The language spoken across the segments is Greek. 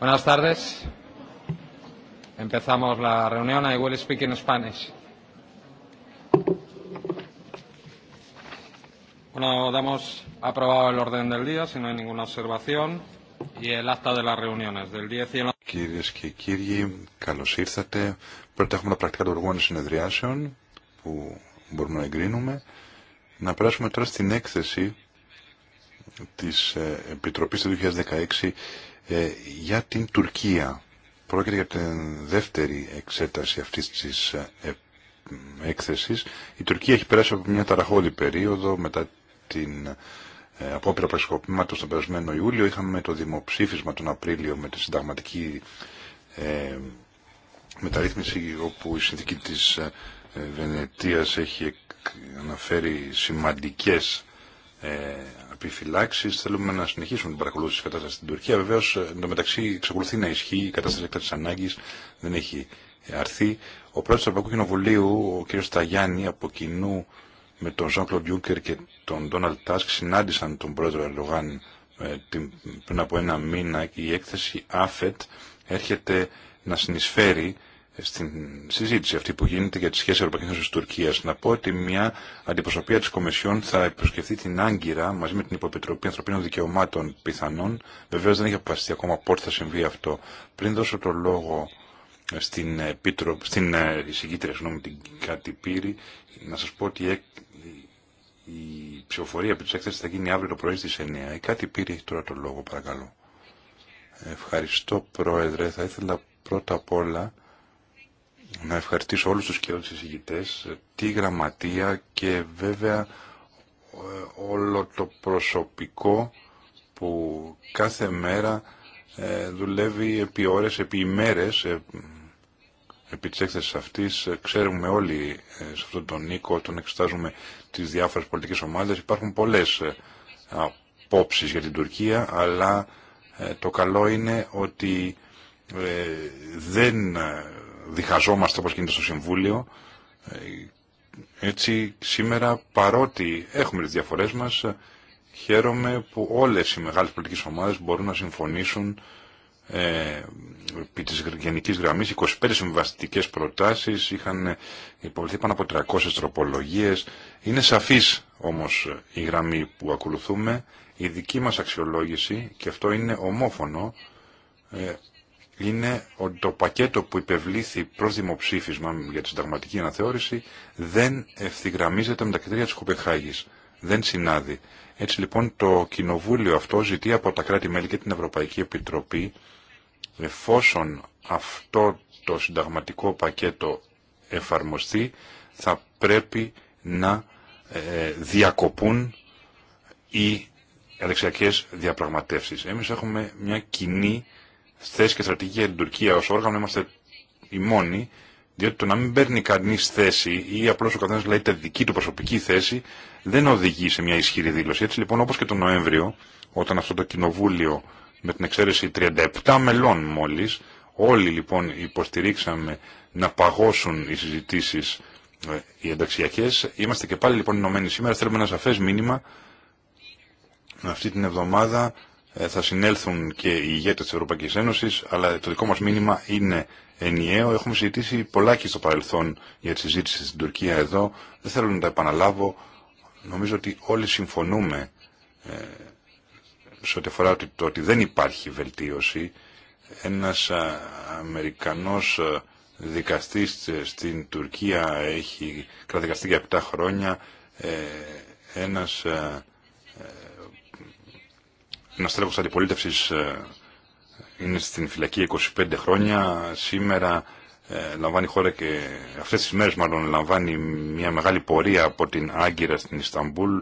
Buenas tardes. Empezamos la reunión. I will speak in Spanish. Bueno, damos aprobado el orden del día, si no hay ninguna observación, y el acta de las reuniones del 10 y el... Κυρίες και κύριοι, καλώς ήρθατε. Πρώτα έχουμε τα πρακτικά των οργών συνεδριάσεων που μπορούμε να εγκρίνουμε. Να περάσουμε τώρα στην έκθεση της ε, Επιτροπής του 2016 ε, για την Τουρκία. Πρόκειται για την δεύτερη εξέταση αυτής της ε, έκθεσης. Η Τουρκία έχει περάσει από μια ταραχώδη περίοδο μετά την απόπειρα πραξικοπήματος τον περασμένο Ιούλιο. Είχαμε το δημοψήφισμα τον Απρίλιο με τη συνταγματική μεταρρύθμιση όπου η συνθήκη της Βενετίας έχει αναφέρει σημαντικές ε, επιφυλάξει. Θέλουμε να συνεχίσουμε την παρακολούθηση τη κατάσταση στην Τουρκία. Βεβαίω, ε, μεταξύ εξακολουθεί να ισχύει η κατάσταση τη ανάγκη, δεν έχει αρθεί. Ο πρόεδρο του Ευρωπαϊκού Κοινοβουλίου, ο κ. Σταγιάννη, από κοινού με τον Ζαν Κλοντ και τον Ντόναλτ Τάσκ, συνάντησαν τον πρόεδρο Ερντογάν ε, πριν από ένα μήνα και η έκθεση ΑΦΕΤ έρχεται να συνεισφέρει στην συζήτηση αυτή που γίνεται για τη σχέση Ευρωπαϊκή Ένωσης Τουρκίας. Να πω ότι μια αντιπροσωπεία τη Κομισιόν θα επισκεφθεί την Άγκυρα μαζί με την Υποπιτροπή Ανθρωπίνων Δικαιωμάτων πιθανών. Βεβαίω δεν έχει αποφασιστεί ακόμα πότε θα συμβεί αυτό. Πριν δώσω το λόγο ε, στην, επίτρο, στην ε, εισηγήτρια, συγγνώμη, την Κάτι Πύρη, να σα πω ότι η, ψηφοφορία επί τη έκθεση θα γίνει αύριο το πρωί στι 9. Η Κάτι Πύρη έχει τώρα το λόγο, παρακαλώ. Ευχαριστώ, Πρόεδρε. Θα ήθελα πρώτα απ' όλα να ευχαριστήσω όλους τους και συζητητές, τη γραμματεία και βέβαια ε, όλο το προσωπικό που κάθε μέρα ε, δουλεύει επί ώρες, επί ημέρες ε, επί της έκθεσης αυτής. Ξέρουμε όλοι σε αυτόν τον νίκο τον εξετάζουμε τις διάφορες πολιτικές ομάδες. Υπάρχουν πολλές απόψεις για την Τουρκία, αλλά το καλό είναι ότι δεν διχαζόμαστε όπως γίνεται στο Συμβούλιο. Ε, έτσι σήμερα παρότι έχουμε τις διαφορές μας χαίρομαι που όλες οι μεγάλες πολιτικές ομάδες μπορούν να συμφωνήσουν ε, επί της γενικής γραμμής 25 συμβαστικές προτάσεις είχαν υποβληθεί πάνω από 300 τροπολογίες είναι σαφής όμως η γραμμή που ακολουθούμε η δική μας αξιολόγηση και αυτό είναι ομόφωνο ε, είναι ότι το πακέτο που υπευλήθη προς δημοψήφισμα για τη συνταγματική αναθεώρηση δεν ευθυγραμμίζεται με τα κριτήρια της Κοπεχάγης. Δεν συνάδει. Έτσι λοιπόν το κοινοβούλιο αυτό ζητεί από τα κράτη-μέλη και την Ευρωπαϊκή Επιτροπή εφόσον αυτό το συνταγματικό πακέτο εφαρμοστεί θα πρέπει να ε, διακοπούν οι αλεξιακές διαπραγματεύσεις. Εμείς έχουμε μια κοινή θέση και στρατηγική για την Τουρκία ω όργανο είμαστε οι μόνοι, διότι το να μην παίρνει κανεί θέση ή απλώ ο καθένα λέει τη δική του προσωπική θέση δεν οδηγεί σε μια ισχυρή δήλωση. Έτσι λοιπόν, όπω και τον Νοέμβριο, όταν αυτό το κοινοβούλιο με την εξαίρεση 37 μελών μόλι, όλοι λοιπόν υποστηρίξαμε να παγώσουν οι συζητήσει ε, οι ενταξιακέ. Είμαστε και πάλι λοιπόν ενωμένοι σήμερα. Θέλουμε ένα σαφέ μήνυμα αυτή την εβδομάδα ε, θα συνέλθουν και οι ηγέτες της Ευρωπαϊκής Ένωσης, αλλά το δικό μας μήνυμα είναι ενιαίο. Έχουμε συζητήσει και στο παρελθόν για τη συζήτηση στην Τουρκία εδώ. Δεν θέλω να τα επαναλάβω. Νομίζω ότι όλοι συμφωνούμε ε, σε ό,τι αφορά το ότι δεν υπάρχει βελτίωση. Ένας Αμερικανός δικαστής ε, στην Τουρκία έχει κραδικαστεί για 7 χρόνια. Ένας ένα τρέχο αντιπολίτευση ε, είναι στην φυλακή 25 χρόνια. Σήμερα ε, λαμβάνει χώρα και αυτέ τι μέρε μάλλον λαμβάνει μια μεγάλη πορεία από την Άγκυρα στην Ισταμπούλ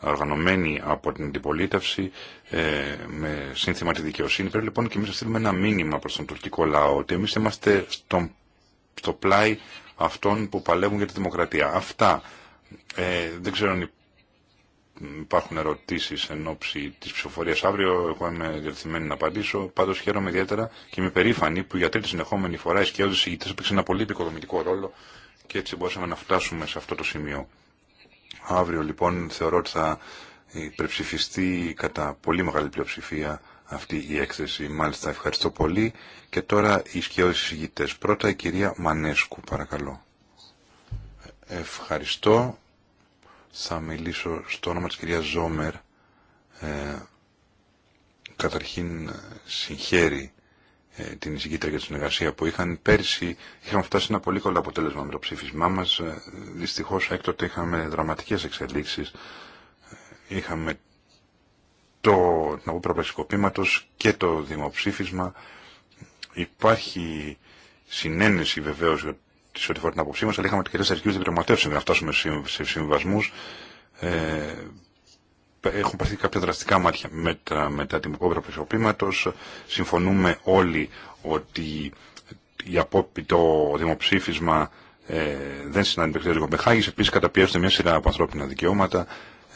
οργανωμένη από την αντιπολίτευση ε, με σύνθημα τη δικαιοσύνη. Πρέπει λοιπόν και εμεί να στείλουμε ένα μήνυμα προ τον τουρκικό λαό ότι εμεί είμαστε στο, πλάι αυτών που παλεύουν για τη δημοκρατία. Αυτά δεν ξέρω αν υπάρχουν ερωτήσει εν ώψη της ψηφοφορίας αύριο, εγώ είμαι διατεθειμένη να απαντήσω. Πάντω χαίρομαι ιδιαίτερα και είμαι περήφανη που για τρίτη συνεχόμενη φορά οι σκιώδεις συγητές έπαιξαν ένα πολύ επικοδομητικό ρόλο και έτσι μπορούσαμε να φτάσουμε σε αυτό το σημείο. Αύριο λοιπόν θεωρώ ότι θα υπερψηφιστεί κατά πολύ μεγάλη πλειοψηφία αυτή η έκθεση. Μάλιστα ευχαριστώ πολύ. Και τώρα οι σκιώδεις συγητές. Πρώτα η κυρία Μανέσκου παρακαλώ. Ευχαριστώ θα μιλήσω στο όνομα της κυρίας Ζόμερ. Ε, καταρχήν συγχαίρει ε, την εισηγήτρια για τη συνεργασία που είχαν. Πέρσι είχαμε φτάσει ένα πολύ καλό αποτέλεσμα με το ψήφισμά μας. Ε, δυστυχώς έκτοτε είχαμε δραματικές εξελίξεις. Ε, είχαμε το ναυπροπλασικοπήματος και το δημοψήφισμα. Υπάρχει συνένεση βεβαίως για σε ό,τι φορά την άποψή μα, αλλά είχαμε αρκετέ αρχικέ διαπραγματεύσει για να φτάσουμε σε συμβασμού. Ε, έχουν πάρθει κάποια δραστικά μάτια μετά, μετά την του πλησιοπήματο. Συμφωνούμε όλοι ότι η απόπειτο δημοψήφισμα ε, δεν συναντηθεί με χάγη Κοπεχάγη. Επίση, καταπιέζονται μια σειρά από ανθρώπινα δικαιώματα.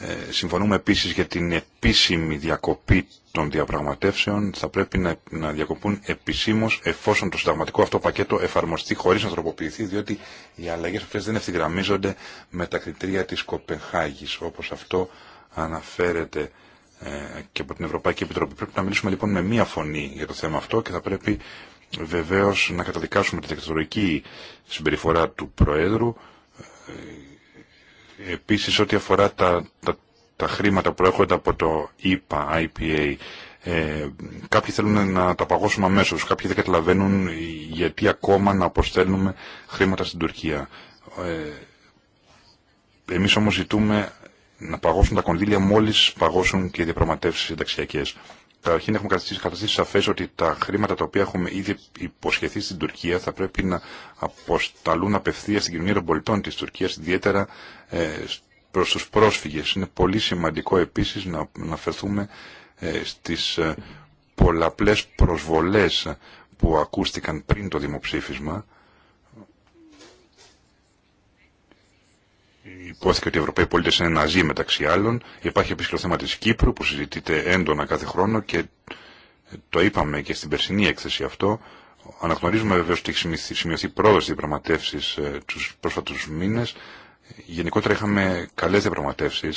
Ε, συμφωνούμε επίσης για την επίσημη διακοπή των διαπραγματεύσεων. Θα πρέπει να, να διακοπούν επισήμως εφόσον το συνταγματικό αυτό πακέτο εφαρμοστεί χωρίς να τροποποιηθεί, διότι οι αλλαγές αυτές δεν ευθυγραμμίζονται με τα κριτήρια της Κοπενχάγης, όπως αυτό αναφέρεται ε, και από την Ευρωπαϊκή Επιτροπή. Πρέπει να μιλήσουμε λοιπόν με μία φωνή για το θέμα αυτό και θα πρέπει βεβαίως να καταδικάσουμε τη δικτατορική συμπεριφορά του Προέδρου ε, Επίσης ό,τι αφορά τα, τα, τα χρήματα που έρχονται από το IPA, IPA ε, κάποιοι θέλουν να τα παγώσουμε αμέσω, κάποιοι δεν καταλαβαίνουν γιατί ακόμα να αποστέλνουμε χρήματα στην Τουρκία. Ε, εμείς όμως ζητούμε να παγώσουν τα κονδύλια μόλις παγώσουν και οι διαπραγματεύσεις συνταξιακές. Καταρχήν έχουμε καταστήσει, σαφές ότι τα χρήματα τα οποία έχουμε ήδη υποσχεθεί στην Τουρκία θα πρέπει να αποσταλούν απευθεία στην κοινωνία των πολιτών της Τουρκίας, ιδιαίτερα ε, προς τους πρόσφυγες. Είναι πολύ σημαντικό επίσης να αναφερθούμε ε, στις ε, πολλαπλές προσβολές που ακούστηκαν πριν το δημοψήφισμα υπόθηκε ότι οι Ευρωπαίοι πολίτε είναι ναζί μεταξύ άλλων. Υπάρχει επίσης το θέμα τη Κύπρου που συζητείται έντονα κάθε χρόνο και το είπαμε και στην περσινή έκθεση αυτό. Αναγνωρίζουμε βεβαίω ότι έχει σημειωθεί πρόοδο στι διαπραγματεύσει ε, του πρόσφατου μήνε. Γενικότερα είχαμε καλέ διαπραγματεύσει.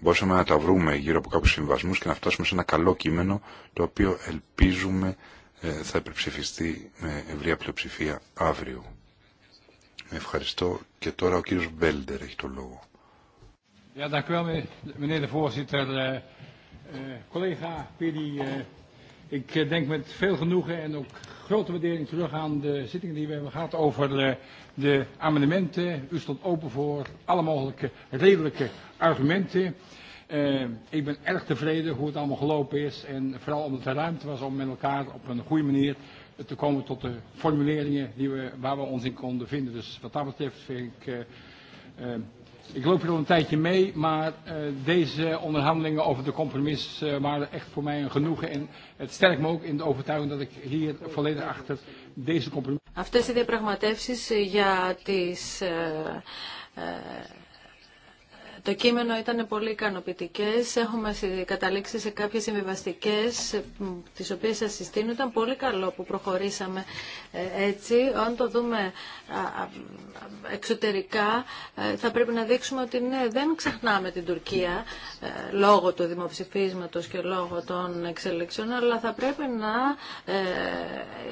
Μπορούσαμε να τα βρούμε γύρω από κάποιου συμβασμού και να φτάσουμε σε ένα καλό κείμενο το οποίο ελπίζουμε ε, θα υπερψηφιστεί με ευρεία πλειοψηφία αύριο. Ευχαριστώ και τώρα ο κύριος Μπέλντερ έχει το λόγο. Ik denk met veel genoegen en ook grote waardering terug aan de zitting die we hebben gehad over de amendementen. U stond open voor alle mogelijke redelijke argumenten. Ik ben erg tevreden hoe het allemaal gelopen is en vooral omdat er ruimte was om met elkaar op een goede manier te komen tot de formuleringen die we, waar we ons in konden vinden. Dus wat dat betreft vind ik... ik loop hier al een tijdje mee, maar deze onderhandelingen over de compromis waren echt voor mij een genoegen. En het sterk me ook in de overtuiging dat ik hier volledig achter deze compromis... Αυτές οι διαπραγματεύσεις για το κείμενο ήταν πολύ ικανοποιητικέ. Έχουμε καταλήξει σε κάποιε συμβιβαστικέ, ε, τι οποίε σα συστήνω. Ήταν πολύ καλό που προχωρήσαμε ε, έτσι. Αν το δούμε εξωτερικά, ε, θα πρέπει να δείξουμε ότι ναι, δεν ξεχνάμε την Τουρκία λόγω του δημοψηφίσματος και λόγω των εξελίξεων, αλλά θα πρέπει να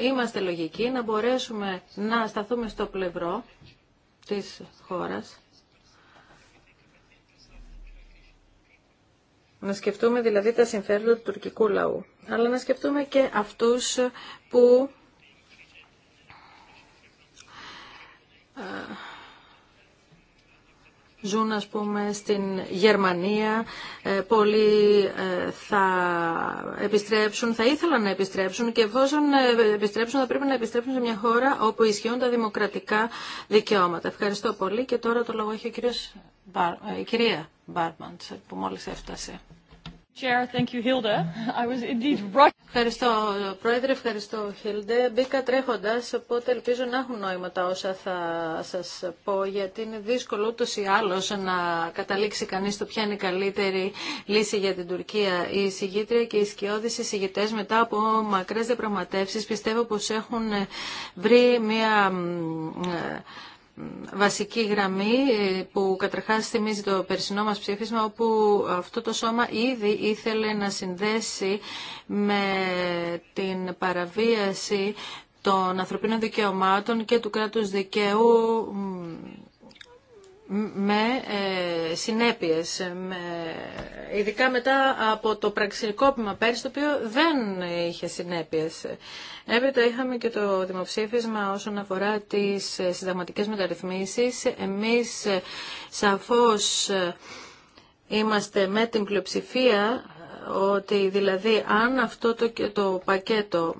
είμαστε λογικοί, να μπορέσουμε να σταθούμε στο πλευρό της χώρας Να σκεφτούμε δηλαδή τα συμφέροντα του τουρκικού λαού, αλλά να σκεφτούμε και αυτούς που ζουν ας πούμε στην Γερμανία, ε, πολλοί ε, θα επιστρέψουν, θα ήθελαν να επιστρέψουν και εφόσον ε, επιστρέψουν θα πρέπει να επιστρέψουν σε μια χώρα όπου ισχύουν τα δημοκρατικά δικαιώματα. Ευχαριστώ πολύ και τώρα το λόγο έχει κύριος, η κυρία Μπάρμαντ που μόλις έφτασε. Ευχαριστώ, Πρόεδρε, ευχαριστώ, Χίλντε. Μπήκα τρέχοντα, οπότε ελπίζω να έχουν νόημα τα όσα θα σα πω, γιατί είναι δύσκολο ούτω ή άλλω να καταλήξει κανεί το ποια είναι η καλύτερη λύση για την Τουρκία. Η συγγήτρια και οι σκιώδει εισηγητέ, μετά από μακρέ διαπραγματεύσει, πιστεύω πω έχουν βρει μία βασική γραμμή ε, που καταρχάς θυμίζει το περσινό μας ψήφισμα όπου αυτό το σώμα ήδη ήθελε να συνδέσει με την παραβίαση των ανθρωπίνων δικαιωμάτων και του κράτους δικαίου με ε, συνέπειες, με, ειδικά μετά από το πραξικόπημα πέρσι, το οποίο δεν είχε συνέπειες. Έπειτα είχαμε και το δημοψήφισμα όσον αφορά τις ε, συνταγματικές μεταρρυθμίσεις. Εμείς ε, σαφώς είμαστε με την πλειοψηφία ότι δηλαδή αν αυτό το, το πακέτο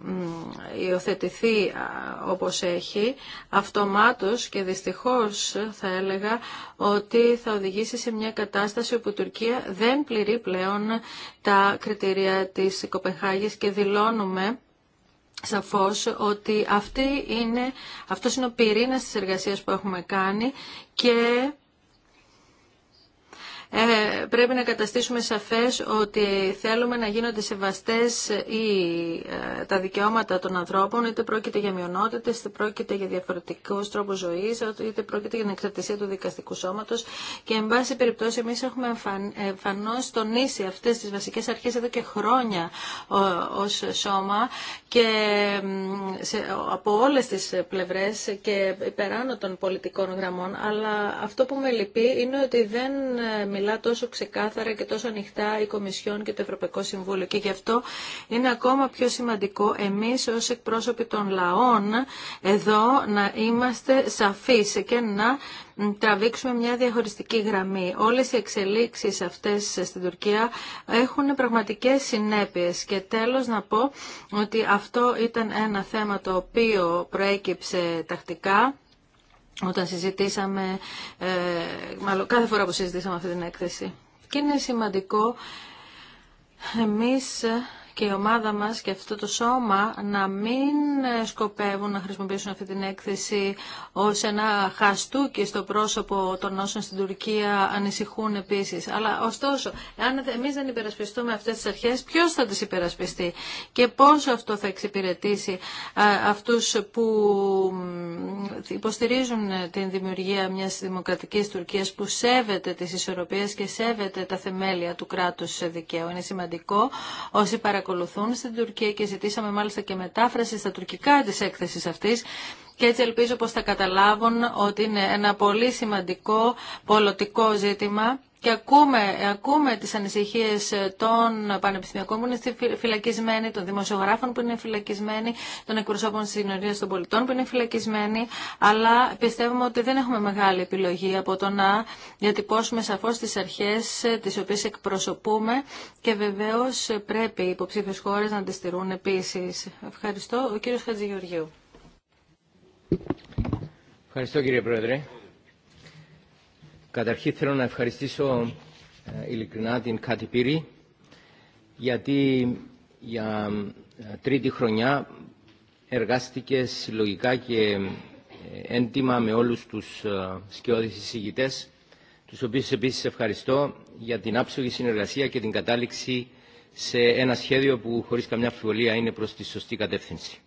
υιοθετηθεί όπως έχει, αυτομάτως και δυστυχώς θα έλεγα ότι θα οδηγήσει σε μια κατάσταση όπου η Τουρκία δεν πληρεί πλέον τα κριτήρια της Κοπεχάγης και δηλώνουμε σαφώς ότι αυτή είναι, αυτός είναι ο πυρήνας της εργασίας που έχουμε κάνει και ε, πρέπει να καταστήσουμε σαφές ότι θέλουμε να γίνονται σεβαστές ή, ε, τα δικαιώματα των ανθρώπων, είτε πρόκειται για μειονότητες, είτε πρόκειται για διαφορετικούς τρόπους ζωής, είτε πρόκειται για την εξαρτησία του δικαστικού σώματος και εν πάση περιπτώσει εμείς έχουμε εμφανώς τονίσει αυτές τις βασικές αρχές εδώ και χρόνια ως σώμα και σε, από όλες τις πλευρές και υπεράνω των πολιτικών γραμμών, αλλά αυτό που με λυπεί είναι ότι δεν ε, μιλάμε μιλά τόσο ξεκάθαρα και τόσο ανοιχτά η Κομισιόν και το Ευρωπαϊκό Συμβούλιο. Και γι' αυτό είναι ακόμα πιο σημαντικό εμείς ως εκπρόσωποι των λαών εδώ να είμαστε σαφείς και να τραβήξουμε μια διαχωριστική γραμμή. Όλες οι εξελίξεις αυτές στην Τουρκία έχουν πραγματικές συνέπειες και τέλος να πω ότι αυτό ήταν ένα θέμα το οποίο προέκυψε τακτικά όταν συζητήσαμε, ε, μάλλον κάθε φορά που συζητήσαμε αυτή την έκθεση. Και είναι σημαντικό εμείς και η ομάδα μας και αυτό το σώμα να μην σκοπεύουν να χρησιμοποιήσουν αυτή την έκθεση ως ένα χαστούκι στο πρόσωπο των όσων στην Τουρκία ανησυχούν επίσης. Αλλά ωστόσο, αν εμείς δεν υπερασπιστούμε αυτές τις αρχές, ποιος θα τις υπερασπιστεί και πώς αυτό θα εξυπηρετήσει ε, αυτούς που υποστηρίζουν την δημιουργία μιας δημοκρατικής Τουρκίας που σέβεται τις ισορροπίες και σέβεται τα θεμέλια του κράτους δικαίου. Είναι σημαντικό όσοι παρακολουθούν στην Τουρκία και ζητήσαμε μάλιστα και μετάφραση στα τουρκικά της έκθεσης αυτής και έτσι ελπίζω πως θα καταλάβουν ότι είναι ένα πολύ σημαντικό πολιτικό ζήτημα και ακούμε, ακούμε τις ανησυχίες των πανεπιστημιακών που είναι φυλακισμένοι, των δημοσιογράφων που είναι φυλακισμένοι, των εκπροσώπων της κοινωνία των πολιτών που είναι φυλακισμένοι, αλλά πιστεύουμε ότι δεν έχουμε μεγάλη επιλογή από το να διατυπώσουμε σαφώς τις αρχές τις οποίες εκπροσωπούμε και βεβαίως πρέπει οι υποψήφιες χώρες να τις στηρούν επίσης. Ευχαριστώ. Ο κύριος Χατζηγεωργίου. Ευχαριστώ κύριε Πρόεδρε. Καταρχήν θέλω να ευχαριστήσω ε, ειλικρινά την Κάτι Πύρη, γιατί για ε, τρίτη χρονιά εργάστηκε συλλογικά και ε, έντιμα με όλους τους σκιώδεις εισηγητές, τους οποίους επίσης ευχαριστώ για την άψογη συνεργασία και την κατάληξη σε ένα σχέδιο που χωρίς καμιά αμφιβολία είναι προς τη σωστή κατεύθυνση.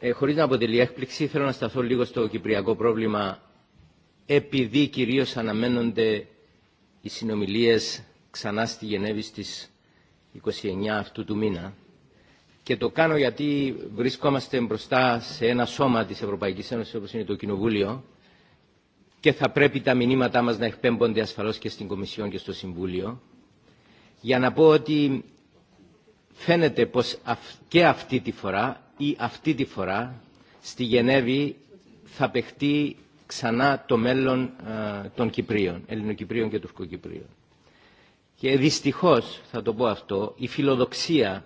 Ε, χωρίς να αποτελεί έκπληξη, θέλω να σταθώ λίγο στο κυπριακό πρόβλημα επειδή κυρίως αναμένονται οι συνομιλίες ξανά στη Γενέβη στις 29 αυτού του μήνα. Και το κάνω γιατί βρισκόμαστε μπροστά σε ένα σώμα της Ευρωπαϊκής Ένωσης όπως είναι το Κοινοβούλιο και θα πρέπει τα μηνύματά μας να εκπέμπονται ασφαλώς και στην Κομισιόν και στο Συμβούλιο για να πω ότι φαίνεται πως και αυτή τη φορά ή αυτή τη φορά στη Γενέβη θα παιχτεί ξανά το μέλλον των Κυπρίων, Ελληνοκυπρίων και Τουρκοκυπρίων. Και δυστυχώς, θα το πω αυτό, η φιλοδοξία,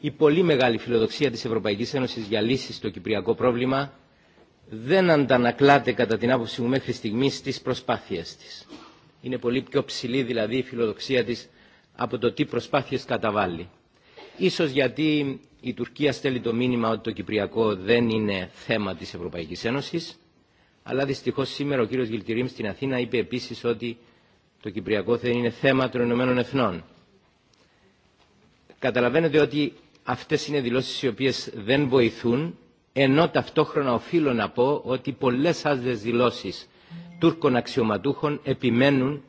η πολύ μεγάλη φιλοδοξία της Ευρωπαϊκής Ένωσης για λύση στο κυπριακό πρόβλημα δεν αντανακλάται κατά την άποψη μου μέχρι στιγμής στις προσπάθειες της. Είναι πολύ πιο ψηλή δηλαδή η φιλοδοξία της από το τι προσπάθειες καταβάλει. Ίσως γιατί η Τουρκία στέλνει το μήνυμα ότι το Κυπριακό δεν είναι θέμα της Ευρωπαϊκής Ένωσης αλλά δυστυχώ σήμερα ο κύριο Γιλτιρίμ στην Αθήνα είπε επίση ότι το Κυπριακό θα είναι θέμα των Ηνωμένων Εθνών. Καταλαβαίνετε ότι αυτέ είναι δηλώσει οι οποίε δεν βοηθούν, ενώ ταυτόχρονα οφείλω να πω ότι πολλέ άλλε δηλώσει Τούρκων αξιωματούχων επιμένουν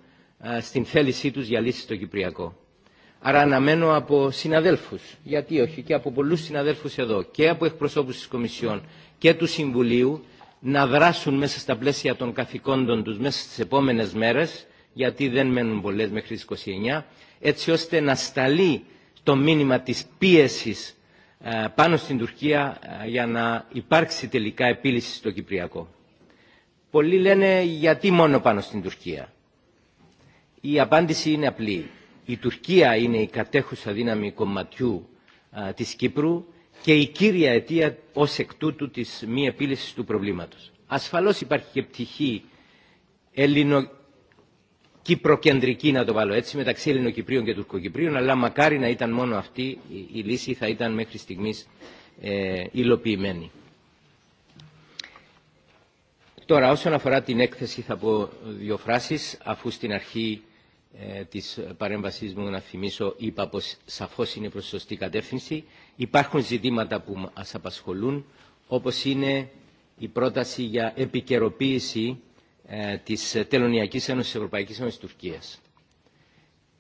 στην θέλησή του για λύση στο Κυπριακό. Άρα αναμένω από συναδέλφου, γιατί όχι, και από πολλού συναδέλφου εδώ, και από εκπροσώπους τη Κομισιόν και του Συμβουλίου, να δράσουν μέσα στα πλαίσια των καθηκόντων τους μέσα στις επόμενες μέρες, γιατί δεν μένουν πολλές μέχρι τις 29, έτσι ώστε να σταλεί το μήνυμα της πίεσης ε, πάνω στην Τουρκία ε, για να υπάρξει τελικά επίλυση στο Κυπριακό. Πολλοί λένε γιατί μόνο πάνω στην Τουρκία. Η απάντηση είναι απλή. Η Τουρκία είναι η κατέχουσα δύναμη κομματιού ε, της Κύπρου και η κύρια αιτία ως εκ τούτου της μη επίλυσης του προβλήματος. Ασφαλώς υπάρχει και πτυχή ελληνοκυπροκεντρική, να το βάλω έτσι, μεταξύ Ελληνοκυπρίων και Τουρκοκυπρίων, αλλά μακάρι να ήταν μόνο αυτή η λύση, θα ήταν μέχρι στιγμής ε, υλοποιημένη. Τώρα, όσον αφορά την έκθεση, θα πω δύο φράσεις, αφού στην αρχή ε, της παρέμβασής μου, να θυμίσω, είπα πως σαφώς είναι προς σωστή κατεύθυνση. Υπάρχουν ζητήματα που μας απασχολούν, όπως είναι η πρόταση για επικαιροποίηση ε, της Τελωνιακής Ένωσης Ευρωπαϊκής Ένωσης Τουρκίας.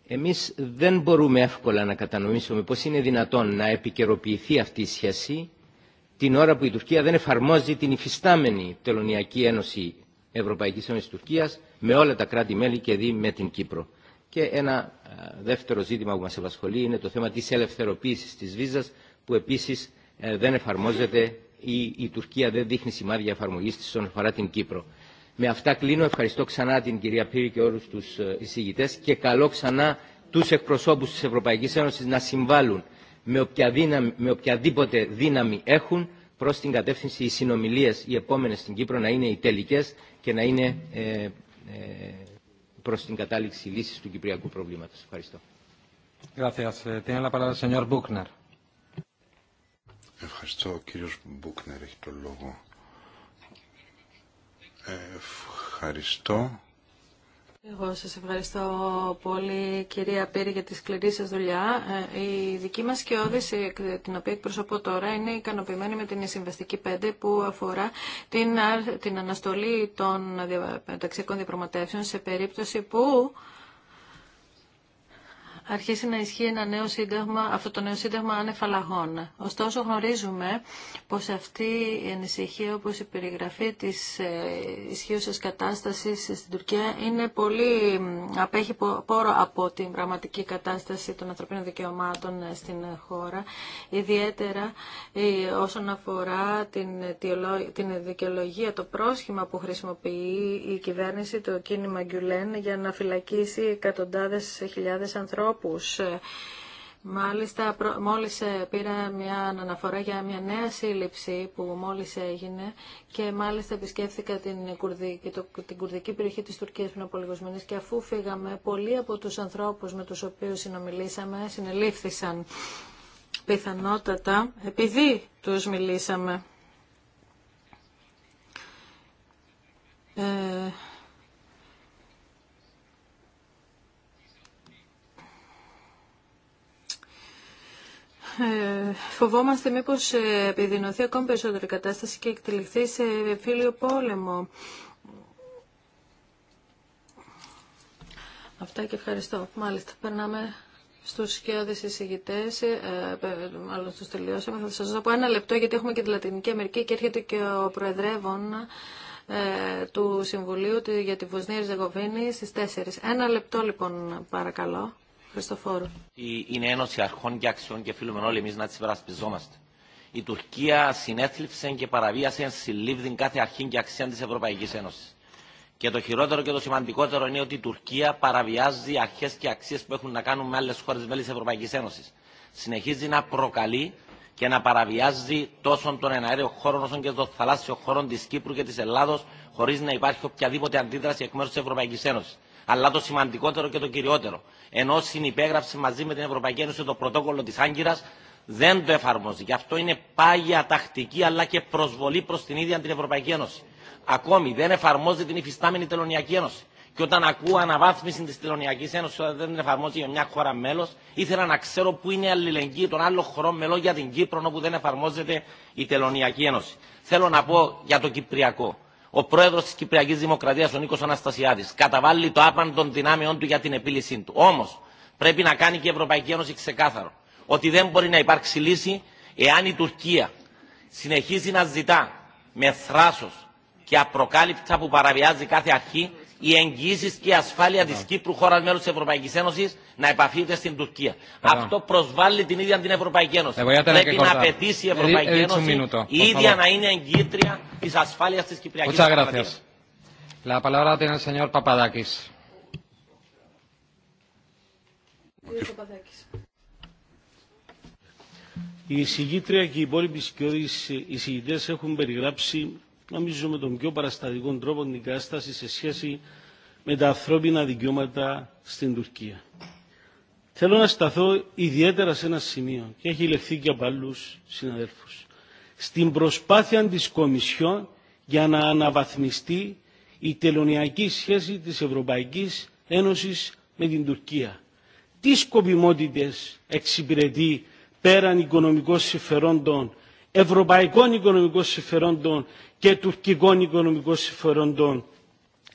Εμείς δεν μπορούμε εύκολα να κατανοήσουμε πώς είναι δυνατόν να επικαιροποιηθεί αυτή η σχέση την ώρα που η Τουρκία δεν εφαρμόζει την υφιστάμενη Τελωνιακή Ένωση Ευρωπαϊκής Ένωσης Τουρκίας με όλα τα κράτη-μέλη και δι' με την Κύπρο. Και ένα ε, δεύτερο ζήτημα που μας απασχολεί είναι το θέμα της ελευθεροποίησης τη βίζα που επίσης ε, δεν εφαρμόζεται ή η Τουρκία δεν δείχνει σημάδια εφαρμογής της όσον αφορά την Κύπρο. Με αυτά κλείνω. Ευχαριστώ ξανά την κυρία Πύρη και όλους τους ε, εισηγητές και καλώ ξανά τους εκπροσώπους της Ευρωπαϊκής Ένωσης να συμβάλλουν με, οποια με οποιαδήποτε δύναμη έχουν προς την κατεύθυνση οι συνομιλίες οι επόμενες στην Κύπρο να είναι οι τελικές και να είναι ε, ε προς την κατάληξη λύσης του κυπριακού προβλήματος. Ευχαριστώ. Gracias. la palabra señor Ευχαριστώ. Ο κύριος Μπούκνερ έχει το λόγο. Ευχαριστώ. Εγώ σας ευχαριστώ πολύ κυρία Πύρη για τη σκληρή σας δουλειά. Ε, η δική μας και την οποία εκπροσωπώ τώρα, είναι ικανοποιημένη με την συμβαστική 5 που αφορά την, αναστολή των μεταξιακών διαπραγματεύσεων σε περίπτωση που αρχίσει να ισχύει ένα νέο σύνταγμα, αυτό το νέο σύνταγμα ανεφαλαγών. Ωστόσο γνωρίζουμε πως αυτή η ανησυχία όπως η περιγραφή της ε, ισχύουσας κατάστασης στην Τουρκία είναι πολύ απέχει πόρο από την πραγματική κατάσταση των ανθρωπίνων δικαιωμάτων ε, στην χώρα, ιδιαίτερα ε, όσον αφορά την, την δικαιολογία, το πρόσχημα που χρησιμοποιεί η κυβέρνηση, το κίνημα Γκιουλέν, για να φυλακίσει εκατοντάδες χιλιάδες ανθρώπους ε, μάλιστα, μόλις ε, πήρα μια αναφορά για μια νέα σύλληψη που μόλις έγινε και μάλιστα επισκέφθηκα την κουρδική, την περιοχή της Τουρκίας πριν από λίγους και αφού φύγαμε, πολλοί από τους ανθρώπους με τους οποίους συνομιλήσαμε συνελήφθησαν πιθανότατα επειδή τους μιλήσαμε. Ε, Ε, φοβόμαστε μήπως ε, επιδεινωθεί ακόμη περισσότερη κατάσταση και εκτελεχθεί σε φίλιο πόλεμο. Αυτά και ευχαριστώ. Μάλιστα, περνάμε στους σκιώδες εισηγητές, ε, μάλλον τους τελειώσαμε. Θα σας δώσω από ένα λεπτό γιατί έχουμε και τη Λατινική Αμερική και έρχεται και ο Προεδρεύων ε, του Συμβουλίου για τη Βοσνία Ριζεγοβίνη στις 4. Ένα λεπτό λοιπόν παρακαλώ. Χριστοφόρου. Είναι ένωση αρχών και αξιών και οφείλουμε όλοι εμεί να τι υπερασπιζόμαστε. Η Τουρκία συνέθλιψε και παραβίασε συλλήβδη κάθε αρχή και αξία τη Ευρωπαϊκή Ένωση. Και το χειρότερο και το σημαντικότερο είναι ότι η Τουρκία παραβιάζει αρχέ και αξίε που έχουν να κάνουν με άλλε χώρε μέλη τη Ευρωπαϊκή Ένωση. Συνεχίζει να προκαλεί και να παραβιάζει τόσο τον εναέριο χώρο όσο και τον θαλάσσιο χώρο τη Κύπρου και τη Ελλάδο, χωρί να υπάρχει οποιαδήποτε αντίδραση εκ μέρου τη Ευρωπαϊκή Ένωση. Αλλά το σημαντικότερο και το κυριότερο, ενώ συνυπέγραψε μαζί με την Ευρωπαϊκή Ένωση το πρωτόκολλο της Άγκυρας, δεν το εφαρμόζει. Γι' αυτό είναι πάγια τακτική αλλά και προσβολή προς την ίδια την Ευρωπαϊκή Ένωση. Ακόμη δεν εφαρμόζει την υφιστάμενη Τελωνιακή Ένωση. Και όταν ακούω αναβάθμιση τη Τελωνιακή Ένωση, όταν δεν εφαρμόζει για μια χώρα μέλο, ήθελα να ξέρω πού είναι η αλληλεγγύη των άλλων χωρών μελών για την Κύπρο, όπου δεν εφαρμόζεται η Τελωνιακή Ένωση. Θέλω να πω για το Κυπριακό ο πρόεδρο τη Κυπριακή Δημοκρατία, ο Νίκο Αναστασιάδη, καταβάλει το άπαν των δυνάμεών του για την επίλυσή του. Όμω, πρέπει να κάνει και η Ευρωπαϊκή Ένωση ξεκάθαρο ότι δεν μπορεί να υπάρξει λύση εάν η Τουρκία συνεχίζει να ζητά με θράσο και απροκάλυπτα που παραβιάζει κάθε αρχή οι εγγύσει και η ασφάλεια τη Κύπρου, χώρα μέλο τη Ευρωπαϊκή Ένωση, να επαφείται στην Τουρκία. Αυτό προσβάλλει την ίδια την Ευρωπαϊκή Ένωση. Πρέπει να απαιτήσει η Ευρωπαϊκή Ένωση η ίδια να είναι εγγύτρια τη ασφάλεια τη Κυπριακή Ένωση. La Η και οι υπόλοιποι έχουν περιγράψει νομίζω με τον πιο παραστατικό τρόπο την κατάσταση σε σχέση με τα ανθρώπινα δικαιώματα στην Τουρκία. Θέλω να σταθώ ιδιαίτερα σε ένα σημείο και έχει λεχθεί και από άλλου συναδέλφου. Στην προσπάθεια τη Κομισιόν για να αναβαθμιστεί η τελωνιακή σχέση της Ευρωπαϊκής Ένωσης με την Τουρκία. Τι σκοπιμότητε εξυπηρετεί πέραν οικονομικών συμφερόντων ευρωπαϊκών οικονομικών συμφερόντων και τουρκικών οικονομικών συμφερόντων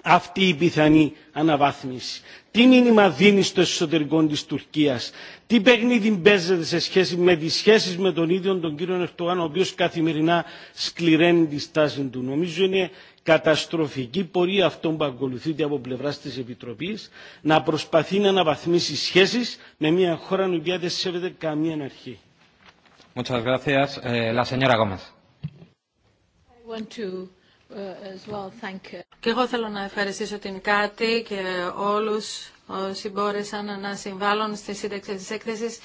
αυτή η πιθανή αναβάθμιση. Τι μήνυμα δίνει στο εσωτερικό τη Τουρκία, τι παιχνίδι παίζεται σε σχέση με τι σχέσει με τον ίδιο τον κύριο Ερτογάν, ο οποίο καθημερινά σκληραίνει τη στάση του. Νομίζω είναι καταστροφική πορεία αυτό που ακολουθείται από πλευρά τη Επιτροπή να προσπαθεί να αναβαθμίσει σχέσει με μια χώρα που δεν σέβεται καμία αρχή. Muchas gracias. Eh, la uh, uh, Και εγώ θέλω να ευχαριστήσω την Κάτι και όλους όσοι μπόρεσαν να συμβάλλουν στη σύνταξη της έκθεσης.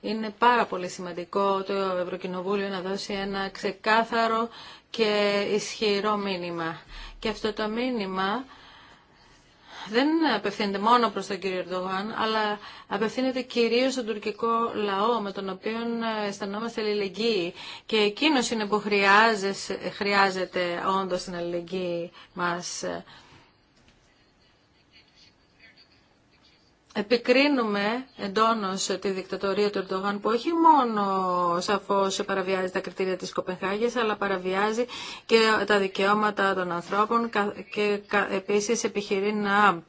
Είναι πάρα πολύ σημαντικό το Ευρωκοινοβούλιο να δώσει ένα ξεκάθαρο και ισχυρό μήνυμα. Και αυτό το μήνυμα δεν απευθύνεται μόνο προς τον κύριο Ερντογάν, αλλά απευθύνεται κυρίως στον τουρκικό λαό, με τον οποίο ε, αισθανόμαστε αλληλεγγύη. Και εκείνος είναι που χρειάζεται όντως την αλληλεγγύη μας. Ε, επικρίνουμε εντόνως τη δικτατορία του Ερντογάν που όχι μόνο σαφώς παραβιάζει τα κριτήρια της Κοπενχάγης αλλά παραβιάζει και τα δικαιώματα των ανθρώπων και επίσης επιχειρεί να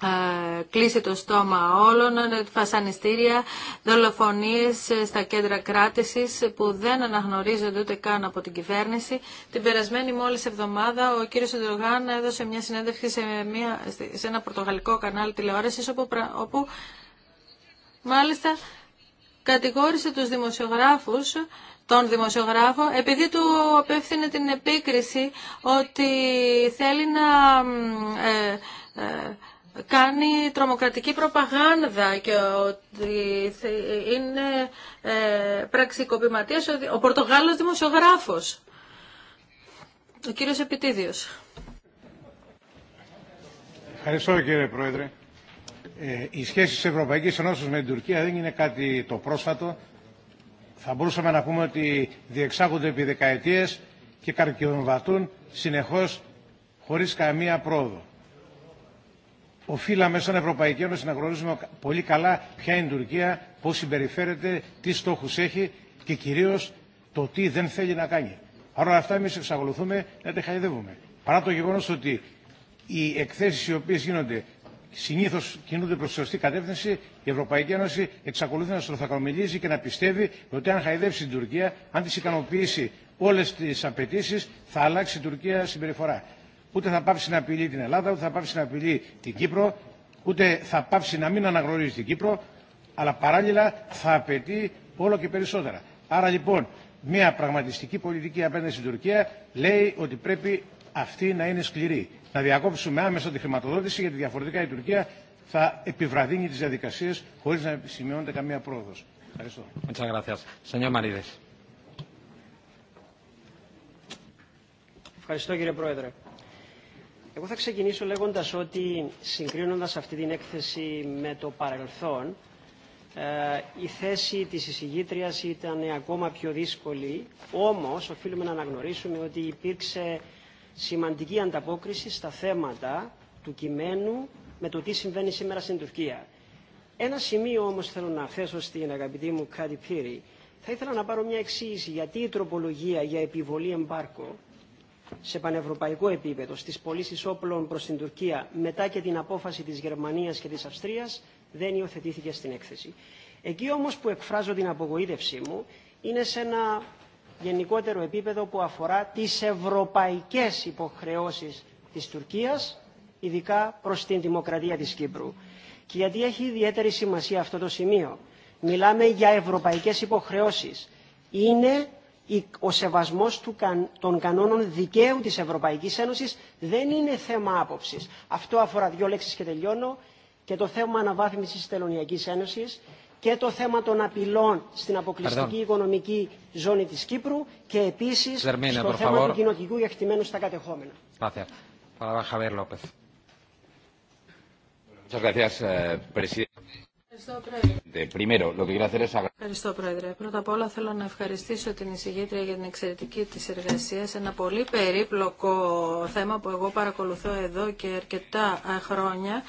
ε, κλείσει το στόμα όλων, ε, φασανιστήρια, δολοφονίες ε, στα κέντρα κράτησης που δεν αναγνωρίζονται ούτε καν από την κυβέρνηση. Την περασμένη μόλις εβδομάδα ο κύριος Εντρογάν έδωσε μια συνέντευξη σε, ένα πορτογαλικό κανάλι τηλεόρασης όπου, μάλιστα κατηγόρησε τους δημοσιογράφους τον δημοσιογράφο, επειδή του απέφθινε την επίκριση ότι θέλει να κάνει τρομοκρατική προπαγάνδα και ότι είναι ε, πραξικοπηματίας ο Πορτογάλος δημοσιογράφος, ο κύριος Επιτίδιος. Ευχαριστώ κύριε Πρόεδρε. Ε, οι σχέσεις της Ευρωπαϊκής Ενώσης με την Τουρκία δεν είναι κάτι το πρόσφατο. Θα μπορούσαμε να πούμε ότι διεξάγονται επί δεκαετίες και καρκινοβατούν συνεχώς χωρίς καμία πρόοδο οφείλαμε σαν Ευρωπαϊκή Ένωση να γνωρίζουμε πολύ καλά ποια είναι η Τουρκία, πώ συμπεριφέρεται, τι στόχου έχει και κυρίω το τι δεν θέλει να κάνει. Παρ' αυτά εμεί εξακολουθούμε να τα χαϊδεύουμε. Παρά το γεγονό ότι οι εκθέσει οι οποίε γίνονται συνήθω κινούνται προ τη σωστή κατεύθυνση, η Ευρωπαϊκή Ένωση εξακολουθεί να στροφακομιλίζει και να πιστεύει ότι αν χαϊδεύσει την Τουρκία, αν τη ικανοποιήσει όλε τι απαιτήσει, θα αλλάξει η Τουρκία συμπεριφορά ούτε θα πάψει να απειλεί την Ελλάδα, ούτε θα πάψει να απειλεί την Κύπρο, ούτε θα πάψει να μην αναγνωρίζει την Κύπρο, αλλά παράλληλα θα απαιτεί όλο και περισσότερα. Άρα λοιπόν, μια πραγματιστική πολιτική απέναντι στην Τουρκία λέει ότι πρέπει αυτή να είναι σκληρή. Να διακόψουμε άμεσα τη χρηματοδότηση, γιατί διαφορετικά η Τουρκία θα επιβραδύνει τι διαδικασίε χωρί να επισημειώνεται καμία πρόοδο. Ευχαριστώ. Ευχαριστώ κύριε Πρόεδρε. Εγώ θα ξεκινήσω λέγοντας ότι συγκρίνοντας αυτή την έκθεση με το παρελθόν, ε, η θέση της εισηγήτριας ήταν ακόμα πιο δύσκολη, όμως οφείλουμε να αναγνωρίσουμε ότι υπήρξε σημαντική ανταπόκριση στα θέματα του κειμένου με το τι συμβαίνει σήμερα στην Τουρκία. Ένα σημείο όμως θέλω να θέσω στην αγαπητή μου Κάτι Πύρη. Θα ήθελα να πάρω μια εξήγηση γιατί η τροπολογία για επιβολή εμπάρκο σε πανευρωπαϊκό επίπεδο στις πωλήσει όπλων προς την Τουρκία μετά και την απόφαση της Γερμανίας και της Αυστρίας δεν υιοθετήθηκε στην έκθεση. Εκεί όμως που εκφράζω την απογοήτευσή μου είναι σε ένα γενικότερο επίπεδο που αφορά τις ευρωπαϊκές υποχρεώσεις της Τουρκίας ειδικά προς την δημοκρατία της Κύπρου. Και γιατί έχει ιδιαίτερη σημασία αυτό το σημείο. Μιλάμε για ευρωπαϊκές υποχρεώσεις. Είναι ο σεβασμός του, των κανόνων δικαίου της Ευρωπαϊκής Ένωσης δεν είναι θέμα άποψης. Αυτό αφορά δύο λέξεις και τελειώνω και το θέμα αναβάθμισης της Τελωνιακής Ένωσης και το θέμα των απειλών στην αποκλειστική οικονομική ζώνη της Κύπρου και επίσης Termine, στο θέμα favor. του κοινοτικού γεχτημένου στα κατεχόμενα. Ε, Ευχαριστώ, Πρόεδρε. Πρώτα απ' όλα θέλω να ευχαριστήσω την εισηγήτρια για την εξαιρετική της εργασία. σε Ένα πολύ περίπλοκο θέμα που εγώ παρακολουθώ εδώ και αρκετά χρόνια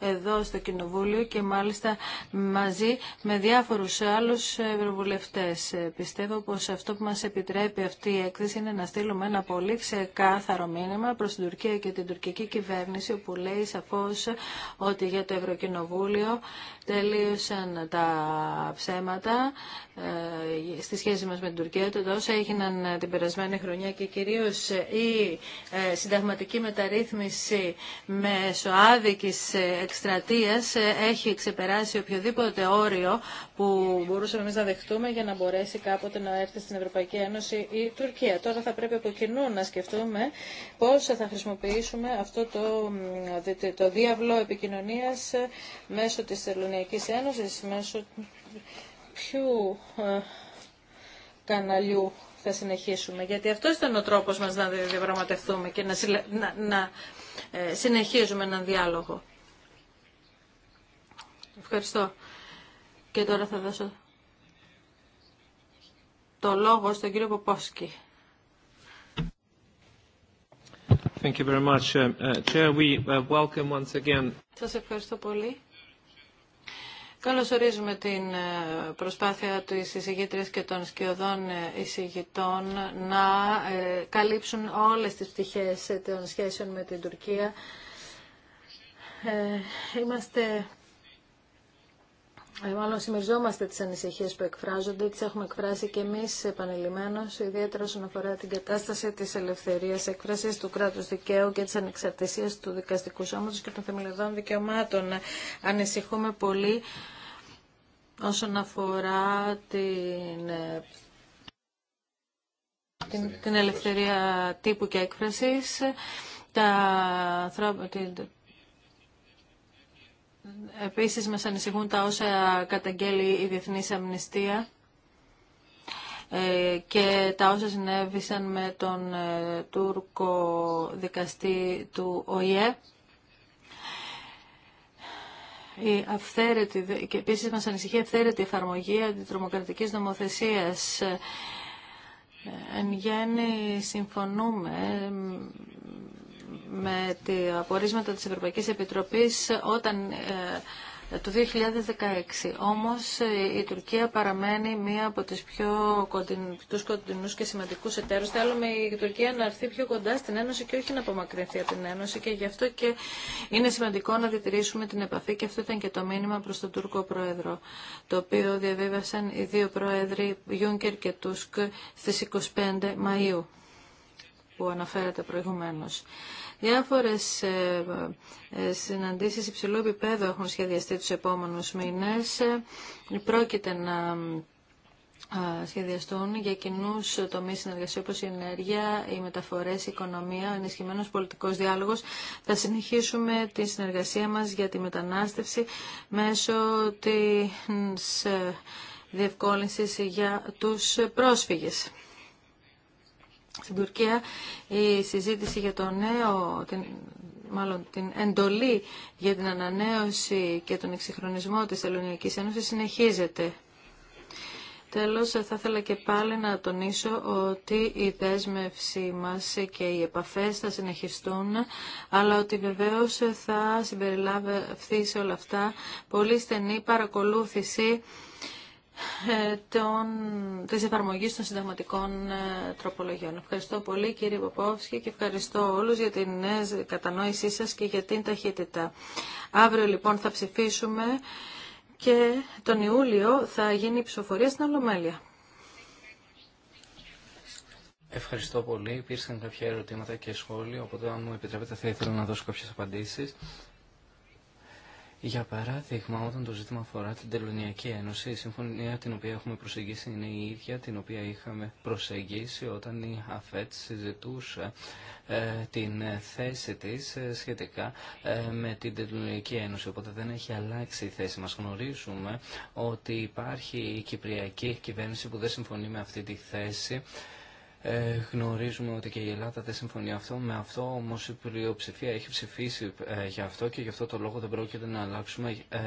εδώ στο Κοινοβούλιο και μάλιστα μαζί με διάφορους άλλους ευρωβουλευτές. Ε, πιστεύω πως αυτό που μας επιτρέπει αυτή η έκθεση είναι να στείλουμε ένα πολύ ξεκάθαρο μήνυμα προς την Τουρκία και την τουρκική κυβέρνηση όπου λέει σαφώς ότι για το Ευρωκοινοβούλιο τελείωσαν τα ψέματα ε, στη σχέση μας με την Τουρκία, το όσα έγιναν ε, την περασμένη χρονιά και κυρίως ε, η συνταγματική μεταρρύθμιση με σοάδικης εκστρατείας έχει ξεπεράσει οποιοδήποτε όριο που μπορούσαμε εμείς να δεχτούμε για να μπορέσει κάποτε να έρθει στην Ευρωπαϊκή Ένωση η Τουρκία. Τώρα θα πρέπει από κοινού να σκεφτούμε πώς θα χρησιμοποιήσουμε αυτό το, το διάβλο επικοινωνίας μέσω της Ελληνική Ένωσης, μέσω ποιου ε, καναλιού θα συνεχίσουμε. Γιατί αυτό ήταν ο τρόπος μας να διαπραγματευτούμε και να, να, να ε, συνεχίζουμε έναν διάλογο. Ευχαριστώ. Και τώρα θα δώσω το λόγο στον κύριο Ποπόσκι. Uh, uh, uh, Σα ευχαριστώ πολύ. Καλωσορίζουμε την ε, προσπάθεια τη εισηγήτριας και των σκιωδών ε, εισηγητών να ε, καλύψουν όλες τις πτυχές των σχέσεων με την Τουρκία. Είμαστε Μάλλον συμμεριζόμαστε τις ανησυχίες που εκφράζονται, τις έχουμε εκφράσει και εμείς επανειλημμένως, ιδιαίτερα όσον αφορά την κατάσταση της ελευθερίας έκφρασης του κράτους δικαίου και της ανεξαρτησίας του δικαστικού σώματος και των θεμελιωδών δικαιωμάτων. Ανησυχούμε πολύ όσον αφορά την, ε, την, την ελευθερία τύπου και έκφρασης, τα, Επίσης μας ανησυχούν τα όσα καταγγέλει η Διεθνής Αμνηστία ε, και τα όσα συνέβησαν με τον ε, Τούρκο δικαστή του ΟΗΕ η αυθαίρετη, και επίσης μας ανησυχεί η αυθαίρετη εφαρμογή αντιτρομοκρατικής νομοθεσίας. Ε, εν γέννη συμφωνούμε με τα απορίσματα της Ευρωπαϊκής Επιτροπής όταν ε, του 2016. Όμως ε, η Τουρκία παραμένει μία από τις πιο κοντιν, τους κοντινούς και σημαντικούς εταίρους. Θέλουμε η Τουρκία να έρθει πιο κοντά στην Ένωση και όχι να απομακρυνθεί από την Ένωση και γι' αυτό και είναι σημαντικό να διατηρήσουμε την επαφή και αυτό ήταν και το μήνυμα προς τον Τούρκο Πρόεδρο, το οποίο διαβίβασαν οι δύο πρόεδροι Γιούνκερ και Τούσκ στις 25 Μαΐου που αναφέρατε προηγουμένως. Διάφορες ε, ε, συναντήσεις υψηλού επίπεδου έχουν σχεδιαστεί τους επόμενους μήνες. Πρόκειται να ε, σχεδιαστούν για κοινού τομεί συνεργασία όπω η ενέργεια, οι μεταφορέ, η οικονομία, ο ενισχυμένο πολιτικό διάλογο. Θα συνεχίσουμε τη συνεργασία μα για τη μετανάστευση μέσω τη διευκόλυνση για τους πρόσφυγες. Στην Τουρκία η συζήτηση για το νέο, την, μάλλον την εντολή για την ανανέωση και τον εξυγχρονισμό της Ελληνικής Ένωσης συνεχίζεται. Τέλος, θα ήθελα και πάλι να τονίσω ότι η δέσμευση μας και οι επαφές θα συνεχιστούν, αλλά ότι βεβαίως θα συμπεριλάβει σε όλα αυτά πολύ στενή παρακολούθηση ε, των, της εφαρμογής των συνταγματικών ε, τροπολογιών. Ευχαριστώ πολύ κύριε Παπόφσκη και ευχαριστώ όλους για την ε, κατανόησή σας και για την ταχύτητα. Αύριο λοιπόν θα ψηφίσουμε και τον Ιούλιο θα γίνει η ψηφοφορία στην Ολομέλεια. Ευχαριστώ πολύ. Υπήρξαν κάποια ερωτήματα και σχόλια, οπότε αν μου επιτρέπετε θα ήθελα να δώσω κάποιες απαντήσεις. Για παράδειγμα, όταν το ζήτημα αφορά την Τελωνιακή Ένωση, η συμφωνία την οποία έχουμε προσεγγίσει είναι η ίδια την οποία είχαμε προσεγγίσει όταν η ΑΦΕΤ συζητούσε ε, την θέση της ε, σχετικά ε, με την Τελωνιακή Ένωση. Οπότε δεν έχει αλλάξει η θέση μας. Γνωρίζουμε ότι υπάρχει η Κυπριακή κυβέρνηση που δεν συμφωνεί με αυτή τη θέση ε, γνωρίζουμε ότι και η Ελλάδα δεν συμφωνεί αυτό. Με αυτό όμω η πλειοψηφία έχει ψηφίσει ε, για αυτό και γι' αυτό το λόγο δεν πρόκειται να αλλάξουμε ε,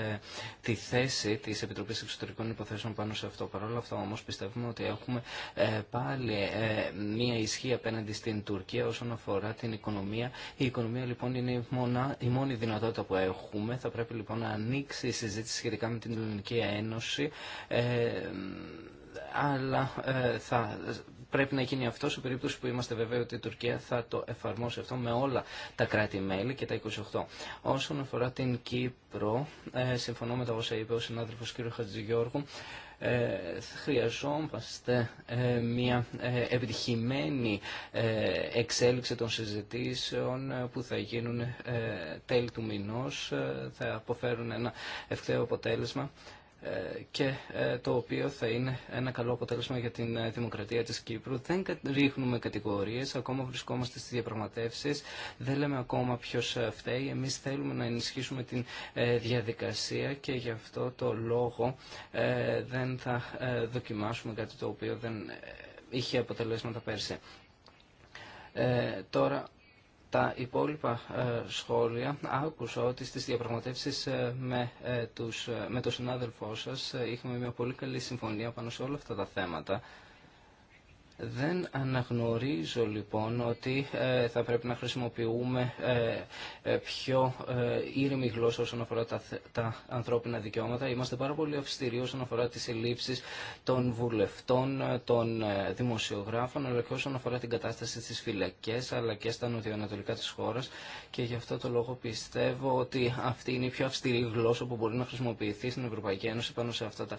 τη θέση τη Επιτροπή Εξωτερικών Υποθέσεων πάνω σε αυτό. Παρ' όλα αυτά όμω πιστεύουμε ότι έχουμε ε, πάλι μία ισχύ απέναντι στην Τουρκία όσον αφορά την οικονομία. Η οικονομία λοιπόν είναι η, η μόνη δυνατότητα που έχουμε. Θα πρέπει λοιπόν να ανοίξει η συζήτηση σχετικά με την Ελληνική Ένωση αλλά θα πρέπει να γίνει αυτό σε περίπτωση που είμαστε βέβαιοι ότι η Τουρκία θα το εφαρμόσει αυτό με όλα τα κράτη-μέλη και τα 28. Όσον αφορά την Κύπρο, ε, συμφωνώ με τα όσα είπε ο συνάδελφος κ. Χατζηγιώργου, ε, χρειαζόμαστε ε, μια επιτυχημένη εξέλιξη των συζητήσεων που θα γίνουν τέλη του μηνός, θα αποφέρουν ένα ευθέο αποτέλεσμα ε, και ε, το οποίο θα είναι ένα καλό αποτέλεσμα για την ε, δημοκρατία της Κύπρου. Δεν ρίχνουμε κατηγορίες, ακόμα βρισκόμαστε στις διαπραγματεύσεις, δεν λέμε ακόμα ποιος φταίει. Εμείς θέλουμε να ενισχύσουμε την διαδικασία και γι' αυτό το λόγο δεν θα δοκιμάσουμε κάτι το οποίο δεν είχε αποτελέσματα πέρσι. Ε, τώρα τα υπόλοιπα ε, σχόλια άκουσα ότι στις διαπραγματεύσεις ε, με, ε, τους, με τον συνάδελφό σας είχαμε μια πολύ καλή συμφωνία πάνω σε όλα αυτά τα θέματα. Δεν αναγνωρίζω λοιπόν ότι ε, θα πρέπει να χρησιμοποιούμε ε, ε, πιο ήρεμη γλώσσα όσον αφορά τα ανθρώπινα δικαιώματα. Είμαστε πάρα πολύ αυστηροί όσον αφορά τις ελλείψεις των βουλευτών, των δημοσιογράφων, αλλά και όσον αφορά την κατάσταση στις φυλακές, αλλά και στα νοτιοανατολικά της χώρας. Και γι' αυτό το λόγο πιστεύω ότι αυτή είναι η πιο αυστηρή γλώσσα που μπορεί να χρησιμοποιηθεί στην Ευρωπαϊκή Ένωση πάνω σε αυτά τα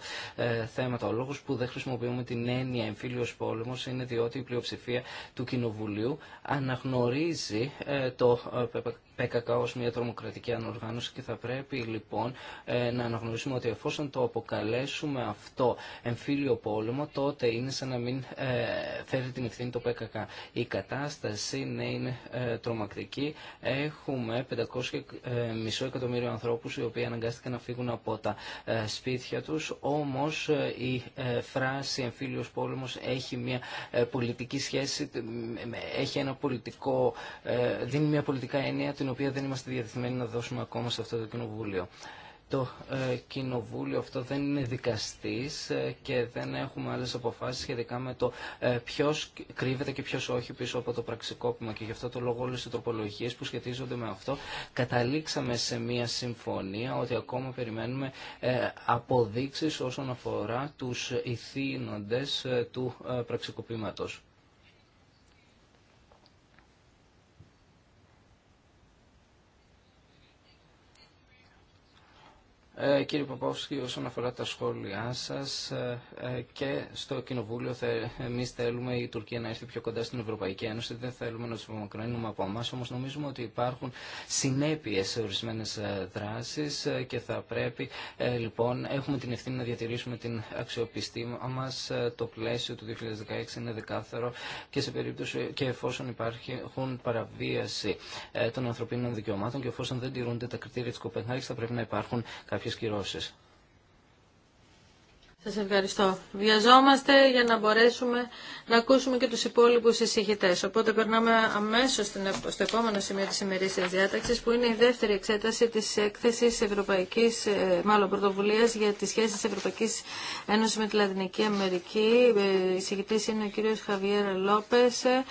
θέματα. Ο λόγος που δεν χρησιμοποιούμε την έννοια εμφύλιος πόλεμος είναι διότι η πλειοψηφία του Κοινοβουλίου αναγνωρίζει ε, το ε, ΠΚΚ ως μια τρομοκρατική ανοργάνωση και θα πρέπει λοιπόν ε, να αναγνωρίσουμε ότι εφόσον το αποκαλέσουμε αυτό εμφύλιο πόλεμο τότε είναι σαν να μην ε, φέρει την ευθύνη το ΠΚΚ. Η κατάσταση ναι, είναι ε, τρομακτική. Έχουμε 500 μισό εκατομμύριο ανθρώπους οι οποίοι αναγκάστηκαν να φύγουν από τα σπίτια τους όμως η φράση εμφύλιος πόλεμος έχει μια πολιτική σχέση έχει ένα πολιτικό δίνει μια πολιτικά έννοια την οποία δεν είμαστε διατεθειμένοι να δώσουμε ακόμα σε αυτό το κοινοβούλιο. Το ε, κοινοβούλιο αυτό δεν είναι δικαστής ε, και δεν έχουμε άλλες αποφάσεις σχετικά με το ε, ποιος κρύβεται και ποιος όχι πίσω από το πραξικόπημα και γι' αυτό το λόγο όλες οι τροπολογίες που σχετίζονται με αυτό καταλήξαμε σε μια συμφωνία ότι ακόμα περιμένουμε αποδείξεις όσον αφορά τους ηθήνοντες του πραξικοπήματος. Ε, κύριε Παπαύσκη, όσον αφορά τα σχόλιά σας ε, ε, και στο Κοινοβούλιο εμεί θέλουμε η Τουρκία να έρθει πιο κοντά στην Ευρωπαϊκή Ένωση δεν θέλουμε να τους απομακρύνουμε από εμά, όμως νομίζουμε ότι υπάρχουν συνέπειες σε ορισμένες δράσεις και θα πρέπει λοιπόν έχουμε την ευθύνη να διατηρήσουμε την αξιοπιστή μας το πλαίσιο του 2016 είναι δεκάθαρο και, σε περίπτωση, και εφόσον υπάρχουν παραβίαση των ανθρωπίνων δικαιωμάτων και εφόσον δεν τηρούνται τα κριτήρια της Κοπενχάγης θα πρέπει να υπάρχουν κάποιες κυρώσεις. Σας ευχαριστώ. Βιαζόμαστε για να μπορέσουμε να ακούσουμε και τους υπόλοιπους εισηγητές. Οπότε περνάμε αμέσως στο επόμενο σημείο της ημερήσιας διάταξης που είναι η δεύτερη εξέταση της έκθεσης Ευρωπαϊκής, ε, μάλλον πρωτοβουλίας για τις σχέσεις της Ευρωπαϊκής Ένωσης με τη Λατινική Αμερική. Ε, εισηγητής είναι ο κύριος Χαβιέρα Λόπες. Ε,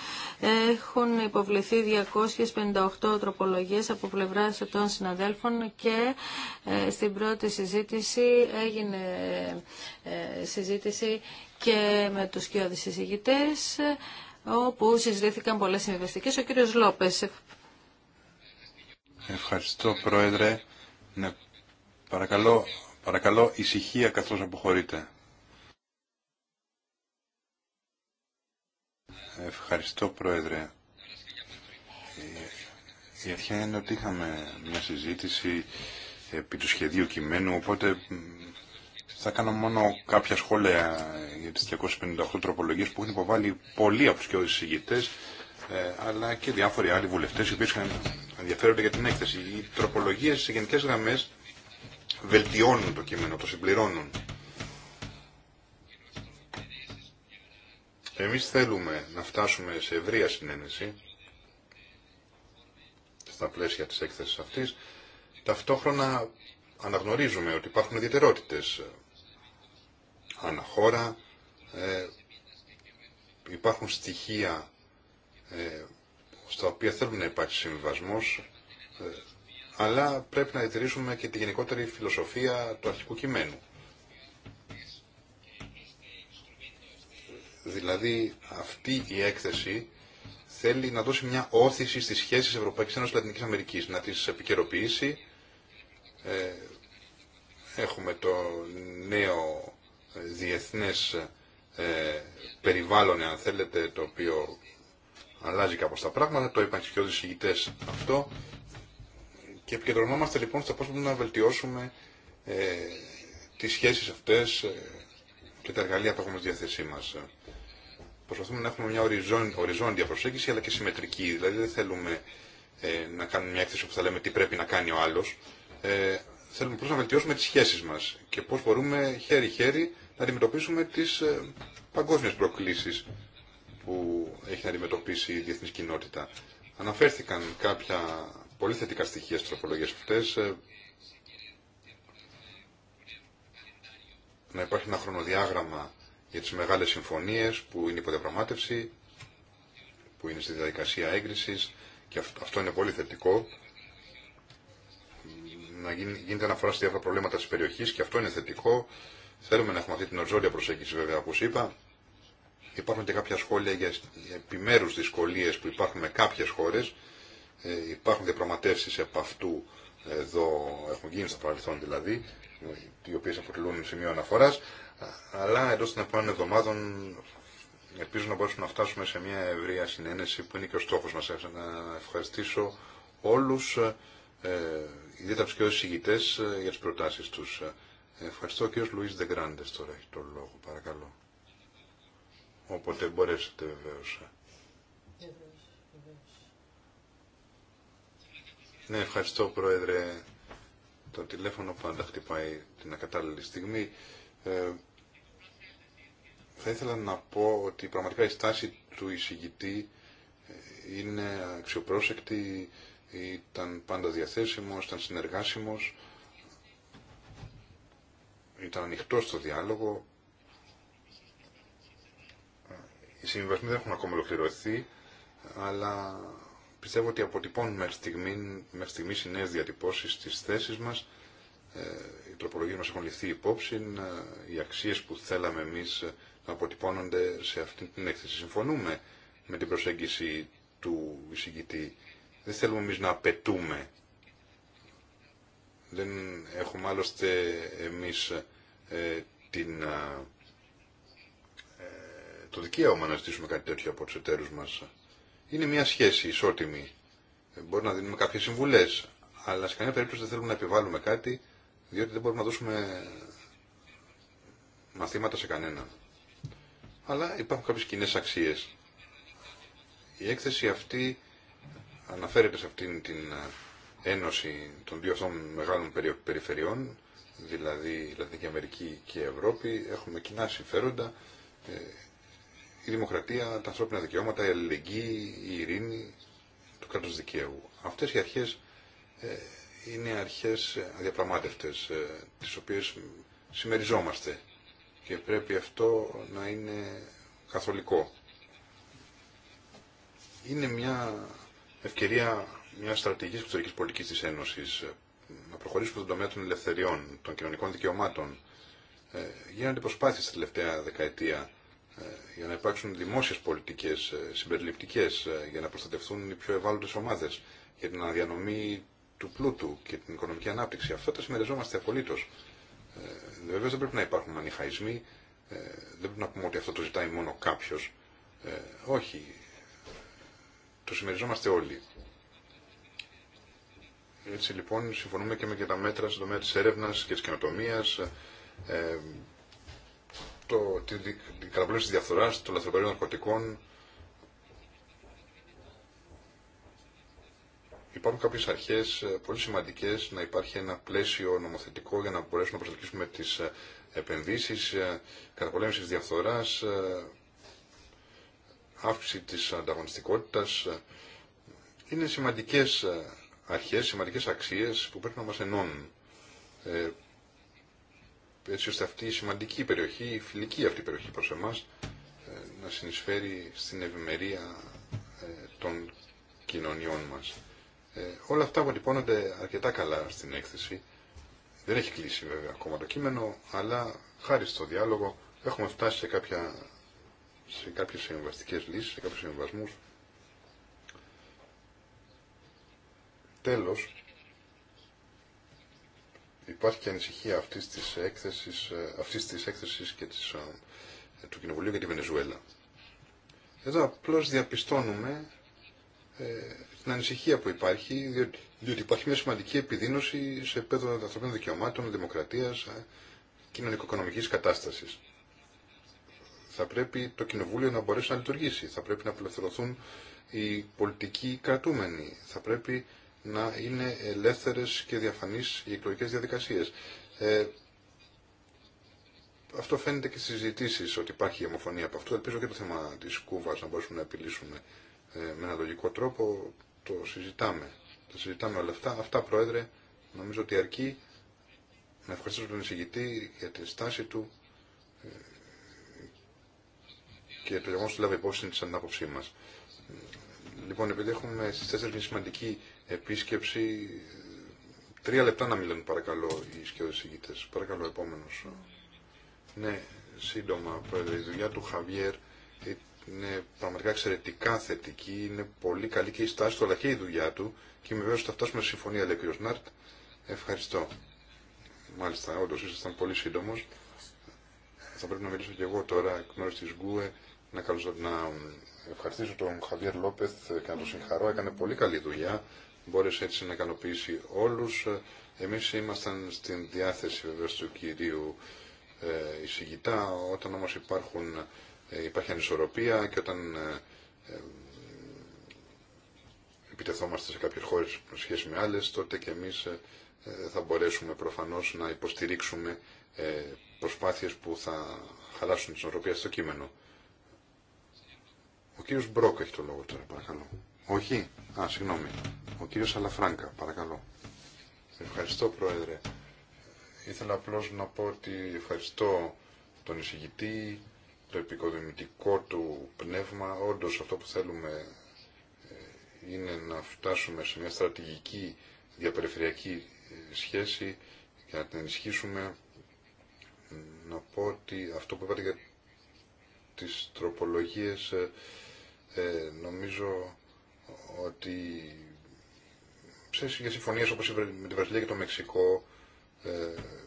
έχουν υποβληθεί 258 τροπολογίες από πλευρά των συναδέλφων και στην πρώτη συζήτηση έγινε ε, συζήτηση και με τους κοιόδης συζητητές όπου συζητήθηκαν πολλές συμβιβαστικές. Ο κύριος Λόπες. Ε, Ευχαριστώ Πρόεδρε. Ναι, παρακαλώ, παρακαλώ ησυχία καθώς αποχωρείτε. Ευχαριστώ Πρόεδρε. Η αρχαία είναι ότι είχαμε μια συζήτηση επί του σχεδίου κειμένου, οπότε θα κάνω μόνο κάποια σχόλια για τις 258 τροπολογίες που έχουν υποβάλει πολλοί από τους και ε, αλλά και διάφοροι άλλοι βουλευτές οι οποίοι ενδιαφέρονται για την έκθεση. Οι τροπολογίες σε γενικές γραμμές βελτιώνουν το κείμενο, το συμπληρώνουν. Εμείς θέλουμε να φτάσουμε σε ευρεία συνένεση στα πλαίσια της έκθεσης αυτής. Ταυτόχρονα αναγνωρίζουμε ότι υπάρχουν ιδιαιτερότητες αναχώρα. Ε, υπάρχουν στοιχεία ε, στα οποία θέλουμε να υπάρξει συμβιβασμός, ε, αλλά πρέπει να διατηρήσουμε και τη γενικότερη φιλοσοφία του αρχικού κειμένου. Δηλαδή αυτή η έκθεση θέλει να δώσει μια όθηση στις σχέσεις Ευρωπαϊκής Ένωσης Λατινικής Αμερικής, να τις επικαιροποιήσει. έχουμε το νέο διεθνές ε, περιβάλλον, αν θέλετε, το οποίο αλλάζει κάπως τα πράγματα, το είπαν και οι αυτό και επικεντρωνόμαστε λοιπόν στο πώς μπορούμε να βελτιώσουμε ε, τις σχέσεις αυτές ε, και τα εργαλεία που έχουμε στη διάθεσή μας. Προσπαθούμε να έχουμε μια οριζόν, οριζόντια προσέγγιση αλλά και συμμετρική, δηλαδή δεν θέλουμε ε, να κάνουμε μια έκθεση που θα λέμε τι πρέπει να κάνει ο άλλος, ε, θέλουμε πώς να βελτιώσουμε τις σχέσεις μας και πώς μπορούμε χέρι-χέρι να αντιμετωπίσουμε τις ε, παγκόσμιες προκλήσεις που έχει να αντιμετωπίσει η διεθνή κοινότητα. Αναφέρθηκαν κάποια πολύ θετικά στοιχεία στις τροπολογίες αυτές. Ε, να υπάρχει ένα χρονοδιάγραμμα για τις μεγάλες συμφωνίες που είναι υποδιαπραγμάτευση, που είναι στη διαδικασία έγκρισης και αυτό είναι πολύ θετικό. Να γίνεται αναφορά στη διάφορα προβλήματα της περιοχής και αυτό είναι θετικό. Θέλουμε να έχουμε αυτή την οριζόντια προσέγγιση βέβαια όπω είπα. Υπάρχουν και κάποια σχόλια για επιμέρου δυσκολίε που υπάρχουν με κάποιες χώρε. Ε, υπάρχουν διαπραγματεύσει επ' αυτού εδώ, έχουν γίνει στο παρελθόν δηλαδή, οι οποίε αποτελούν σημείο αναφορά, αλλά εντό των επόμενων εβδομάδων ελπίζω να μπορέσουμε να φτάσουμε σε μια ευρεία συνένεση που είναι και ο στόχο μα. Να ευχαριστήσω όλου, ε, ιδιαίτερα τους και ε, για τι προτάσει του. Ευχαριστώ ο Λουίς Δεγκράντες τώρα έχει τον λόγο, παρακαλώ. Όποτε μπορέσετε βεβαίως. Ναι, ευχαριστώ Πρόεδρε. Το τηλέφωνο πάντα χτυπάει την ακατάλληλη στιγμή. Ε, θα ήθελα να πω ότι πραγματικά η στάση του εισηγητή ε, είναι αξιοπρόσεκτη, ήταν πάντα διαθέσιμος, ήταν συνεργάσιμος ήταν ανοιχτό στο διάλογο. Οι συμβιβασμοί δεν έχουν ακόμα ολοκληρωθεί, αλλά πιστεύω ότι αποτυπώνουν μέχρι στιγμή, μέχρι στιγμή οι νέε διατυπώσει της θέσης μα. Ε, οι τροπολογίε μα έχουν ληφθεί υπόψη. Ε, οι αξίε που θέλαμε εμεί να αποτυπώνονται σε αυτή την έκθεση. Συμφωνούμε με την προσέγγιση του εισηγητή. Δεν θέλουμε εμεί να απαιτούμε δεν έχουμε άλλωστε εμείς ε, την, ε, ε, το δικαίωμα να ζητήσουμε κάτι τέτοιο από τους εταίρους μας. Είναι μια σχέση ισότιμη. Μπορεί να δίνουμε κάποιες συμβουλές, αλλά σε κανένα περίπτωση δεν θέλουμε να επιβάλλουμε κάτι, διότι δεν μπορούμε να δώσουμε μαθήματα σε κανέναν. Αλλά υπάρχουν κάποιες κοινέ αξίες. Η έκθεση αυτή αναφέρεται σε αυτήν την ε, ένωση των δύο αυτών μεγάλων περιφερειών, δηλαδή Λατινική Αμερική και Ευρώπη, έχουμε κοινά συμφέροντα, ε, η δημοκρατία, τα ανθρώπινα δικαιώματα, η αλληλεγγύη, η ειρήνη, του κράτους δικαίου. Αυτές οι αρχές ε, είναι αρχές αδιαπραγμάτευτες, ε, τις οποίες συμμεριζόμαστε και πρέπει αυτό να είναι καθολικό. Είναι μια ευκαιρία μια στρατηγική εξωτερική πολιτική τη Ένωση, ε, να προχωρήσουμε στον τομέα των ελευθεριών, των κοινωνικών δικαιωμάτων. Ε, γίνονται προσπάθειε τα τελευταία δεκαετία ε, για να υπάρξουν δημόσιε πολιτικέ ε, συμπεριληπτικέ για να προστατευτούν οι πιο ευάλωτε ομάδε, για την αναδιανομή του πλούτου και την οικονομική ανάπτυξη. Αυτό το συμμεριζόμαστε απολύτω. Ε, Βεβαίω δεν πρέπει να υπάρχουν μανιχαϊσμοί, δεν πρέπει να πούμε ότι αυτό το ζητάει μόνο κάποιο. όχι. Το συμμεριζόμαστε όλοι. Έτσι λοιπόν συμφωνούμε και με και τα μέτρα στον τομέα της έρευνας και της καινοτομίας, ε, το, την, καταπολέμηση της διαφθοράς, των λαθροπαρίων ναρκωτικών. Υπάρχουν κάποιες αρχές ε, πολύ σημαντικές να υπάρχει ένα πλαίσιο νομοθετικό για να μπορέσουμε να προσελκύσουμε τις ε, επενδύσεις, ε, καταπολέμηση της διαφθοράς, αύξηση της ανταγωνιστικότητας. Είναι σημαντικές αρχές, σημαντικές αξίες που πρέπει να μας ενώνουν. Ε, έτσι ώστε αυτή η σημαντική περιοχή, η φιλική αυτή περιοχή προς εμάς, ε, να συνεισφέρει στην ευημερία ε, των κοινωνιών μας. όλα αυτά αποτυπώνονται αρκετά καλά στην έκθεση. Δεν έχει κλείσει βέβαια ακόμα το κείμενο, αλλά χάρη στο διάλογο έχουμε φτάσει σε, κάποια, σε κάποιες συμβαστικές λύσεις, σε κάποιους συμβασμούς Τέλος, υπάρχει και ανησυχία αυτής της έκθεσης, ε, αυτής της έκθεσης και ε, του Κοινοβουλίου για τη Βενεζουέλα. Εδώ απλώς διαπιστώνουμε ε, την ανησυχία που υπάρχει, διότι, διότι, υπάρχει μια σημαντική επιδείνωση σε επίπεδο ανθρωπίνων δικαιωμάτων, δημοκρατίας, ε, κοινωνικο-οικονομικής κατάστασης. Θα πρέπει το Κοινοβούλιο να μπορέσει να λειτουργήσει, θα πρέπει να απελευθερωθούν οι πολιτικοί κρατούμενοι, θα πρέπει να είναι ελεύθερες και διαφανείς οι εκλογικές διαδικασίες. Ε, αυτό φαίνεται και στις συζητήσει ότι υπάρχει η αιμοφωνία από αυτό. Ελπίζω και το θέμα της Κούβας να μπορέσουμε να επιλύσουμε ε, με ένα λογικό τρόπο. Το συζητάμε. Το συζητάμε όλα αυτά. Αυτά, Πρόεδρε, νομίζω ότι αρκεί να ευχαριστήσω τον εισηγητή για την στάση του ε, και το γεγονό του λάβει υπόψη τη ανάποψή μα. Λοιπόν, επειδή έχουμε στι 4 σημαντική επίσκεψη. Τρία λεπτά να μιλάνε παρακαλώ οι σκιοδεσηγητές. Παρακαλώ επομενο Ναι, σύντομα, η δουλειά του Χαβιέρ είναι πραγματικά εξαιρετικά θετική, είναι πολύ καλή και η στάση του αλλά και η δουλειά του και είμαι βέβαιο ότι θα φτάσουμε σε συμφωνία, λέει ο κ. Νάρτ. Ευχαριστώ. Μάλιστα, όντω ήσασταν πολύ σύντομο. Θα πρέπει να μιλήσω και εγώ τώρα εκ μέρου τη Γκουε να, καλωσο... να ευχαριστήσω τον Χαβιέρ Λόπεθ και να τον συγχαρώ. Έκανε πολύ καλή δουλειά μπόρεσε έτσι να ικανοποιήσει όλους. Εμείς ήμασταν στην διάθεση βεβαίως του κυρίου ε, εισηγητά, όταν όμως υπάρχουν, ε, υπάρχει ανισορροπία και όταν ε, επιτεθόμαστε σε κάποιες χώρες σχέση με άλλες, τότε και εμείς θα μπορέσουμε προφανώς να υποστηρίξουμε προσπάθειες που θα χαλάσουν την ισορροπία στο κείμενο. Ο κύριος Μπρόκ έχει το λόγο τώρα, παρακαλώ. Όχι. Α, συγγνώμη. Ο κύριος Αλαφράγκα, παρακαλώ. Ευχαριστώ, Πρόεδρε. Ήθελα απλώς να πω ότι ευχαριστώ τον εισηγητή, το επικοδημητικό του πνεύμα. Όντως αυτό που θέλουμε ε, είναι να φτάσουμε σε μια στρατηγική διαπεριφερειακή ε, σχέση και να την ενισχύσουμε. Να πω ότι αυτό που είπατε για τις τροπολογίες ε, νομίζω ότι για συμφωνίε όπω με τη Βραζιλία και το Μεξικό,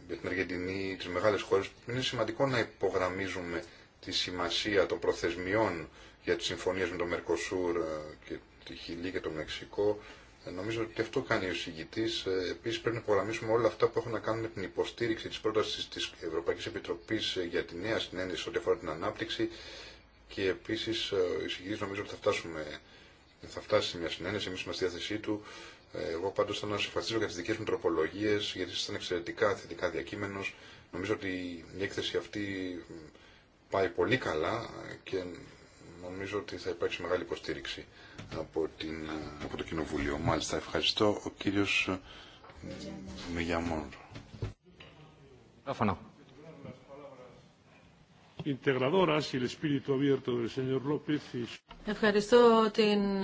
με την Αργεντινή, τι μεγάλε χώρε, είναι σημαντικό να υπογραμμίζουμε τη σημασία των προθεσμιών για τι συμφωνίε με το Μερκοσούρ ε, και τη Χιλή και το Μεξικό. Ε, νομίζω ότι αυτό κάνει ο συγητή. Ε, επίση πρέπει να υπογραμμίσουμε όλα αυτά που έχουν να κάνουν με την υποστήριξη τη πρόταση τη Ευρωπαϊκή Επιτροπή για τη νέα συνέντευξη ό,τι αφορά την ανάπτυξη. Και επίση ο νομίζω ότι θα φτάσουμε θα φτάσει σε μια συνένεση, εμεί είμαστε στη διάθεσή του. Εγώ πάντως θα να σα ευχαριστήσω για τι δικέ μου τροπολογίε γιατί ήσασταν εξαιρετικά θετικά διακείμενο. Νομίζω ότι η έκθεση αυτή πάει πολύ καλά και νομίζω ότι θα υπάρξει μεγάλη υποστήριξη από, την, από το Κοινοβούλιο. Μάλιστα, ευχαριστώ. Ο κύριος ε, Μιγιαμόν. Ευχαριστώ την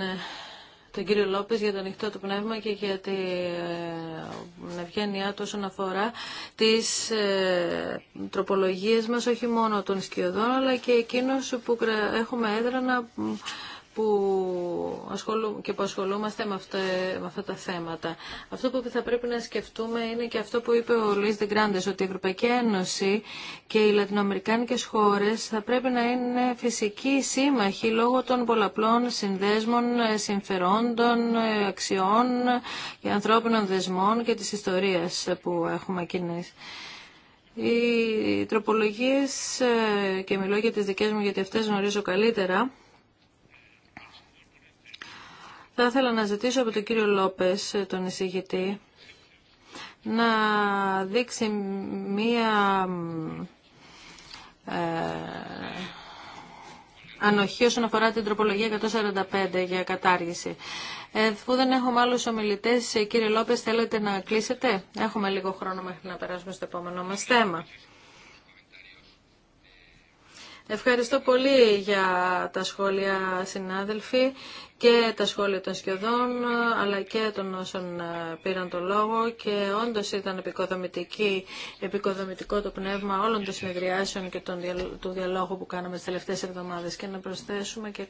τον κύριο Λόπε για το ανοιχτό του πνεύμα και για την ε, ευγένειά του όσον αφορά τι ε, τροπολογίε μα, όχι μόνο των σκιωδών, αλλά και εκείνου που έχουμε έδρανα που, και που ασχολούμαστε με, αυτά τα θέματα. Αυτό που θα πρέπει να σκεφτούμε είναι και αυτό που είπε ο Λουίς Δεγκράντες, ότι η Ευρωπαϊκή Ένωση και οι λατινοαμερικάνικες χώρες θα πρέπει να είναι φυσικοί σύμμαχοι λόγω των πολλαπλών συνδέσμων, συμφερόντων, αξιών και ανθρώπινων δεσμών και της ιστορίας που έχουμε κοινής. Οι τροπολογίες, ε, και μιλώ για τις δικές μου γιατί αυτές γνωρίζω καλύτερα, θα ήθελα να ζητήσω από τον κύριο Λόπες, ε, τον εισηγητή, να δείξει μία ε, ανοχή όσον αφορά την τροπολογία 145 για κατάργηση. Ε, δεν έχουμε άλλου ομιλητέ, ε, κύριε Λόπε, θέλετε να κλείσετε. Έχουμε λίγο χρόνο μέχρι να περάσουμε στο επόμενο μας θέμα. Ευχαριστώ πολύ για τα σχόλια συνάδελφοι και τα σχόλια των σκιωδών αλλά και των όσων ε, πήραν το λόγο και όντως ήταν επικοδομητικό το πνεύμα όλων των συνεδριάσεων και των, του διαλόγου που κάναμε τις τελευταίες εβδομάδες και να προσθέσουμε και,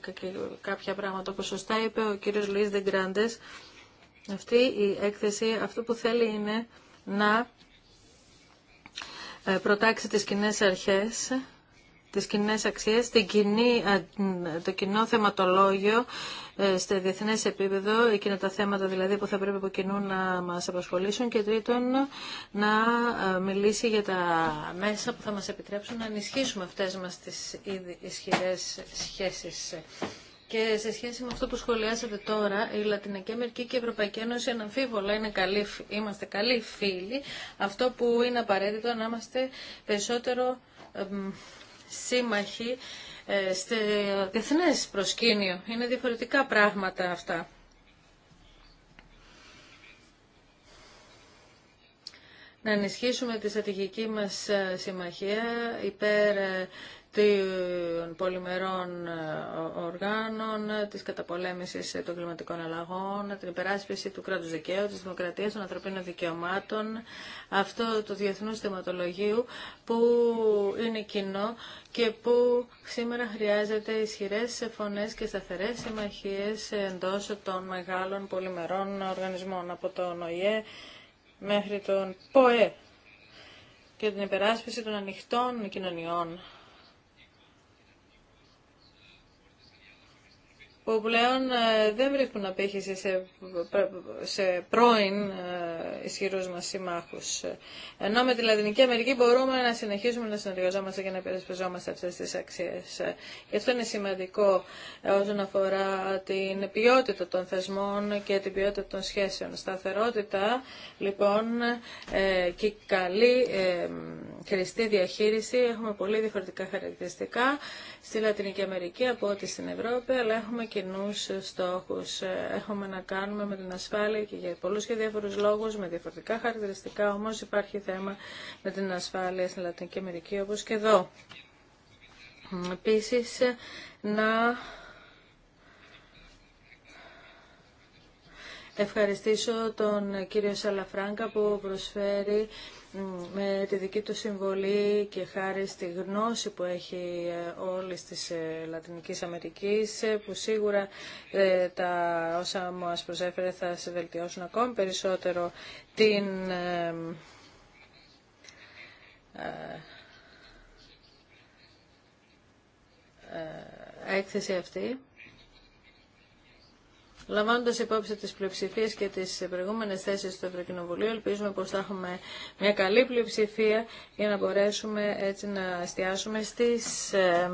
κάποια πράγματα όπως σωστά είπε ο κύριος Λουίς Δεγκράντες αυτή η έκθεση αυτό που θέλει είναι να ε, προτάξει τις κοινέ αρχές τις κοινέ αξίες, το κοινό θεματολόγιο ε, σε διεθνέ επίπεδο, εκείνα τα θέματα δηλαδή που θα πρέπει από κοινού να μας απασχολήσουν και τρίτον να ε, μιλήσει για τα μέσα που θα μας επιτρέψουν να ενισχύσουμε αυτές μας τις ήδη ισχυρές σχέσεις. Και σε σχέση με αυτό που σχολιάσατε τώρα, η Λατινική Αμερική και η Ευρωπαϊκή Ένωση αναμφίβολα είναι καλή, είμαστε καλοί φίλοι. Αυτό που είναι απαραίτητο να είμαστε περισσότερο σύμμαχοι ε, στο διεθνέ προσκήνιο. Είναι διαφορετικά πράγματα αυτά. να ενισχύσουμε τη στρατηγική μας ε, συμμαχία υπέρ ε, των πολυμερών ε, οργάνων, ε, της καταπολέμηση ε, των κλιματικών αλλαγών, την υπεράσπιση του κράτους δικαίου, τη δημοκρατία, των ανθρωπίνων δικαιωμάτων, αυτό του Διεθνού θεματολογίου που είναι κοινό και που σήμερα χρειάζεται ισχυρές φωνές και σταθερέ συμμαχίε εντό των μεγάλων πολυμερών οργανισμών, από τον ΟΗΕ μέχρι τον ΠΟΕ και την υπεράσπιση των ανοιχτών κοινωνιών που πλέον ε, δεν βρίσκουν απέχηση σε, σε πρώην ε, ισχυρούς μας συμμάχους. Ενώ με τη Λατινική Αμερική μπορούμε να συνεχίσουμε να συνεργαζόμαστε και να υπερασπιζόμαστε αυτές τις αξίες. Και αυτό είναι σημαντικό ε, όσον αφορά την ποιότητα των θεσμών και την ποιότητα των σχέσεων. Σταθερότητα, λοιπόν, και καλή χρηστή διαχείριση. Έχουμε πολύ διαφορετικά χαρακτηριστικά στη Λατινική Αμερική από ό,τι στην Ευρώπη, αλλά έχουμε κοινού στόχους. Ε, έχουμε να κάνουμε με την ασφάλεια και για πολλούς και διάφορους λόγους, με διαφορετικά χαρακτηριστικά, όμως υπάρχει θέμα με την ασφάλεια στην Λατινική Αμερική όπως και εδώ. Επίσης, να ευχαριστήσω τον κύριο Σαλαφράγκα που προσφέρει με τη δική του συμβολή και χάρη στη γνώση που έχει ε, όλη της ε, Λατινικής Αμερικής ε, που σίγουρα τα όσα μας προσέφερε θα σε βελτιώσουν ακόμη περισσότερο την έκθεση αυτή. Λαμβάνοντα υπόψη τι πλειοψηφίε και τι προηγούμενε θέσει του Ευρωκοινοβουλίου, ελπίζουμε πω θα έχουμε μια καλή πλειοψηφία για να μπορέσουμε έτσι να εστιάσουμε στι ε, ε,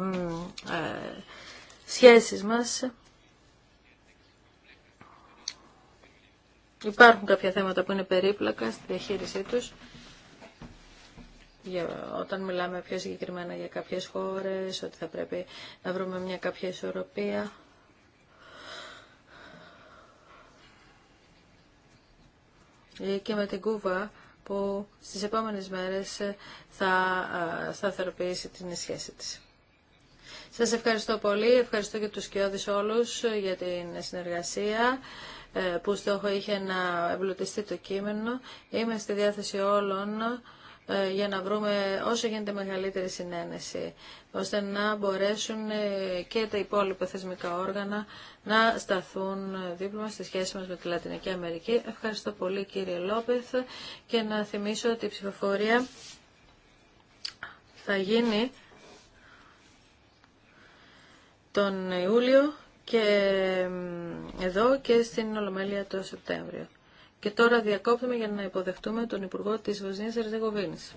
σχέσει μα. Υπάρχουν κάποια θέματα που είναι περίπλακα στη διαχείρισή τους για, όταν μιλάμε πιο συγκεκριμένα για κάποιες χώρες, ότι θα πρέπει να βρούμε μια κάποια ισορροπία. Ε, και με την Κούβα που στις επόμενες μέρες ε, θα σταθεροποιήσει ε, την σχέση της. Σας ευχαριστώ πολύ, ευχαριστώ και τους κοιόδης όλους για την συνεργασία που στόχο είχε να εμπλουτιστεί το κείμενο. Είμαι στη διάθεση όλων ε, για να βρούμε όσο γίνεται μεγαλύτερη συνένεση, ώστε να μπορέσουν ε, και τα υπόλοιπα θεσμικά όργανα να σταθούν ε, δίπλα μας στη σχέση μας με τη Λατινική Αμερική. Ευχαριστώ πολύ κύριε Λόπεθ και να θυμίσω ότι η ψηφοφορία θα γίνει τον Ιούλιο και εδώ και στην Ολομέλεια το Σεπτέμβριο. Και τώρα διακόπτουμε για να υποδεχτούμε τον Υπουργό της Βοσνίας Ερζεγοβίνης.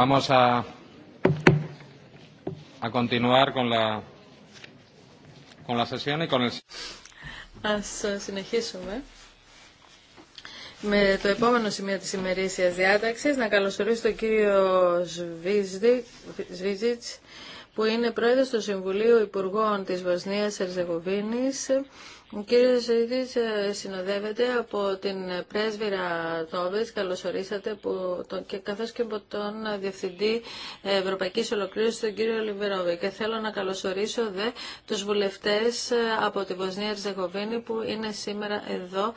Vamos Ας συνεχίσουμε με το επόμενο σημείο της ημερήσιας διάταξης. Να καλωσορίσω τον κύριο Σβίζιτς, που είναι πρόεδρος του Συμβουλίου Υπουργών της Βοσνίας Ερζεγοβίνης. Ο κύριος Ζήτη ε, συνοδεύεται από την πρέσβυρα Τόβες, καλωσορίσατε, και καθώς και από τον Διευθυντή Ευρωπαϊκής Ολοκλήρωσης, τον κύριο Λιβερόβη. Και θέλω να καλωσορίσω δε τους βουλευτές ε, από τη Βοσνία Ερζεγοβίνη που είναι σήμερα εδώ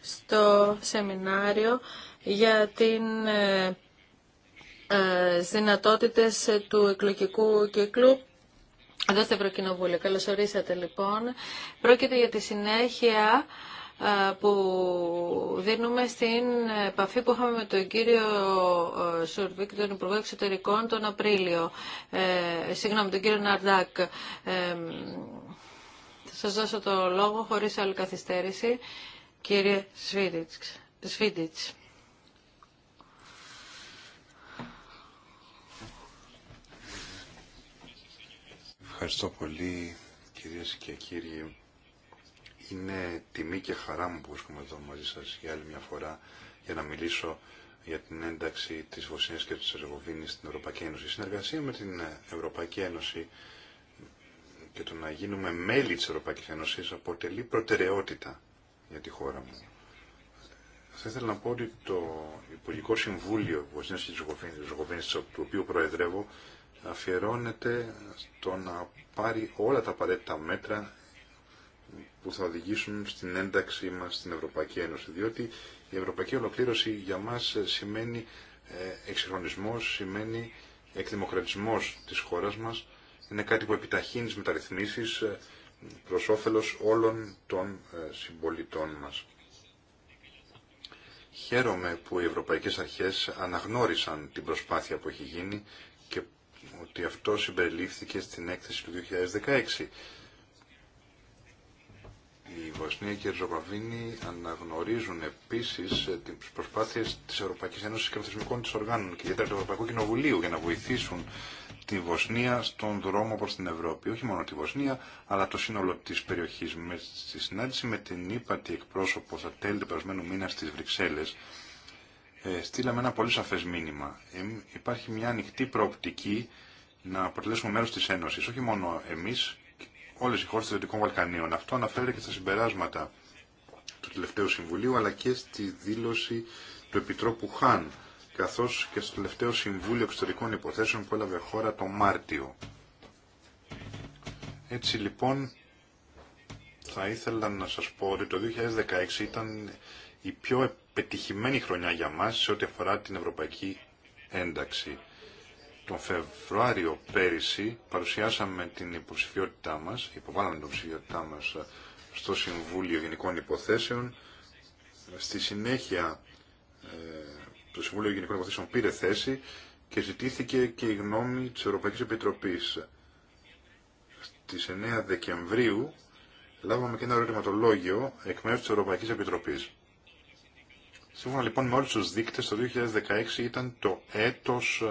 στο σεμινάριο για την ε, ε, δυνατότητες ε, του εκλογικού κύκλου εδώ στην Ευρωκοινοβούλιο. Καλώς ορίσατε λοιπόν. Πρόκειται για τη συνέχεια ε, που δίνουμε στην επαφή που είχαμε με τον κύριο Σουρβίκ, τον Υπουργό Εξωτερικών, τον Απρίλιο. Ε, συγγνώμη, τον κύριο Ναρντάκ. θα σας δώσω το λόγο χωρίς άλλη καθυστέρηση. Κύριε Σφίτιτς. Ευχαριστώ πολύ κυρίες και κύριοι. Είναι τιμή και χαρά μου που βρίσκομαι εδώ μαζί σας για άλλη μια φορά για να μιλήσω για την ένταξη της Βοσνίας και της Ερζεγοβίνης στην Ευρωπαϊκή Ένωση. Η συνεργασία με την Ευρωπαϊκή Ένωση και το να γίνουμε μέλη της Ευρωπαϊκής Ένωσης αποτελεί προτεραιότητα για τη χώρα μου. Θα ήθελα να πω ότι το Υπουργικό Συμβούλιο Βοσνίας και της του οποίου προεδρεύω, αφιερώνεται στο να πάρει όλα τα απαραίτητα μέτρα που θα οδηγήσουν στην ένταξή μας στην Ευρωπαϊκή Ένωση. Διότι η Ευρωπαϊκή Ολοκλήρωση για μας σημαίνει ε, εξυγχρονισμός, σημαίνει εκδημοκρατισμός της χώρας μας. Είναι κάτι που επιταχύνει τις μεταρρυθμίσεις ε, προς όφελος όλων των ε, συμπολιτών μας. Χαίρομαι που οι ευρωπαϊκές αρχές αναγνώρισαν την προσπάθεια που έχει γίνει και ότι αυτό συμπεριλήφθηκε στην έκθεση του 2016. Οι Βοσνία και η Ριζοβαβίνη αναγνωρίζουν επίση ε, τι προσπάθειε τη Ευρωπαϊκή Ένωση και των θεσμικών τη οργάνων και ιδιαίτερα του Ευρωπαϊκού Κοινοβουλίου για να βοηθήσουν τη Βοσνία στον δρόμο προ την Ευρώπη. Όχι μόνο τη Βοσνία, αλλά το σύνολο τη περιοχή. Στη συνάντηση με την ύπατη εκπρόσωπο στα τέλη του περασμένου μήνα στι Βρυξέλλε, ε, στείλαμε ένα πολύ σαφέ μήνυμα. Ε, υπάρχει μια ανοιχτή προοπτική να αποτελέσουμε μέρο τη Ένωση, όχι μόνο εμεί, όλε οι χώρε των Δυτικών Βαλκανίων. Αυτό αναφέρεται και στα συμπεράσματα του τελευταίου Συμβουλίου, αλλά και στη δήλωση του Επιτρόπου Χάν, καθώ και στο τελευταίο Συμβούλιο Εξωτερικών Υποθέσεων που έλαβε χώρα το Μάρτιο. Έτσι λοιπόν, θα ήθελα να σας πω ότι το 2016 ήταν η πιο επιτυχημένη χρονιά για μας σε ό,τι αφορά την ευρωπαϊκή ένταξη τον Φεβρουάριο πέρυσι παρουσιάσαμε την υποψηφιότητά μας, υποβάλαμε την υποψηφιότητά μας ε, στο Συμβούλιο Γενικών Υποθέσεων. Στη συνέχεια ε, το Συμβούλιο Γενικών Υποθέσεων πήρε θέση και ζητήθηκε και η γνώμη της Ευρωπαϊκής Επιτροπής. Στις 9 Δεκεμβρίου λάβαμε και ένα ερωτηματολόγιο εκ μέρους της Ευρωπαϊκής Επιτροπής. Σύμφωνα λοιπόν με όλους τους δείκτες, το 2016 ήταν το έτος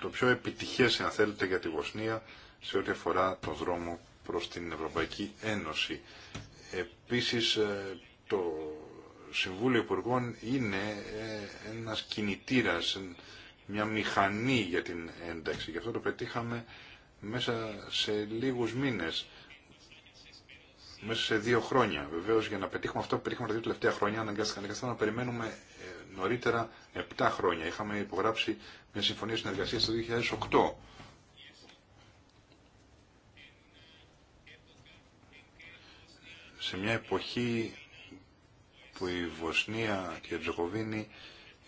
το πιο επιτυχές, αν θέλετε, για τη Βοσνία σε ό,τι αφορά τον δρόμο προς την Ευρωπαϊκή Ένωση. Επίσης, ε, το Συμβούλιο Υπουργών είναι ε, ένας κινητήρας, μια μηχανή για την ένταξη. Γι' αυτό το πετύχαμε μέσα σε λίγους μήνες, μέσα σε δύο χρόνια. Βεβαίως, για να πετύχουμε αυτό που πετύχαμε τα δύο τελευταία χρόνια, αναγκαστικά να περιμένουμε νωρίτερα 7 χρόνια. Είχαμε υπογράψει μια συμφωνία συνεργασία το 2008. Σε μια εποχή που η Βοσνία και η Τζοκοβίνη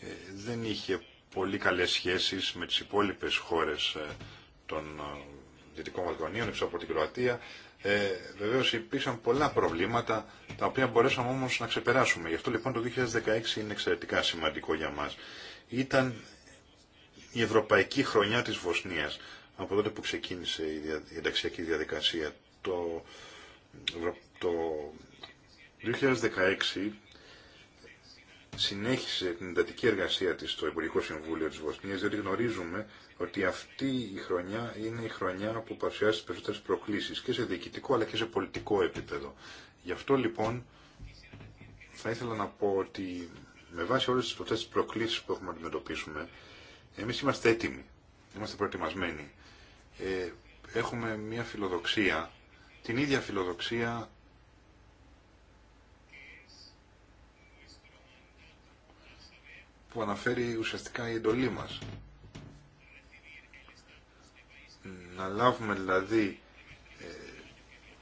ε, δεν είχε πολύ καλές σχέσεις με τις υπόλοιπες χώρες ε, των ε, Δυτικών Βαλκανίων, έξω από την Κροατία ε, βεβαίως υπήρξαν πολλά προβλήματα τα οποία μπορέσαμε όμως να ξεπεράσουμε. Γι' αυτό λοιπόν το 2016 είναι εξαιρετικά σημαντικό για μας. Ήταν η ευρωπαϊκή χρονιά της Βοσνίας από τότε που ξεκίνησε η ενταξιακή διαδικασία. Το, το 2016 συνέχισε την εντατική εργασία της στο Υπουργικό Συμβούλιο της Βοσνίας, διότι γνωρίζουμε ότι αυτή η χρονιά είναι η χρονιά που παρουσιάζει τις περισσότερες προκλήσεις και σε διοικητικό αλλά και σε πολιτικό επίπεδο. Γι' αυτό λοιπόν θα ήθελα να πω ότι με βάση όλες τις αυτές προκλήσεις που έχουμε να αντιμετωπίσουμε, εμείς είμαστε έτοιμοι, είμαστε προετοιμασμένοι. Ε, έχουμε μια φιλοδοξία, την ίδια φιλοδοξία που αναφέρει ουσιαστικά η εντολή μας να λάβουμε δηλαδή ε,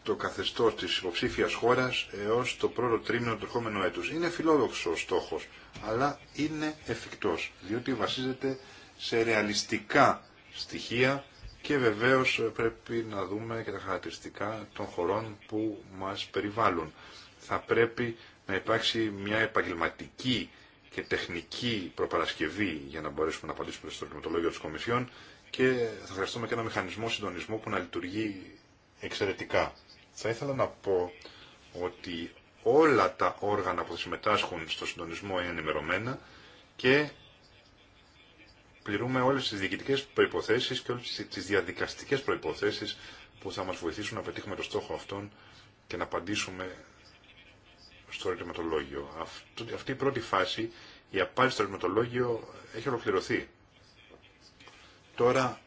το καθεστώς της υποψήφιας χώρας έως το πρώτο τρίμηνο του ερχόμενου έτους. Είναι φιλόδοξος στόχος, αλλά είναι εφικτός, διότι βασίζεται σε ρεαλιστικά στοιχεία και βεβαίως πρέπει να δούμε και τα χαρακτηριστικά των χωρών που μας περιβάλλουν. Θα πρέπει να υπάρξει μια επαγγελματική και τεχνική προπαρασκευή για να μπορέσουμε να απαντήσουμε στο ερωτηματολόγιο τη Κομισιόν και θα χρειαστούμε και ένα μηχανισμό συντονισμού που να λειτουργεί εξαιρετικά. Θα ήθελα να πω ότι όλα τα όργανα που συμμετάσχουν στο συντονισμό είναι ενημερωμένα και πληρούμε όλες τις διοικητικές προϋποθέσεις και όλες τις διαδικαστικές προϋποθέσεις που θα μας βοηθήσουν να πετύχουμε το στόχο αυτόν και να απαντήσουμε στο ερωτηματολόγιο. Αυτή η πρώτη φάση, η απάντηση στο ερωτηματολόγιο έχει ολοκληρωθεί. Τώρα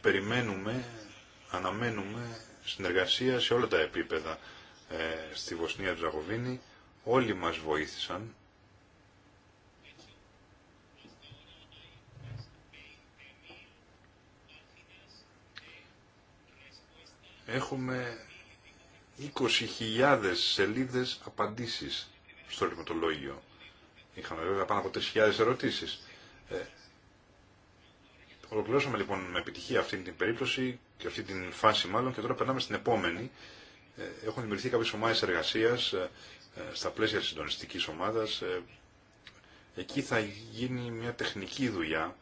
περιμένουμε, αναμένουμε συνεργασία σε όλα τα επίπεδα ε, στη Βοσνία Τζαγοβίνη. Όλοι μας βοήθησαν. Έχουμε 20.000 σελίδες απαντήσεις στο ρηματολόγιο. Είχαμε βέβαια πάνω από 3.000 ερωτήσεις. Ε, ολοκληρώσαμε λοιπόν με επιτυχία αυτή την περίπτωση και αυτή την φάση μάλλον και τώρα περνάμε στην επόμενη. Ε, έχουν δημιουργηθεί κάποιες ομάδες εργασίας ε, ε, στα πλαίσια της συντονιστικής ομάδας. Ε, εκεί θα γίνει μια τεχνική δουλειά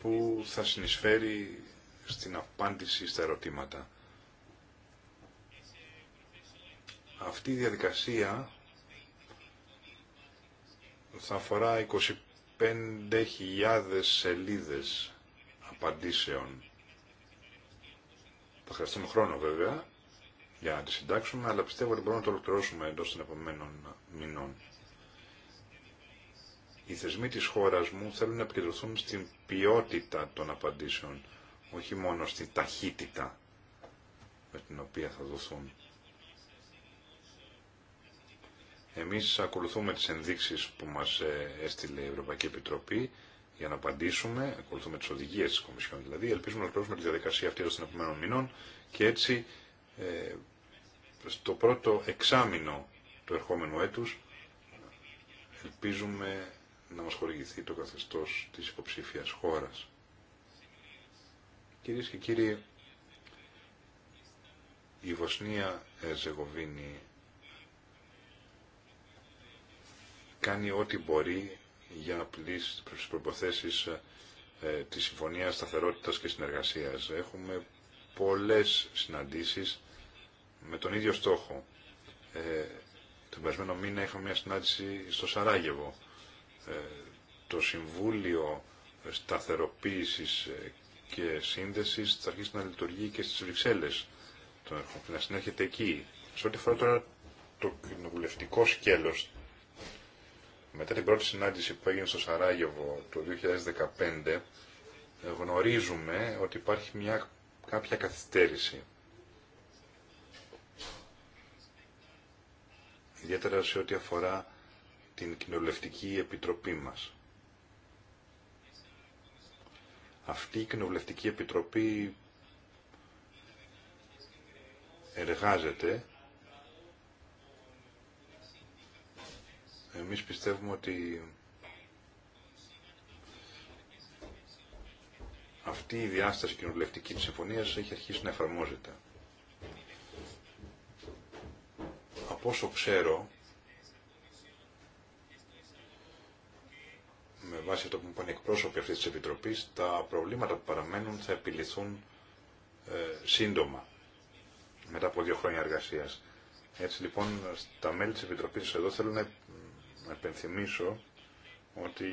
που θα συνεισφέρει στην απάντηση στα ερωτήματα. Αυτή η διαδικασία θα αφορά 25.000 σελίδες απαντήσεων. Θα χρειαστούμε χρόνο βέβαια για να τη συντάξουμε, αλλά πιστεύω ότι μπορούμε να το ολοκληρώσουμε εντός των επόμενων μηνών. Οι θεσμοί της χώρας μου θέλουν να επικεντρωθούν στην ποιότητα των απαντήσεων, όχι μόνο στην ταχύτητα με την οποία θα δοθούν. Εμείς ακολουθούμε τις ενδείξεις που μας ε, έστειλε η Ευρωπαϊκή Επιτροπή για να απαντήσουμε, ακολουθούμε τις οδηγίες της Κομισιόν δηλαδή, ελπίζουμε να ακολουθούμε τη διαδικασία αυτή των επόμενων μηνών και έτσι ε, στο πρώτο εξάμεινο του ερχόμενου έτους ελπίζουμε να μας χορηγηθεί το καθεστώς της υποψήφιας χώρας. Κυρίες και κύριοι, η Βοσνία Ερζεγοβίνη κάνει ό,τι μπορεί για πλήσει τις προϋποθέσεις ε, της Συμφωνίας Σταθερότητας και Συνεργασίας. Έχουμε πολλές συναντήσεις με τον ίδιο στόχο. Ε, τον περασμένο μήνα είχαμε μια συνάντηση στο Σαράγεβο. Ε, το Συμβούλιο σταθεροποίηση και Σύνδεσης θα αρχίσει να λειτουργεί και στις Βρυξέλλες. Το να συνέρχεται εκεί. Σε ό,τι αφορά τώρα το κοινοβουλευτικό σκέλος μετά την πρώτη συνάντηση που έγινε στο Σαράγεβο το 2015, γνωρίζουμε ότι υπάρχει μια κάποια καθυστέρηση. Ιδιαίτερα σε ό,τι αφορά την κοινοβουλευτική επιτροπή μας. Αυτή η κοινοβουλευτική επιτροπή εργάζεται Εμείς πιστεύουμε ότι αυτή η διάσταση κοινοβουλευτική της συμφωνίας έχει αρχίσει να εφαρμόζεται. Από όσο ξέρω, με βάση το που μου οι εκπρόσωποι αυτής της Επιτροπής, τα προβλήματα που παραμένουν θα επιληθούν ε, σύντομα, μετά από δύο χρόνια εργασίας. Έτσι λοιπόν, τα μέλη της Επιτροπής εδώ θέλουν να, να επενθυμίσω ότι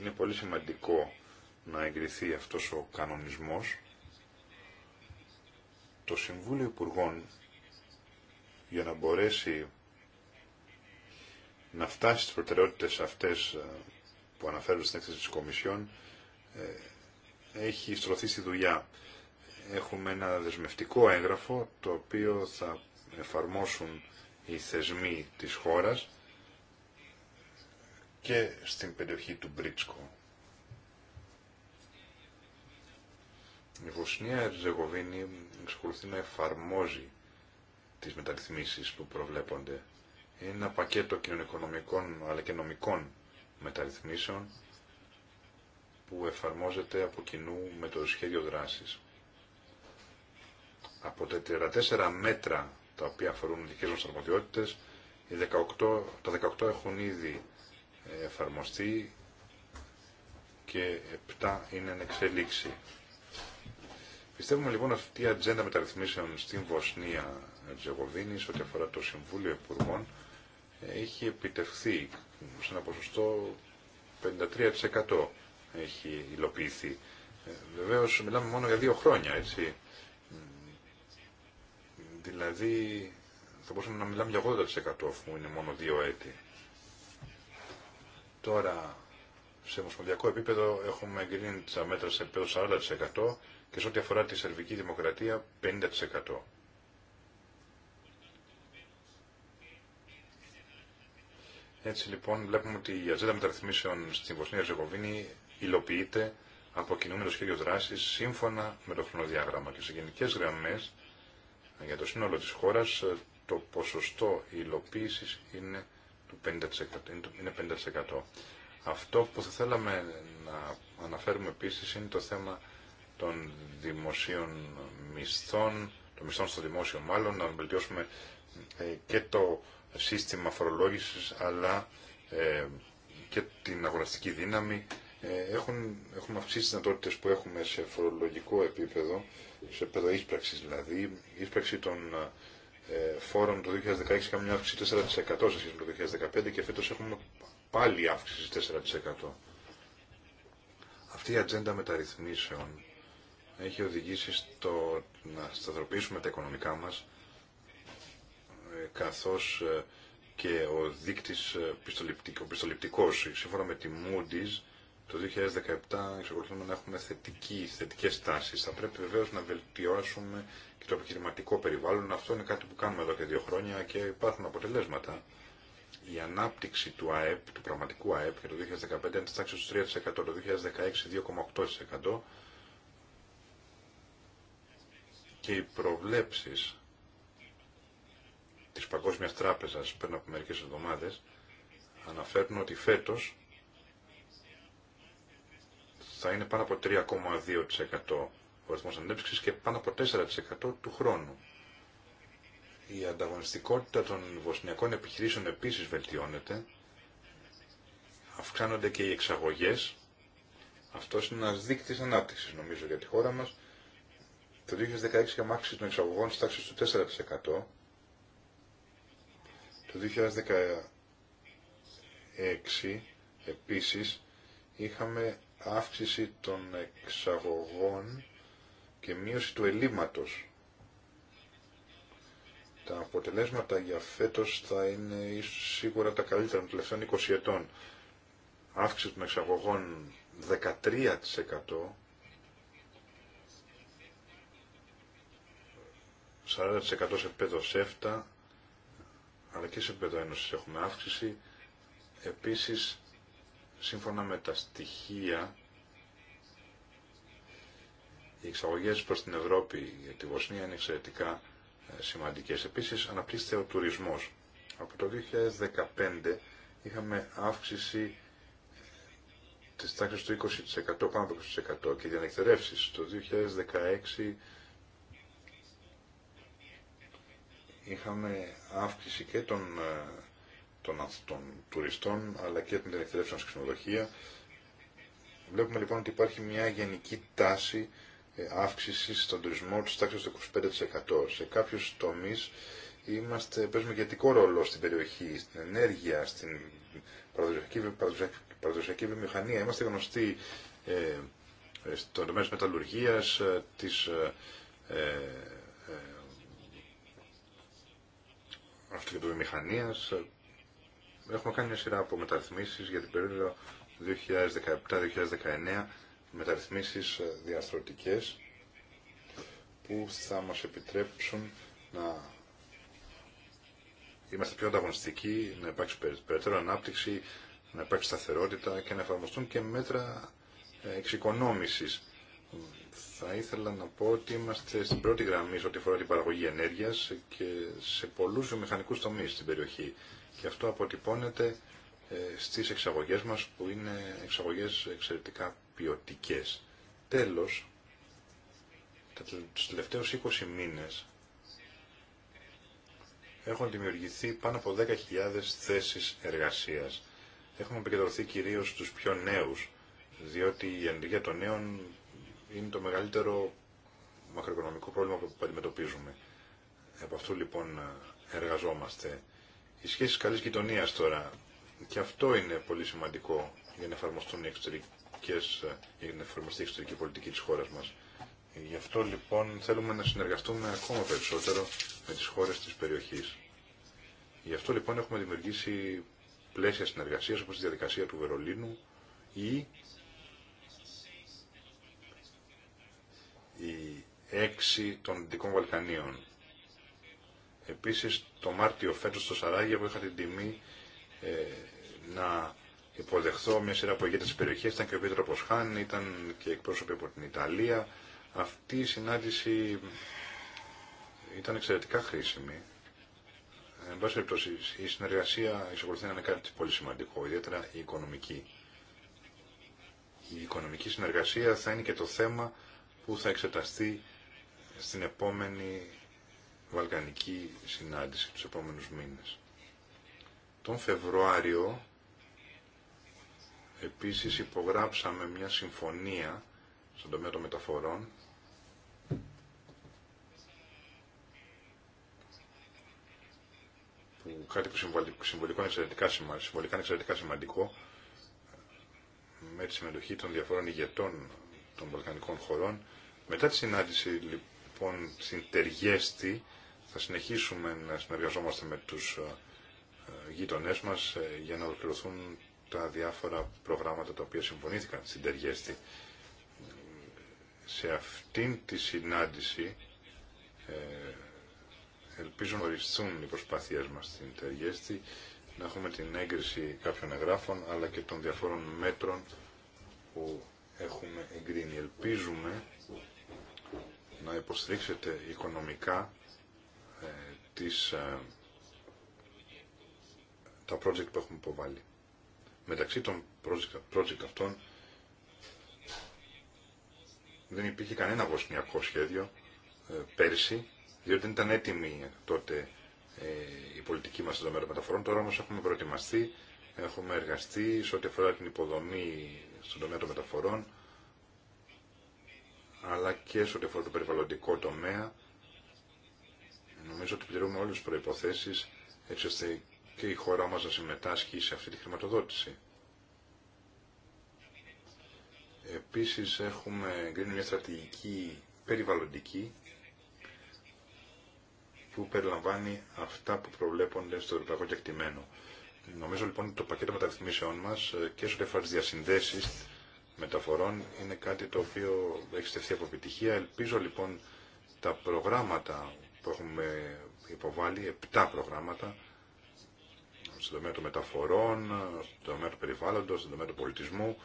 είναι πολύ σημαντικό να εγκριθεί αυτός ο κανονισμός. Το Συμβούλιο Υπουργών για να μπορέσει να φτάσει στις προτεραιότητες αυτές ε, που αναφέρουν στην έκθεση της Κομισιόν ε, έχει στρωθεί στη δουλειά. Έχουμε ένα δεσμευτικό έγγραφο το οποίο θα εφαρμόσουν οι θεσμοί της χώρας και στην περιοχή του Μπρίτσκο. Η Βοσνία Ερζεγοβίνη εξακολουθεί να εφαρμόζει τις μεταρρυθμίσεις που προβλέπονται. Είναι ένα πακέτο κοινωνικονομικών αλλά και νομικών μεταρρυθμίσεων που εφαρμόζεται από κοινού με το σχέδιο δράσης. Από τα 34 μέτρα τα οποία αφορούν δικές μας αρμοδιότητες, τα 18 έχουν ήδη εφαρμοστεί και 7 είναι εν εξελίξη. Πιστεύουμε λοιπόν αυτή η ατζέντα μεταρρυθμίσεων στην Βοσνία Τζεγοβίνη ό,τι αφορά το Συμβούλιο Υπουργών έχει επιτευχθεί σε ένα ποσοστό 53% έχει υλοποιηθεί. Ε, Βεβαίω μιλάμε μόνο για δύο χρόνια, έτσι. Δηλαδή θα μπορούσαμε να μιλάμε για 80% αφού είναι μόνο δύο έτη. Τώρα, σε ομοσπονδιακό επίπεδο έχουμε εγκρίνει τα μέτρα σε επίπεδο 40% και σε ό,τι αφορά τη σερβική δημοκρατία 50%. Έτσι λοιπόν βλέπουμε ότι η ατζέντα μεταρρυθμίσεων στην Βοσνία Ζεγοβίνη υλοποιείται από κινούμενο σχέδιο δράση σύμφωνα με το χρονοδιάγραμμα και σε γενικέ γραμμέ για το σύνολο τη χώρα το ποσοστό υλοποίηση είναι του 50%, είναι 50%. Αυτό που θα θέλαμε να αναφέρουμε επίσης είναι το θέμα των δημοσίων μισθών, των μισθών στο δημόσιο μάλλον, να βελτιώσουμε ε, και το σύστημα φορολόγησης αλλά ε, και την αγοραστική δύναμη. Ε, έχουν, έχουμε αυξήσει τις δυνατότητες που έχουμε σε φορολογικό επίπεδο, σε επίπεδο ίσπραξης δηλαδή, ίσπραξη των ε, φόρων το 2016 είχαμε μια αύξηση 4% σε σχέση με το 2015 και φέτος έχουμε πάλι αύξηση 4%. Αυτή η ατζέντα μεταρρυθμίσεων έχει οδηγήσει στο να σταθεροποιήσουμε τα οικονομικά μας ε, καθώς ε, και ο δείκτης πιστοληπτικός, σύμφωνα με τη Moody's, το 2017 εξακολουθούμε να έχουμε θετική, θετικές τάσεις. Θα πρέπει βεβαίως να βελτιώσουμε και το επιχειρηματικό περιβάλλον. Αυτό είναι κάτι που κάνουμε εδώ και δύο χρόνια και υπάρχουν αποτελέσματα. Η ανάπτυξη του ΑΕΠ, του πραγματικού ΑΕΠ για το 2015 είναι στους 3%, το 2016 2,8% και οι προβλέψεις της Παγκόσμιας Τράπεζας πριν από μερικές εβδομάδες αναφέρουν ότι φέτος θα είναι πάνω από 3,2% ο αριθμός ανέψυξης και πάνω από 4% του χρόνου. Η ανταγωνιστικότητα των βοσνιακών επιχειρήσεων επίσης βελτιώνεται. Αυξάνονται και οι εξαγωγές. Αυτό είναι ένας δείκτης ανάπτυξη νομίζω για τη χώρα μας. Το 2016 είχαμε αύξηση των εξαγωγών στις τάξη του 4%. Το 2016 επίσης είχαμε αύξηση των εξαγωγών και μείωση του ελλείμματος. Τα αποτελέσματα για φέτος θα είναι σίγουρα τα καλύτερα των τελευταίων 20 ετών. Αύξηση των εξαγωγών 13% ...40% σε πέδο σέφτα, αλλά και σε πέδο έχουμε αύξηση. Επίσης, σύμφωνα με τα στοιχεία οι εξαγωγές προς την Ευρώπη για τη Βοσνία είναι εξαιρετικά ε, σημαντικές. Επίσης αναπτύσσεται ο τουρισμός. Από το 2015 είχαμε αύξηση ε, της τάξης του 20%, πάνω από 20% και διανεκτερεύσεις. Το 2016 είχαμε αύξηση και των ε, των, των τουριστών αλλά και την εκπαιδεύσεων σε ξενοδοχεία. Βλέπουμε λοιπόν ότι υπάρχει μια γενική τάση άυξησης ε, στον τουρισμό της τάξης του 25%. Σε κάποιους τομείς είμαστε, παίζουμε γενικό ρόλο στην περιοχή, στην ενέργεια, στην παραδοσιακή, παραδοσιακή, παραδοσιακή βιομηχανία. Είμαστε γνωστοί ε, ε στον τομέα της μεταλλουργίας, ε, της ε, ε, αυτοκινητοβιομηχανίας. Έχουμε κάνει μια σειρά από μεταρρυθμίσεις για την περίοδο 2017-2019, μεταρρυθμίσεις ε, διαστρωτικές που θα μας επιτρέψουν να είμαστε πιο ανταγωνιστικοί, να υπάρξει περαιτέρω ανάπτυξη, να υπάρξει σταθερότητα και να εφαρμοστούν και μέτρα ε, εξοικονόμησης. Θα ήθελα να πω ότι είμαστε στην πρώτη γραμμή σε ό,τι αφορά την παραγωγή ενέργειας και σε πολλούς βιομηχανικούς τομείς στην περιοχή και αυτό αποτυπώνεται ε, στις εξαγωγές μας που είναι εξαγωγές εξαιρετικά ποιοτικέ. Τέλος, τους τελευταίους 20 μήνες έχουν δημιουργηθεί πάνω από 10.000 θέσεις εργασίας. Έχουμε επικεντρωθεί κυρίως στους πιο νέους, διότι η ενεργεία των νέων είναι το μεγαλύτερο μακροοικονομικό πρόβλημα που αντιμετωπίζουμε. Από αυτού λοιπόν ε, εργαζόμαστε. Οι σχέσει καλής γειτονίας τώρα. Και αυτό είναι πολύ σημαντικό για να εφαρμοστούν οι εξωτερικές, για να εφαρμοστεί η εξωτερική πολιτική της χώρας μας. Γι' αυτό λοιπόν θέλουμε να συνεργαστούμε ακόμα περισσότερο με τις χώρες της περιοχής. Γι' αυτό λοιπόν έχουμε δημιουργήσει πλαίσια συνεργασία όπως η διαδικασία του Βερολίνου ή οι έξι των Δυτικών Βαλκανίων. Επίσης το Μάρτιο φέτος στο Σαράγεβο είχα την τιμή ε, να υποδεχθώ μια σειρά από ηγέτες της περιοχής, ήταν και ο Πίτροπος Χάν, ήταν και εκπρόσωποι από την Ιταλία. Αυτή η συνάντηση ήταν εξαιρετικά χρήσιμη. Εν πάση περιπτώσει, η συνεργασία εξακολουθεί να είναι κάτι πολύ σημαντικό, ιδιαίτερα η οικονομική. Η οικονομική συνεργασία θα είναι και το θέμα που θα εξεταστεί στην επόμενη βαλκανική συνάντηση τους επόμενους μήνες. Τον Φεβρουάριο επίσης υπογράψαμε μια συμφωνία στον τομέα των μεταφορών που κάτι που συμβολικό είναι εξαιρετικά, συμβολικά είναι εξαιρετικά σημαντικό με τη συμμετοχή των διαφορών ηγετών των βαλκανικών χωρών. Μετά τη συνάντηση λοιπόν στην θα συνεχίσουμε να συνεργαζόμαστε με τους ε, γείτονές μας ε, για να ολοκληρωθούν τα διάφορα προγράμματα τα οποία συμφωνήθηκαν στην Τεργέστη. Σε αυτήν τη συνάντηση ε, ελπίζω να οριστούν οι προσπάθειές μας στην Τεργέστη, να έχουμε την έγκριση κάποιων εγγράφων αλλά και των διαφόρων μέτρων που έχουμε εγκρίνει. Ελπίζουμε να υποστηρίξετε οικονομικά ε, τις, ε, τα project που έχουμε υποβάλει. Μεταξύ των project, project αυτών δεν υπήρχε κανένα βοσνιακό σχέδιο ε, πέρσι, διότι δεν ήταν έτοιμη τότε η πολιτική μας στον τομέα των μεταφορών. Τώρα όμως έχουμε προετοιμαστεί, έχουμε εργαστεί σε ό,τι αφορά την υποδομή στον τομέα των μεταφορών, αλλά και σε ό,τι αφορά το περιβαλλοντικό τομέα, Νομίζω ότι πληρούμε όλες τις προϋποθέσεις έτσι ώστε και η χώρα μας να συμμετάσχει σε αυτή τη χρηματοδότηση. Επίσης έχουμε εγκρίνει μια στρατηγική περιβαλλοντική που περιλαμβάνει αυτά που προβλέπονται στο ευρωπαϊκό κεκτημένο. Νομίζω λοιπόν ότι το πακέτο μεταρρυθμίσεων μας ε, και σε αφορά διασυνδέσεις μεταφορών είναι κάτι το οποίο έχει στεφθεί από επιτυχία. Ελπίζω λοιπόν τα προγράμματα που έχουμε υποβάλει επτά προγράμματα στον τομέα των μεταφορών, στον τομέα του περιβάλλοντος, στον τομέα του πολιτισμού,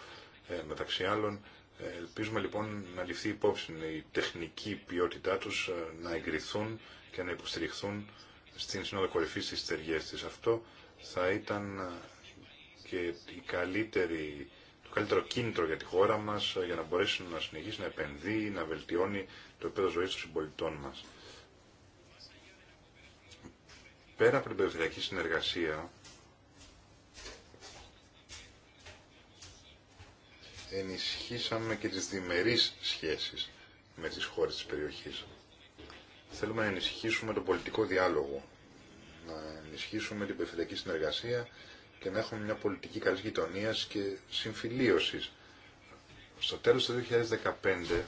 ε, μεταξύ άλλων. Ε, ελπίζουμε λοιπόν να ληφθεί υπόψη η τεχνική ποιότητά τους ε, να εγκριθούν και να υποστηριχθούν στην Σύνοδο Κορυφής της Τεργές της. Αυτό θα ήταν και η καλύτερη, το καλύτερο κίνητρο για τη χώρα μας για να μπορέσει να συνεχίσει να επενδύει, να βελτιώνει το επίπεδο ζωής των συμπολιτών μας. Πέρα από την περιφερειακή συνεργασία, ενισχύσαμε και τις διμερείς σχέσεις με τις χώρες της περιοχής. Θέλουμε να ενισχύσουμε τον πολιτικό διάλογο, να ενισχύσουμε την περιφερειακή συνεργασία και να έχουμε μια πολιτική καλής γειτονία και συμφιλίωσης. Στο τέλος του 2015,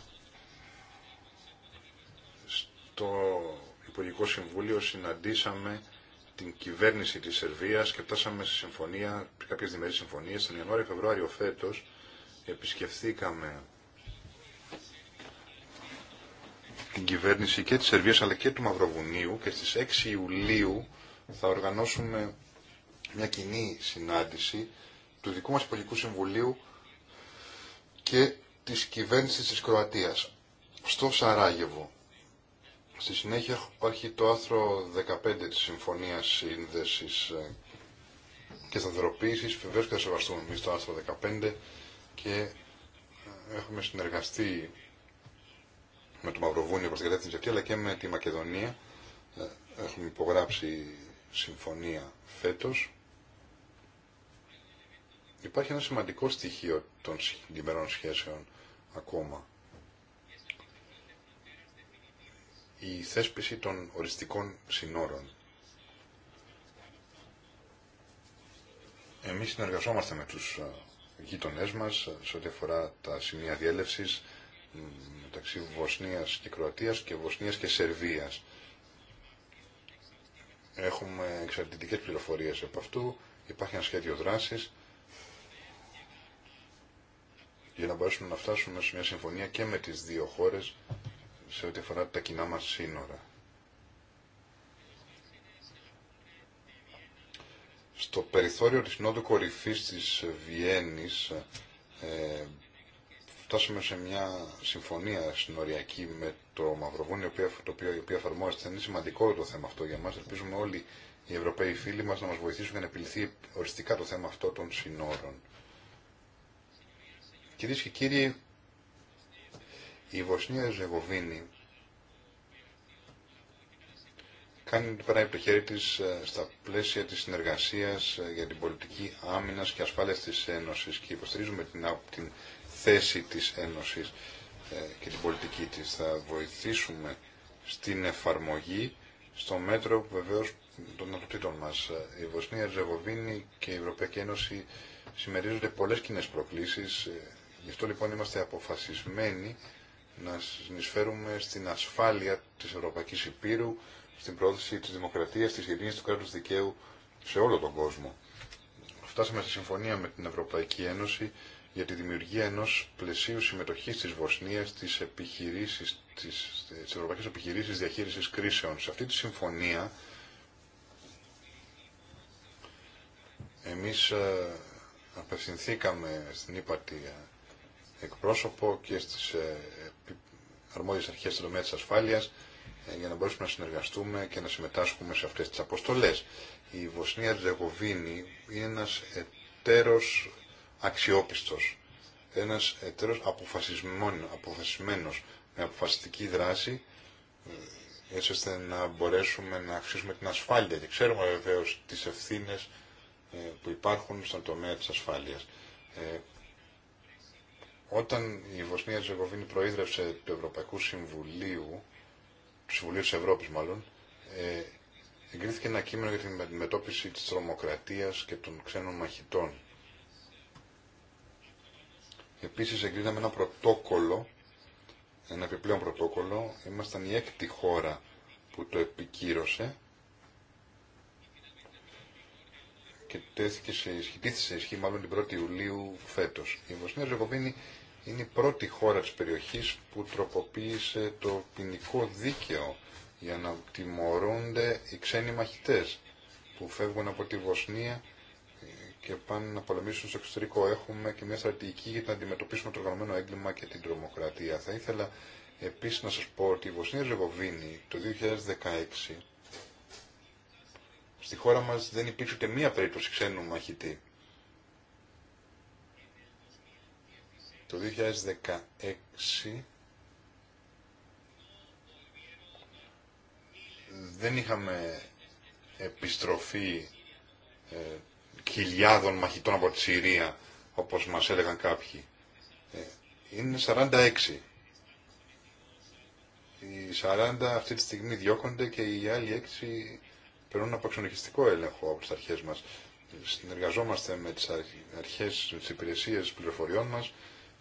στο Υπουργικό Συμβούλιο συναντήσαμε την κυβέρνηση της Σερβίας και φτάσαμε σε συμφωνία, κάποιες διμερείς συμφωνίες. Τον Ιανουάριο-Φεβρουάριο φέτος επισκεφθήκαμε την κυβέρνηση και της Σερβίας αλλά και του Μαυροβουνίου και στις 6 Ιουλίου θα οργανώσουμε μια κοινή συνάντηση του δικού μας Υπουργικού Συμβουλίου και της κυβέρνησης της Κροατίας στο Σαράγεβο. Στη συνέχεια υπάρχει το άρθρο 15 της Συμφωνίας Σύνδεσης ε, και Σταθεροποίησης. Βεβαίως και θα σεβαστούμε εμείς το άρθρο 15 και ε, έχουμε συνεργαστεί με το Μαυροβούνιο προς την κατεύθυνση αυτή αλλά και με τη Μακεδονία. Ε, έχουμε υπογράψει συμφωνία φέτος. Υπάρχει ένα σημαντικό στοιχείο των συγκεκριμένων σχέσεων ακόμα. η θέσπιση των οριστικών συνόρων. Εμείς συνεργαζόμαστε με τους γείτονές μας σε ό,τι αφορά τα σημεία διέλευσης μεταξύ Βοσνίας και Κροατίας και Βοσνίας και Σερβίας. Έχουμε εξαρτητικές πληροφορίες από αυτού, υπάρχει ένα σχέδιο δράσης για να μπορέσουμε να φτάσουμε σε μια συμφωνία και με τις δύο χώρες σε ό,τι αφορά τα κοινά μας σύνορα. Στο περιθώριο της νότου Κορυφής της Βιέννης ε, φτάσαμε σε μια συμφωνία συνοριακή με το Μαυροβούνιο, το οποίο, η οποία εφαρμόζεται. Είναι σημαντικό το θέμα αυτό για μας. Ελπίζουμε όλοι οι Ευρωπαίοι φίλοι μας να μας βοηθήσουν να επιληθεί οριστικά το θέμα αυτό των συνόρων. Κυρίε και κύριοι, η Βοσνία Ζεγοβίνη κάνει την το της ε, στα πλαίσια της συνεργασίας ε, για την πολιτική άμυνας και ασφάλειας της Ένωσης και υποστηρίζουμε την, την θέση της Ένωσης ε, και την πολιτική της. Θα βοηθήσουμε στην εφαρμογή στο μέτρο που βεβαίως των νοτοτήτων μας. Η Βοσνία, Ζεγοβίνη και η Ευρωπαϊκή Ένωση συμμερίζονται πολλές κοινέ προκλήσεις. Γι' αυτό λοιπόν είμαστε αποφασισμένοι να συνεισφέρουμε στην ασφάλεια της Ευρωπαϊκής Υπήρου, στην πρόθεση της δημοκρατίας, της ειρήνης, του κράτους δικαίου σε όλο τον κόσμο. Φτάσαμε σε συμφωνία με την Ευρωπαϊκή Ένωση για τη δημιουργία ενός πλαισίου συμμετοχής της Βοσνίας στις επιχειρήσεις, της, της διαχείρισης κρίσεων. Σε αυτή τη συμφωνία εμείς ε, απευθυνθήκαμε στην Υπατία εκπρόσωπο και στις ε, αρμόδιες αρχές του τομέα της ασφάλειας ε, για να μπορέσουμε να συνεργαστούμε και να συμμετάσχουμε σε αυτές τις αποστολές. Η Βοσνία Τζεγοβίνη είναι ένας εταίρος αξιόπιστος, ένας εταίρος αποφασισμένος με αποφασιστική δράση ε, έτσι ώστε να μπορέσουμε να αξίσουμε την ασφάλεια και ξέρουμε βεβαίω τις ευθύνες που υπάρχουν στον τομέα της ασφάλειας. Όταν η Βοσνία Ζεγοβίνη προείδρευσε του Ευρωπαϊκού Συμβουλίου, του Συμβουλίου της Ευρώπης μάλλον, ε, εγκρίθηκε ένα κείμενο για την αντιμετώπιση της τρομοκρατίας και των ξένων μαχητών. Επίσης εγκρίναμε ένα πρωτόκολλο, ένα επιπλέον πρωτόκολλο, ήμασταν η έκτη χώρα που το επικύρωσε και τέθηκε σε ισχύ, σε ισχύ μάλλον την 1η Ιουλίου φέτος. Η Βοσνία Ζεγοβίνη είναι η πρώτη χώρα της περιοχής που τροποποίησε το ποινικό δίκαιο για να τιμωρούνται οι ξένοι μαχητές που φεύγουν από τη Βοσνία και πάνε να πολεμήσουν στο εξωτερικό. Έχουμε και μια στρατηγική για να αντιμετωπίσουμε το οργανωμένο έγκλημα και την τρομοκρατία. Θα ήθελα επίσης να σας πω ότι η Βοσνία Ζεγοβίνη το 2016 στη χώρα μας δεν υπήρξε ούτε μία περίπτωση ξένου μαχητή. Το 2016 δεν είχαμε επιστροφή ε, χιλιάδων μαχητών από τη Συρία, όπως μας έλεγαν κάποιοι. Ε, είναι 46. Οι 40 αυτή τη στιγμή διώκονται και οι άλλοι 6 περνούν από εξονοχιστικό έλεγχο από τις αρχές μας. Συνεργαζόμαστε με τις αρχές, τις υπηρεσίες πληροφοριών μας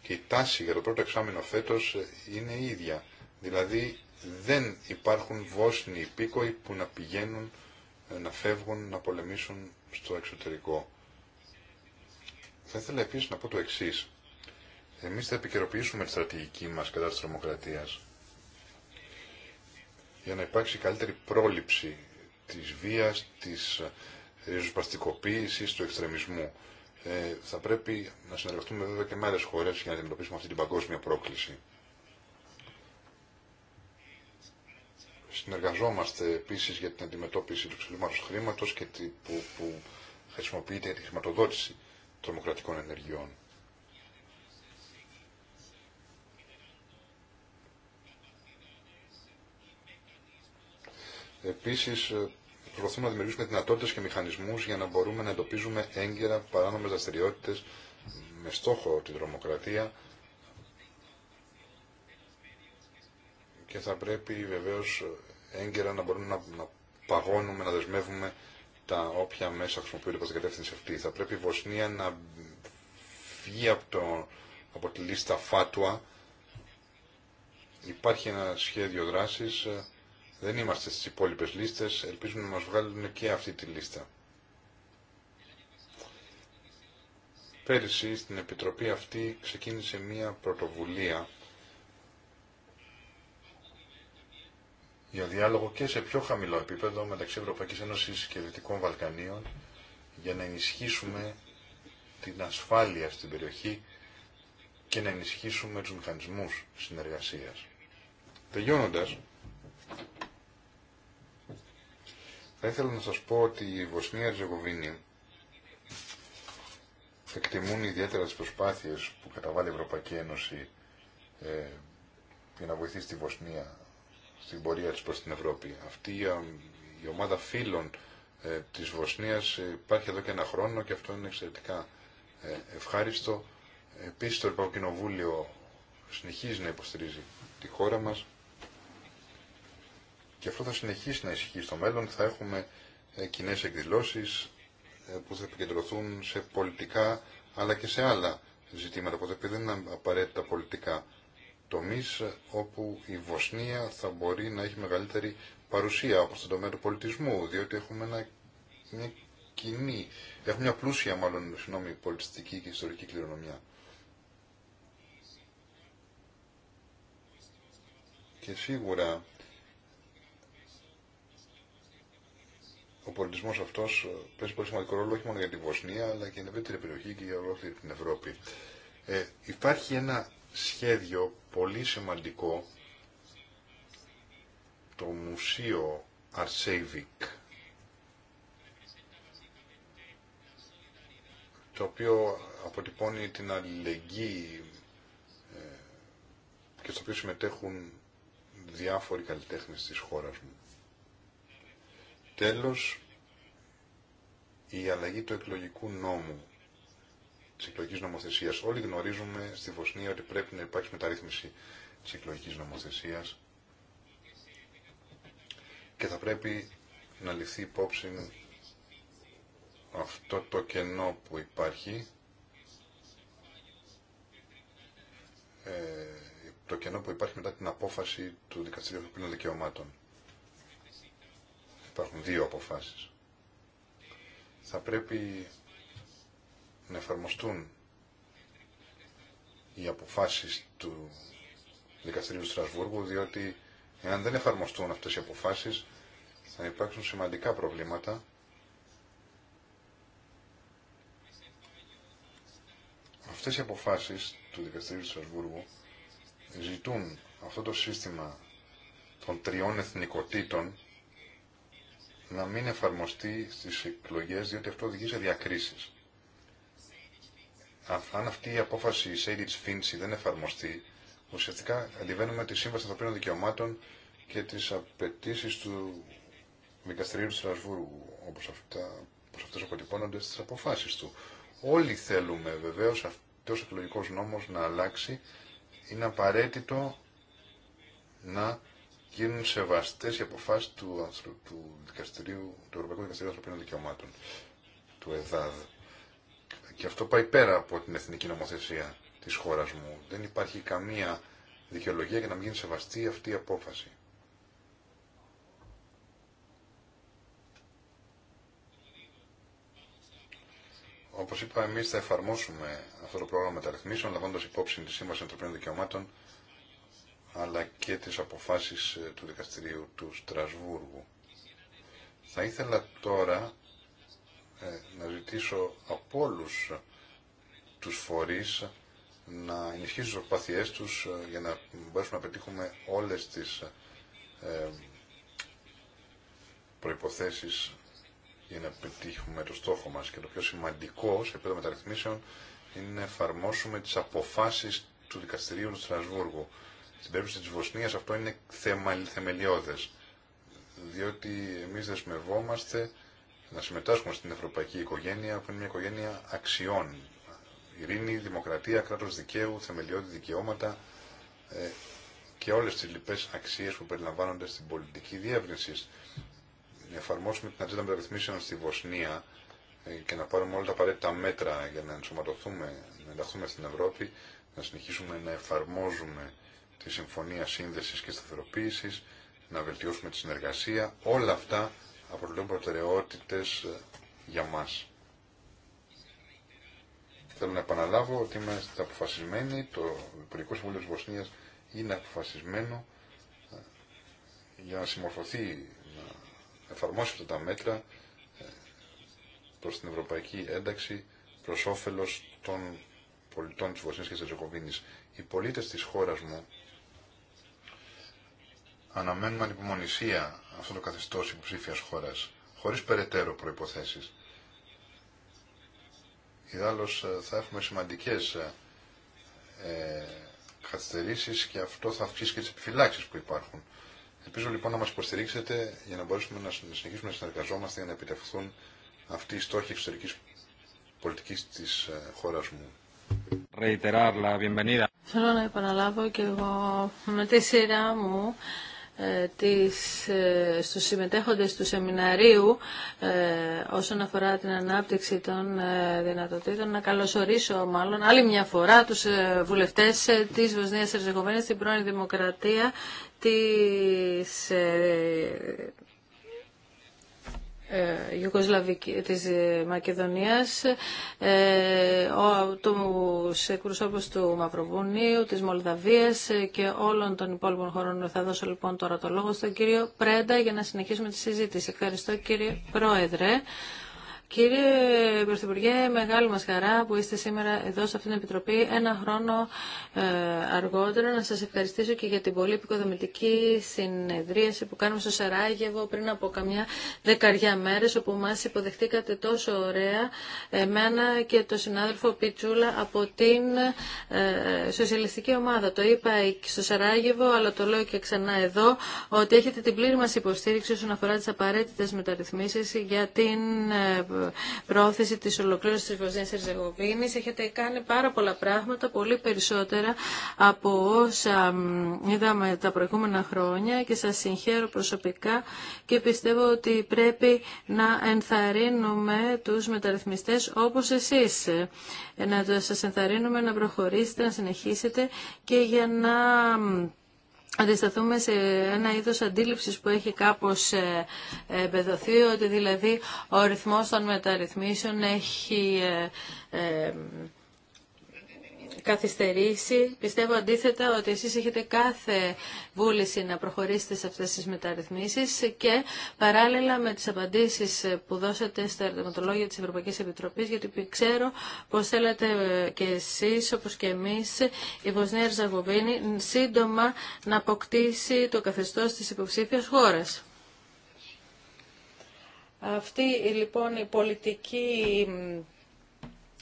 και η τάση για το πρώτο εξάμεινο φέτος είναι η ίδια. Δηλαδή δεν υπάρχουν Βόσνοι υπήκοοι που να πηγαίνουν, ε, να φεύγουν, να πολεμήσουν στο εξωτερικό. Θα ήθελα επίσης να πω το εξή. Εμείς θα επικαιροποιήσουμε τη στρατηγική μας κατά της τρομοκρατίας για να υπάρξει καλύτερη πρόληψη της βίας, της ριζοσπαστικοποίησης, του εξτρεμισμού. Ε, θα πρέπει να συνεργαστούμε βέβαια και με άλλε χώρε για να αντιμετωπίσουμε αυτή την παγκόσμια πρόκληση. Συνεργαζόμαστε επίση για την αντιμετώπιση του ξυλίματο χρήματο και που, που χρησιμοποιείται για τη χρηματοδότηση τρομοκρατικών ενεργειών. Επίσης ε, προσπαθούμε να δημιουργήσουμε δυνατότητε και μηχανισμού για να μπορούμε να εντοπίζουμε έγκαιρα παράνομε δραστηριότητε με στόχο την τρομοκρατία. Και θα πρέπει βεβαίω έγκαιρα να μπορούμε να, παγώνουμε, να δεσμεύουμε τα όποια μέσα χρησιμοποιούνται προ την κατεύθυνση αυτή. Θα πρέπει η Βοσνία να βγει από, το, από τη λίστα φάτουα. Υπάρχει ένα σχέδιο δράσης δεν είμαστε στις υπόλοιπες λίστες, ελπίζουμε να μας βγάλουν και αυτή τη λίστα. Πέρυσι στην Επιτροπή αυτή ξεκίνησε μία πρωτοβουλία για διάλογο και σε πιο χαμηλό επίπεδο μεταξύ Ευρωπαϊκής Ένωσης και Δυτικών Βαλκανίων για να ενισχύσουμε την ασφάλεια στην περιοχή και να ενισχύσουμε τους μηχανισμούς συνεργασίας. Τελειώνοντας, θα ήθελα να σας πω ότι η Βοσνία Ριζεγοβίνη εκτιμούν ιδιαίτερα τις προσπάθειες που καταβάλει η Ευρωπαϊκή Ένωση ε, για να βοηθήσει τη Βοσνία στην πορεία της προς την Ευρώπη. Αυτή η ομάδα φίλων ε, της Βοσνίας ε, υπάρχει εδώ και ένα χρόνο και αυτό είναι εξαιρετικά ε, ευχάριστο. Επίσης το Ευρωπαϊκό Κοινοβούλιο συνεχίζει να υποστηρίζει τη χώρα μας και αυτό θα συνεχίσει να ισχύει στο μέλλον. Θα έχουμε ε, κοινέ εκδηλώσει ε, που θα επικεντρωθούν σε πολιτικά αλλά και σε άλλα ζητήματα. Οπότε δεν είναι απαραίτητα πολιτικά τομεί ε, όπου η Βοσνία θα μπορεί να έχει μεγαλύτερη παρουσία όπω στον τομέα του πολιτισμού, διότι έχουμε ένα, μια κοινή, έχουμε μια πλούσια μάλλον συγνώμη πολιτιστική και ιστορική κληρονομιά. Και σίγουρα ο πολιτισμό αυτό ε, παίζει πολύ σημαντικό ρόλο όχι μόνο για τη Βοσνία αλλά και την ευρύτερη περιοχή και για ολόκληρη την Ευρώπη. Ε, υπάρχει ένα σχέδιο πολύ σημαντικό, το Μουσείο Αρσέιβικ, το οποίο αποτυπώνει την αλληλεγγύη ε, και στο οποίο συμμετέχουν διάφοροι καλλιτέχνες της χώρας μου. Τέλος, η αλλαγή του εκλογικού νόμου, της εκλογικής νομοθεσίας. Όλοι γνωρίζουμε στη Βοσνία ότι πρέπει να υπάρχει μεταρρύθμιση της εκλογικής νομοθεσίας και θα πρέπει να ληφθεί υπόψη αυτό το κενό που υπάρχει ε, το κενό που υπάρχει μετά την απόφαση του Δικαστηρίου Ευρωπαϊκών Δικαιωμάτων. Υπάρχουν δύο αποφάσεις. Θα πρέπει να εφαρμοστούν οι αποφάσεις του Δικαστηρίου του Στρασβούργου, διότι εάν δεν εφαρμοστούν αυτές οι αποφάσεις, θα υπάρξουν σημαντικά προβλήματα Αυτές οι αποφάσεις του Δικαστηρίου του Στρασβούργου ζητούν αυτό το σύστημα των τριών εθνικοτήτων να μην εφαρμοστεί στις εκλογές, διότι αυτό οδηγεί σε διακρίσεις. Αν αυτή η απόφαση Σέιντιτ Φίντσι δεν εφαρμοστεί, ουσιαστικά αντιβαίνουμε τη Σύμβαση Ανθρωπίνων Δικαιωμάτων και τις απαιτήσει του Δικαστηρίου του Στρασβούργου, όπως, αυτά, όπως αυτές αποτυπώνονται στις αποφάσεις του. Όλοι θέλουμε βεβαίως αυτός ο εκλογικός νόμος να αλλάξει. Είναι απαραίτητο να γίνουν σεβαστές οι αποφάσεις του, του, δικαστηρίου, του Ευρωπαϊκού Δικαστηρίου Ανθρωπίνων Δικαιωμάτων, του ΕΔΑΔ. Και αυτό πάει πέρα από την εθνική νομοθεσία της χώρας μου. Δεν υπάρχει καμία δικαιολογία για να μην γίνει σεβαστή αυτή η απόφαση. Όπω είπα, εμεί θα εφαρμόσουμε αυτό το πρόγραμμα μεταρρυθμίσεων, λαμβάνοντα υπόψη τη Σύμβαση Ανθρωπίνων Δικαιωμάτων αλλά και τις αποφάσεις ε, του δικαστηρίου του Στρασβούργου. Θα ήθελα τώρα ε, να ζητήσω από όλους τους φορείς να ενισχύσουν τις προσπάθειές τους ε, για να μπορέσουμε να πετύχουμε όλες τις ε, προϋποθέσεις για να πετύχουμε το στόχο μας. Και το πιο σημαντικό σε επίπεδο μεταρρυθμίσεων είναι να εφαρμόσουμε τις αποφάσεις του Δικαστηρίου του Στρασβούργου. Στην περίπτωση της Βοσνίας αυτό είναι θεμελιώδες, διότι εμείς δεσμευόμαστε να συμμετάσχουμε στην ευρωπαϊκή οικογένεια, που είναι μια οικογένεια αξιών. Ειρήνη, δημοκρατία, κράτος δικαίου, θεμελιώδη δικαιώματα ε, και όλες τις λοιπές αξίες που περιλαμβάνονται στην πολιτική διεύρυνση. Εφαρμόσουμε την ατζέντα μεταρρυθμίσεων στη Βοσνία ε, και να πάρουμε όλα τα απαραίτητα μέτρα για να ενσωματωθούμε, να ενταχθούμε στην Ευρώπη, να συνεχίσουμε να εφαρμόζουμε τη Συμφωνία σύνδεση και Σταθεροποίησης, να βελτιώσουμε τη συνεργασία. Όλα αυτά αποτελούν προτεραιότητες ε, για μας. Θέλω να επαναλάβω ότι είμαστε αποφασισμένοι, το Υπουργικό Συμβούλιο της Βοσνίας είναι αποφασισμένο ε, για να συμμορφωθεί, να εφαρμόσει αυτά τα μέτρα ε, προς την ευρωπαϊκή ένταξη προς όφελο των πολιτών της Βοσνίας και της Ζεκοβίνης. Οι πολίτες της χώρας μου Αναμένουμε ανυπομονησία αυτό το καθεστώς υποψήφια χώρας, χωρίς περαιτέρω προϋποθέσεις. Ιδάλω ε, θα έχουμε σημαντικέ ε, ε και αυτό θα αυξήσει και τις επιφυλάξεις που υπάρχουν. Ελπίζω λοιπόν να μας υποστηρίξετε για να μπορέσουμε να συνεχίσουμε να συνεργαζόμαστε για να επιτευχθούν αυτοί οι στόχοι εξωτερική πολιτικής της ε, χώρας μου. Θέλω να επαναλάβω και εγώ με τη σειρά μου της, ε, στους συμμετέχοντες του σεμιναρίου ε, όσον αφορά την ανάπτυξη των ε, δυνατοτήτων να καλωσορίσω μάλλον άλλη μια φορά τους βουλευτές της Βοσνίας Ερζεγωμένης, την πρώην Δημοκρατία της ε, της ε, Μακεδονίας, ε, τους εκπροσώπους του Μαυροβουνίου, της Μολδαβίας και όλων των υπόλοιπων χωρών. Θα δώσω λοιπόν τώρα το λόγο στον κύριο Πρέντα για να συνεχίσουμε τη συζήτηση. Ευχαριστώ κύριε Πρόεδρε. Κύριε Πρωθυπουργέ, μεγάλη μας χαρά που είστε σήμερα εδώ σε αυτήν την Επιτροπή ένα χρόνο ε, αργότερα. Να σας ευχαριστήσω και για την πολύ επικοδομητική συνεδρίαση που κάνουμε στο Σαράγεβο πριν από καμιά δεκαριά μέρες, όπου μας υποδεχτήκατε τόσο ωραία εμένα και το συνάδελφο Πιτσούλα από την ε, Σοσιαλιστική Ομάδα. Το είπα στο Σαράγεβο, αλλά το λέω και ξανά εδώ, ότι έχετε την πλήρη μας υποστήριξη όσον αφορά τις απαραίτητες μεταρρυθμίσεις για την ε, πρόθεση της ολοκλήρωσης της Βοσνίας Ερζεγοβίνης. Έχετε κάνει πάρα πολλά πράγματα, πολύ περισσότερα από όσα είδαμε τα προηγούμενα χρόνια και σας συγχαίρω προσωπικά και πιστεύω ότι πρέπει να ενθαρρύνουμε τους μεταρρυθμιστές όπως εσείς. Να σας ενθαρρύνουμε να προχωρήσετε, να συνεχίσετε και για να αντισταθούμε σε ένα είδος αντίληψης που έχει κάπως ε, εμπεδοθεί, ότι δηλαδή ο ρυθμός των μεταρρυθμίσεων έχει ε, ε, καθυστερήσει. Πιστεύω αντίθετα ότι εσείς έχετε κάθε βούληση να προχωρήσετε σε αυτές τις μεταρρυθμίσεις και παράλληλα με τις απαντήσεις που δώσατε στα ερωτηματολόγια της Ευρωπαϊκής Επιτροπής, γιατί ξέρω πως θέλετε και εσείς όπως και εμείς η Βοσνία Ζαγοβίνη σύντομα να αποκτήσει το καθεστώς της υποψήφιας χώρας. Αυτή λοιπόν η πολιτική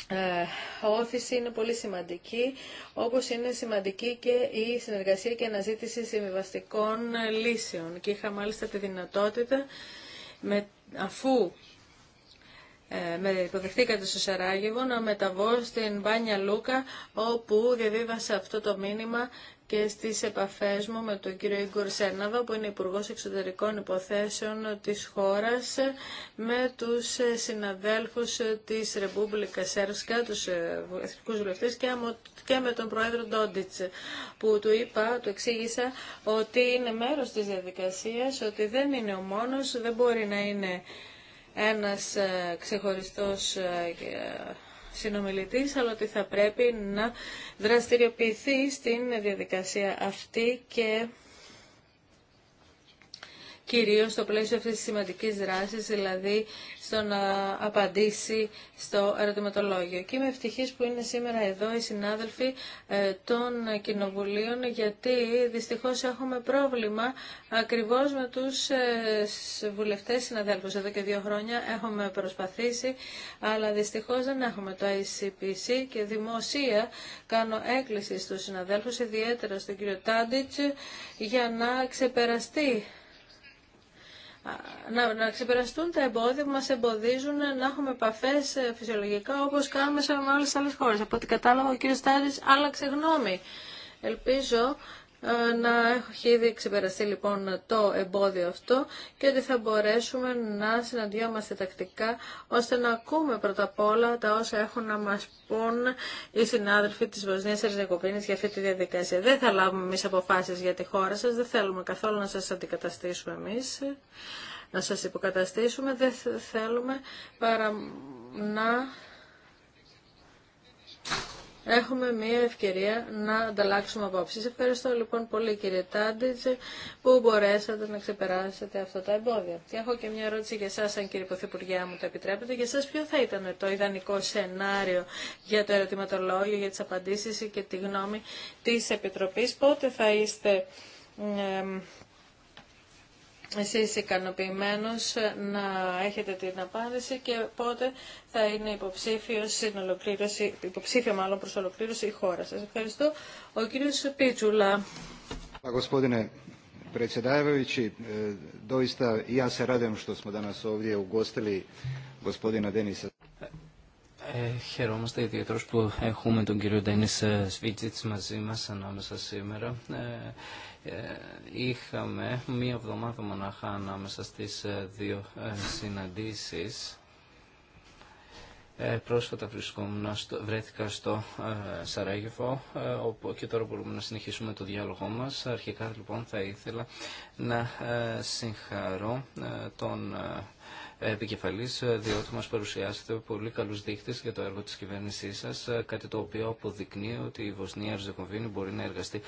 ε, όθηση είναι πολύ σημαντική, όπως είναι σημαντική και η συνεργασία και αναζήτηση συμβιβαστικών ε, λύσεων. Και είχα μάλιστα τη δυνατότητα, με, αφού ε, με υποδεχτήκατε στο Σαράγεβο να μεταβώ στην Πάνια Λούκα όπου διαβίβασα αυτό το μήνυμα και στις επαφές μου με τον κύριο Ιγκουρ Σέναβα που είναι υπουργό Εξωτερικών Υποθέσεων της χώρας με τους συναδέλφους της Ρεπούμπλικα Σέρσκα, τους εθνικούς βουλευτές και με τον πρόεδρο Ντόντιτς που του είπα, του εξήγησα ότι είναι μέρος της διαδικασίας, ότι δεν είναι ο μόνος, δεν μπορεί να είναι ένας ξεχωριστός ε, συνομιλητής, αλλά ότι θα πρέπει να δραστηριοποιηθεί στην διαδικασία αυτή και κυρίως στο πλαίσιο αυτής της σημαντικής δράσης, δηλαδή στο να απαντήσει στο ερωτηματολόγιο. Και είμαι ευτυχής που είναι σήμερα εδώ οι συνάδελφοι ε, των κοινοβουλίων, γιατί δυστυχώς έχουμε πρόβλημα ακριβώς με τους ε, βουλευτές συναδέλφους. Εδώ και δύο χρόνια έχουμε προσπαθήσει, αλλά δυστυχώς δεν έχουμε το ICPC και δημοσία κάνω έκκληση στους συναδέλφους, ιδιαίτερα στον κύριο Τάντιτς, για να ξεπεραστεί να, να ξεπεραστούν τα εμπόδια που μας εμποδίζουν να έχουμε επαφές ε, φυσιολογικά όπως κάνουμε σε όλες τις άλλες χώρες. Από ό,τι κατάλαβα ο κ. Στάρης άλλαξε γνώμη. Ελπίζω ε, να έχει ήδη ξεπεραστεί λοιπόν το εμπόδιο αυτό και ότι θα μπορέσουμε να συναντιόμαστε τακτικά ώστε να ακούμε πρώτα απ' όλα τα όσα έχουν να μας πούν οι συνάδελφοι της Βοσνίας Ερζεκοπίνης για αυτή τη διαδικασία. Δεν θα λάβουμε εμείς αποφάσεις για τη χώρα σας, δεν θέλουμε καθόλου να σας αντικαταστήσουμε εμείς, να σας υποκαταστήσουμε, δεν θέλουμε παρά να έχουμε μια ευκαιρία να ανταλλάξουμε απόψεις. Ευχαριστώ λοιπόν πολύ κύριε Τάντιτζε που μπορέσατε να ξεπεράσετε αυτά τα εμπόδια. Και έχω και μια ερώτηση για εσάς, αν κύριε Πρωθυπουργέ μου το επιτρέπετε. Για εσάς ποιο θα ήταν το ιδανικό σενάριο για το ερωτηματολόγιο, για τις απαντήσεις και τη γνώμη της Επιτροπής. Πότε θα είστε εσείς ικανοποιημένο να έχετε την απάντηση και πότε θα είναι υποψήφιο στην ολοκλήρωση, υποψήφιο μάλλον προς ολοκλήρωση η χώρα σας. Ευχαριστώ. Ο κύριος Πίτσουλα. predsjedavajući, ε, doista ja se radujem što smo danas ovdje ugostili gospodina Denisa. Ε, χαιρόμαστε ιδιαίτερως που έχουμε τον κύριο Ντένις Σβίτζιτς μαζί μας ανάμεσα σήμερα. Ε, ε, είχαμε μία εβδομάδα μονάχα ανάμεσα στις ε, δύο ε, συναντήσεις. πρόσφατα στο, βρέθηκα στο Σαράγεφο και τώρα μπορούμε να συνεχίσουμε το διάλογό μας. Αρχικά λοιπόν θα ήθελα να συγχαρώ τον επικεφαλής διότι μας παρουσιάσετε πολύ καλούς δείχτες για το έργο της κυβέρνησής σας κάτι το οποίο αποδεικνύει ότι η Βοσνία Ριζεκοβίνη μπορεί να εργαστεί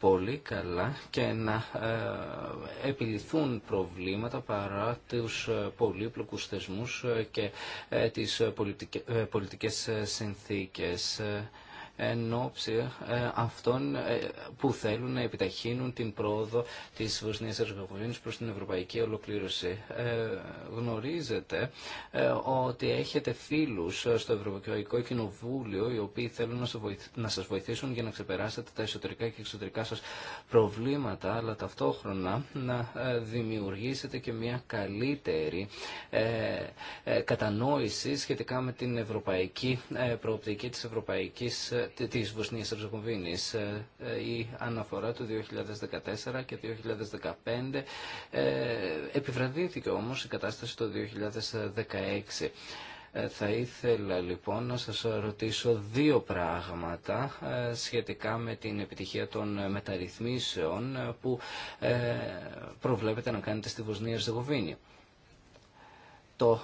πολύ καλά και να ε, επιληθούν προβλήματα παρά τους ε, πολύπλοκους θεσμούς ε, και τις πολιτικές συνθήκες εν ώψη ε, αυτών ε, που θέλουν να επιταχύνουν την πρόοδο της Βοσνίας Ερζεγοβίνης προς την ευρωπαϊκή ολοκλήρωση. Ε, γνωρίζετε ότι έχετε φίλους στο Ευρωπαϊκό Κοινοβούλιο οι οποίοι θέλουν να σας βοηθήσουν για να ξεπεράσετε τα εσωτερικά και εξωτερικά σας προβλήματα αλλά ταυτόχρονα να δημιουργήσετε και μια καλύτερη κατανόηση σχετικά με την ευρωπαϊκή προοπτική της ευρωπαϊκής της Βοσνίας Ερζεγοβίνης. Ε, ε, η αναφορά του 2014 και 2015 ε, επιβραδύθηκε όμως η κατάσταση το 2016. Θα ήθελα λοιπόν να σας ρωτήσω δύο πράγματα σχετικά με την επιτυχία των μεταρρυθμίσεων που προβλέπετε να κάνετε στη Βοσνία Ζεγοβίνη. Το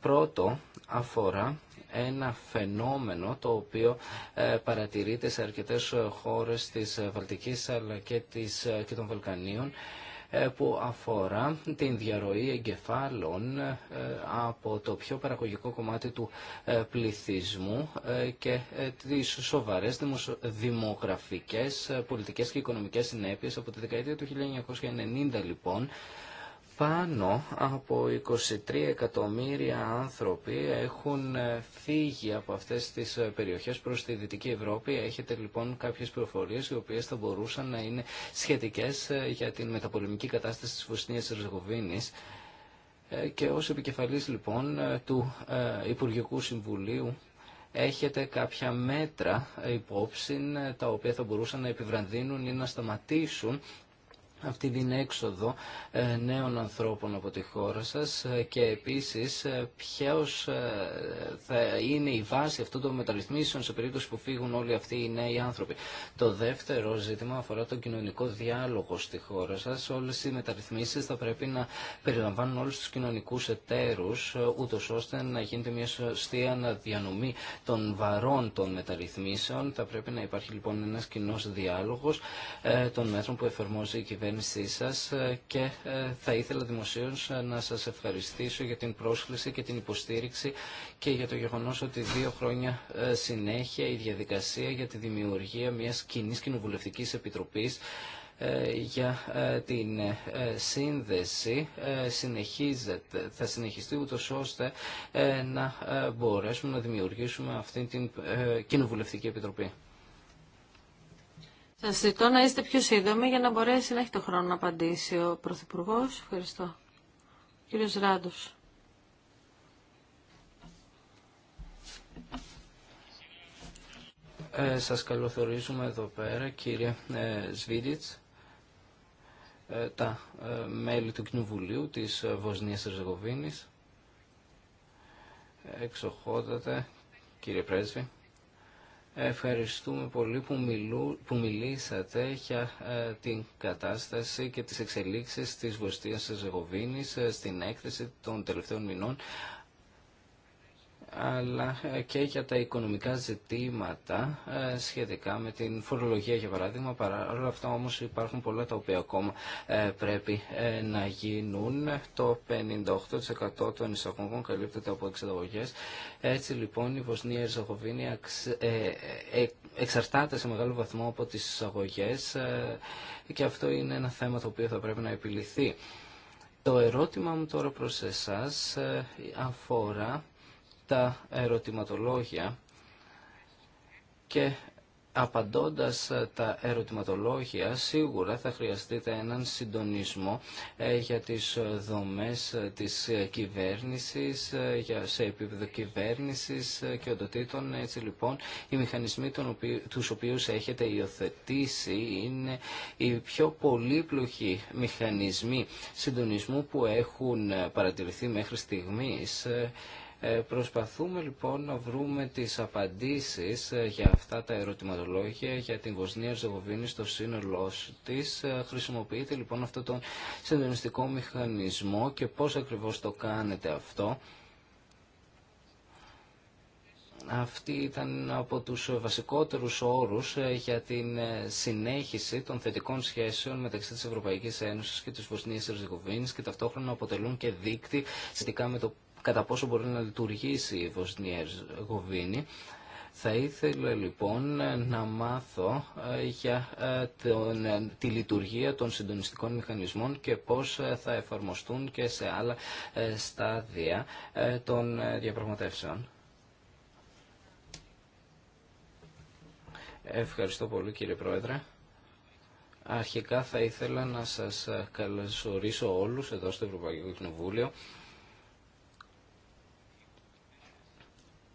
πρώτο αφορά ένα φαινόμενο το οποίο ε, παρατηρείται σε αρκετές χώρες της ε, Βαλτικής αλλά και, της, ε, και των Βαλκανίων που αφορά την διαρροή εγκεφάλων από το πιο παραγωγικό κομμάτι του πληθυσμού και τις σοβαρές δημογραφικές, πολιτικές και οικονομικές συνέπειες από τη δεκαετία του 1990 λοιπόν πάνω από 23 εκατομμύρια άνθρωποι έχουν ε, φύγει από αυτές τις ε, περιοχές προς τη Δυτική Ευρώπη. Έχετε λοιπόν κάποιες προφορίες οι οποίες θα μπορούσαν να είναι σχετικές ε, για την μεταπολεμική κατάσταση της Βοσνίας Ερζεγοβίνης. Και ως επικεφαλής λοιπόν του Υπουργικού Συμβουλίου έχετε κάποια μέτρα υπόψη τα οποία θα μπορούσαν να επιβραδύνουν ή να σταματήσουν αυτή την έξοδο ε, νέων ανθρώπων από τη χώρα σας ε, και επίσης ε, ποιος θα είναι η βάση αυτών των μεταρρυθμίσεων σε περίπτωση που φύγουν όλοι αυτοί οι νέοι άνθρωποι. Το δεύτερο ζήτημα αφορά τον κοινωνικό διάλογο στη χώρα σας. Όλες οι μεταρρυθμίσεις θα πρέπει να περιλαμβάνουν όλους τους κοινωνικούς εταίρους ούτω ώστε να γίνεται μια σωστή αναδιανομή των βαρών των μεταρρυθμίσεων. Θα πρέπει να υπάρχει λοιπόν ένας κοινό διάλογος των μέτρων που εφαρμόζει κυβέρνηση παρέμβασή ε, και ε, θα ήθελα δημοσίως ε, να σας ευχαριστήσω για την πρόσκληση και την υποστήριξη και για το γεγονός ότι δύο χρόνια συνέχεια η διαδικασία για τη δημιουργία μιας κοινή κοινοβουλευτική επιτροπής για την σύνδεση συνεχίζεται, θα συνεχιστεί ούτω ώστε να μπορέσουμε να δημιουργήσουμε αυτή την κοινοβουλευτική επιτροπή. Σα ζητώ να είστε πιο σύντομοι για να μπορέσει να έχει το χρόνο να απαντήσει ο Πρωθυπουργό. Ευχαριστώ. Κύριος Ράντο. Ε, σας καλωθορίζουμε εδώ πέρα κύριε ε, ε, τα ε, μέλη του Κοινοβουλίου της ε, Βοσνίας Ερζεγοβίνης, εξοχότατε κύριε Πρέσβη. Ευχαριστούμε πολύ που, μιλού, που μιλήσατε για ε, την κατάσταση και τις εξελίξεις της Βοστίας Ζεγοβίνης ε, στην έκθεση των τελευταίων μηνών αλλά ε, και για τα οικονομικά ζητήματα ε, σχετικά με την φορολογία για παράδειγμα. Παρά όλα αυτά όμως υπάρχουν πολλά τα οποία ακόμα ε, πρέπει να γίνουν. Το 58% των εισαγωγών καλύπτεται από εξαγωγές. Έτσι λοιπόν η Βοσνία Ερζεγοβίνη εξαρτάται σε μεγάλο βαθμό από τις εισαγωγές και αυτό είναι ένα θέμα το οποίο θα πρέπει να επιληθεί. Το ερώτημα μου τώρα προς εσάς αφορά τα ερωτηματολόγια και απαντώντας τα ερωτηματολόγια σίγουρα θα χρειαστείτε έναν συντονισμό ε, για τις δομές ε, της κυβέρνησης, ε, για, σε επίπεδο κυβέρνησης και οντοτήτων. Έτσι λοιπόν οι μηχανισμοί των οποίου, τους οποίους έχετε υιοθετήσει είναι οι πιο πολύπλοκοι μηχανισμοί συντονισμού που έχουν παρατηρηθεί μέχρι στιγμής ε, προσπαθούμε λοιπόν να βρούμε τις απαντήσεις ε, για αυτά τα ερωτηματολόγια για την Βοσνία Ζεγοβίνη στο σύνολό της. Ε, χρησιμοποιείτε λοιπόν αυτό τον συντονιστικό μηχανισμό και πώς ακριβώς το κάνετε αυτό. Αυτή ήταν από τους βασικότερους όρους για την συνέχιση των θετικών σχέσεων μεταξύ της Ευρωπαϊκής Ένωσης και της Βοσνίας Ερζεγοβίνης και ταυτόχρονα αποτελούν και δείκτη σχετικά με το κατά πόσο μπορεί να λειτουργήσει η Βοσνία Ερζεγοβίνη. Θα ήθελα λοιπόν να μάθω ε, για ε, τον, ε, τη λειτουργία των συντονιστικών μηχανισμών και πώς θα εφαρμοστούν και σε άλλα στάδια των διαπραγματεύσεων. Ευχαριστώ πολύ κύριε Πρόεδρε. Αρχικά θα ήθελα να σας καλωσορίσω όλους εδώ στο Ευρωπαϊκό Κοινοβούλιο.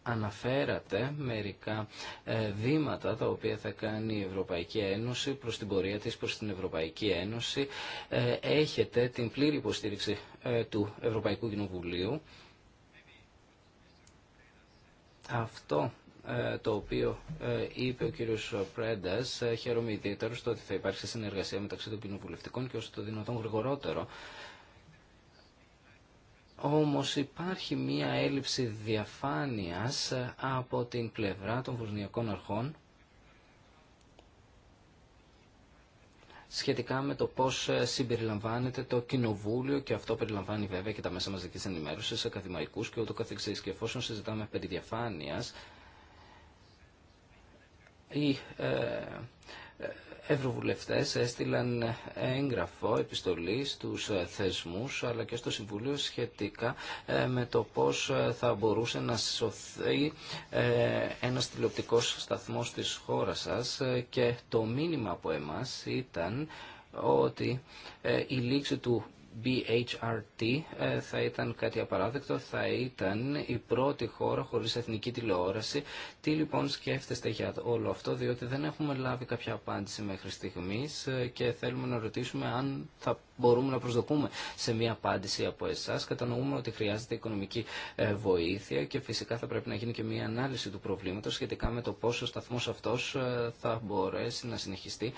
αναφέρατε μερικά ε, βήματα τα οποία θα κάνει η Ευρωπαϊκή Ένωση προς την πορεία της προς την Ευρωπαϊκή Ένωση. Ε, έχετε την πλήρη υποστήριξη ε, του Ευρωπαϊκού Κοινοβουλίου. Αυτό το οποίο είπε ο κύριος Πρέντας χαίρομαι ιδιαίτερο στο ότι θα υπάρξει συνεργασία μεταξύ των κοινοβουλευτικών και όσο το δυνατόν γρηγορότερο όμως υπάρχει μία έλλειψη διαφάνειας ε, από την πλευρά των βοσνιακών αρχών σχετικά με το πώς ε, συμπεριλαμβάνεται το κοινοβούλιο και αυτό περιλαμβάνει βέβαια και τα μέσα μαζικής ενημέρωσης, ακαδημαϊκούς και ούτω καθεξής. Και εφόσον συζητάμε περί διαφάνειας, η, ε, ε ευρωβουλευτές έστειλαν έγγραφο επιστολή στους θεσμούς αλλά και στο Συμβουλίο σχετικά ε, με το πώς ε, θα μπορούσε να σωθεί ε, ένας τηλεοπτικός σταθμός της χώρας σας και το μήνυμα από εμάς ήταν ότι η λήξη του BHRT ε, θα ήταν κάτι απαράδεκτο, θα ήταν η πρώτη χώρα χωρίς εθνική τηλεόραση. Τι λοιπόν σκέφτεστε για όλο αυτό, διότι δεν έχουμε λάβει κάποια απάντηση μέχρι στιγμής ε, και θέλουμε να ρωτήσουμε αν θα μπορούμε να προσδοκούμε σε μια απάντηση από εσάς. Κατανοούμε ότι χρειάζεται οικονομική ε, βοήθεια και φυσικά θα πρέπει να γίνει και μια ανάλυση του προβλήματος σχετικά με το πόσο σταθμό αυτό αυτός θα μπορέσει να συνεχιστεί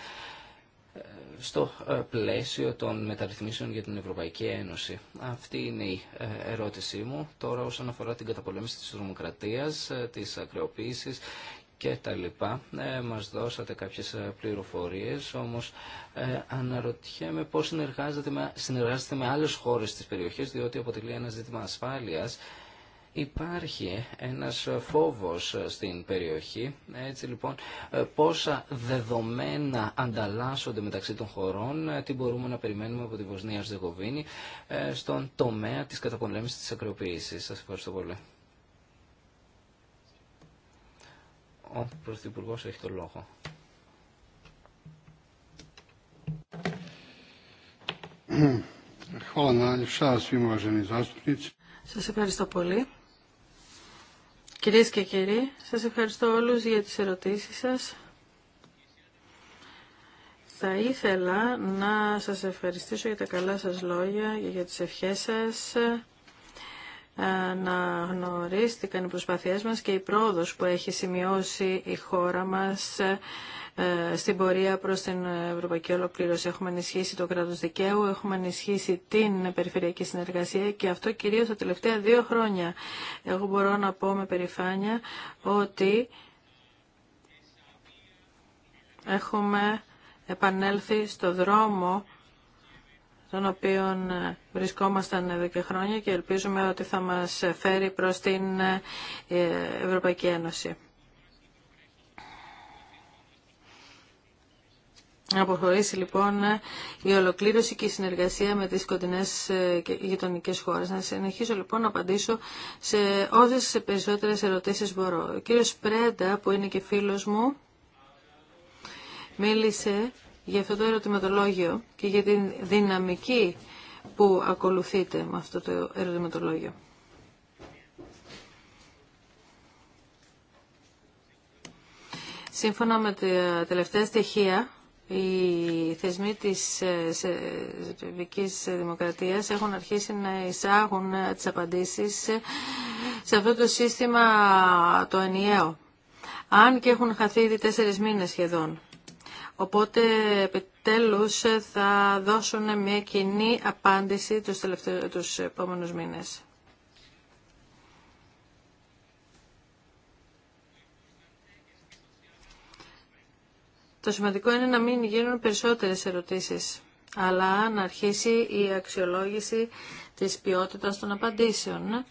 στο ε, πλαίσιο των μεταρρυθμίσεων για την Ευρωπαϊκή Ένωση. Αυτή είναι η ε, ερώτησή μου. Τώρα όσον αφορά την καταπολέμηση της δημοκρατίας, ε, της ακρεοποίησης και τα λοιπά. μας δώσατε κάποιες πληροφορίες, όμως αναρωτιέμαι πώς συνεργάζεστε με, συνεργάζεται με άλλες χώρες της περιοχής, διότι αποτελεί ένα ζήτημα ασφάλειας Υπάρχει ένας φόβος στην περιοχή, έτσι λοιπόν πόσα δεδομένα ανταλλάσσονται μεταξύ των χωρών, τι μπορούμε να περιμένουμε από τη Βοσνία Ζεγοβίνη ε, στον τομέα της καταπολέμησης της ακροποίησης. Σας ευχαριστώ πολύ. Ο Πρωθυπουργός έχει το λόγο. Σας ευχαριστώ πολύ. Κυρίες και κύριοι, σας ευχαριστώ όλους για τις ερωτήσεις σας. Θα ήθελα να σας ευχαριστήσω για τα καλά σας λόγια και για τις ευχές σας να γνωρίστηκαν οι προσπάθειές μας και η πρόοδος που έχει σημειώσει η χώρα μας ε, στην πορεία προς την Ευρωπαϊκή Ολοκλήρωση. Έχουμε ενισχύσει το κράτος δικαίου, έχουμε ενισχύσει την περιφερειακή συνεργασία και αυτό κυρίως τα τελευταία δύο χρόνια. Εγώ μπορώ να πω με περηφάνεια ότι έχουμε επανέλθει στο δρόμο τον οποίο βρισκόμασταν εδώ και χρόνια και ελπίζουμε ότι θα μας φέρει προς την ε, Ευρωπαϊκή Ένωση. Να αποχωρήσει λοιπόν η ολοκλήρωση και η συνεργασία με τις ε, και γειτονικέ χώρες. Να συνεχίσω λοιπόν να απαντήσω σε όσες περισσότερες ερωτήσεις μπορώ. Ο κύριος Πρέντα που είναι και φίλος μου μίλησε για αυτό το ερωτηματολόγιο και για την δυναμική που ακολουθείτε με αυτό το ερωτηματολόγιο. Σύμφωνα με τα τελευταία στοιχεία οι θεσμοί της ε, Σερβικής Δημοκρατίας έχουν αρχίσει να εισάγουν ε, τις απαντήσεις ε, σε αυτό το σύστημα το ενιαίο. Αν και έχουν χαθεί ήδη τέσσερις μήνες σχεδόν. Οπότε επιτέλους θα δώσουν μια κοινή απάντηση τους, τους επόμενους μήνες. Το σημαντικό είναι να μην γίνουν περισσότερες ερωτήσεις, αλλά να αρχίσει η αξιολόγηση της ποιότητας των απαντήσεων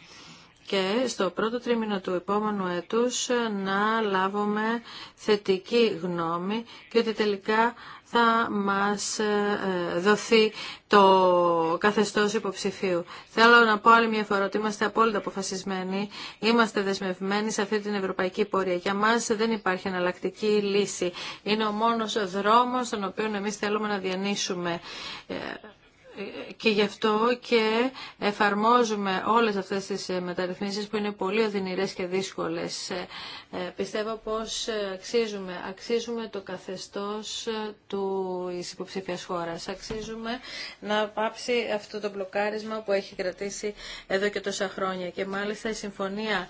και στο πρώτο τρίμηνο του επόμενου έτους να λάβουμε θετική γνώμη και ότι τελικά θα μας ε, δοθεί το καθεστώς υποψηφίου. Θέλω να πω άλλη μια φορά ότι είμαστε απόλυτα αποφασισμένοι, είμαστε δεσμευμένοι σε αυτή την ευρωπαϊκή πορεία. Για μας δεν υπάρχει εναλλακτική λύση. Είναι ο μόνος δρόμος τον οποίο εμείς θέλουμε να διανύσουμε. Ε, και γι' αυτό και εφαρμόζουμε όλες αυτές τις ε, μεταρρυθμίσεις που είναι πολύ οδυνηρές και δύσκολες. Ε, ε, πιστεύω πως αξίζουμε. Αξίζουμε το καθεστώς του υποψήφιας χώρας. Αξίζουμε να πάψει αυτό το μπλοκάρισμα που έχει κρατήσει εδώ και τόσα χρόνια. Και μάλιστα η Συμφωνία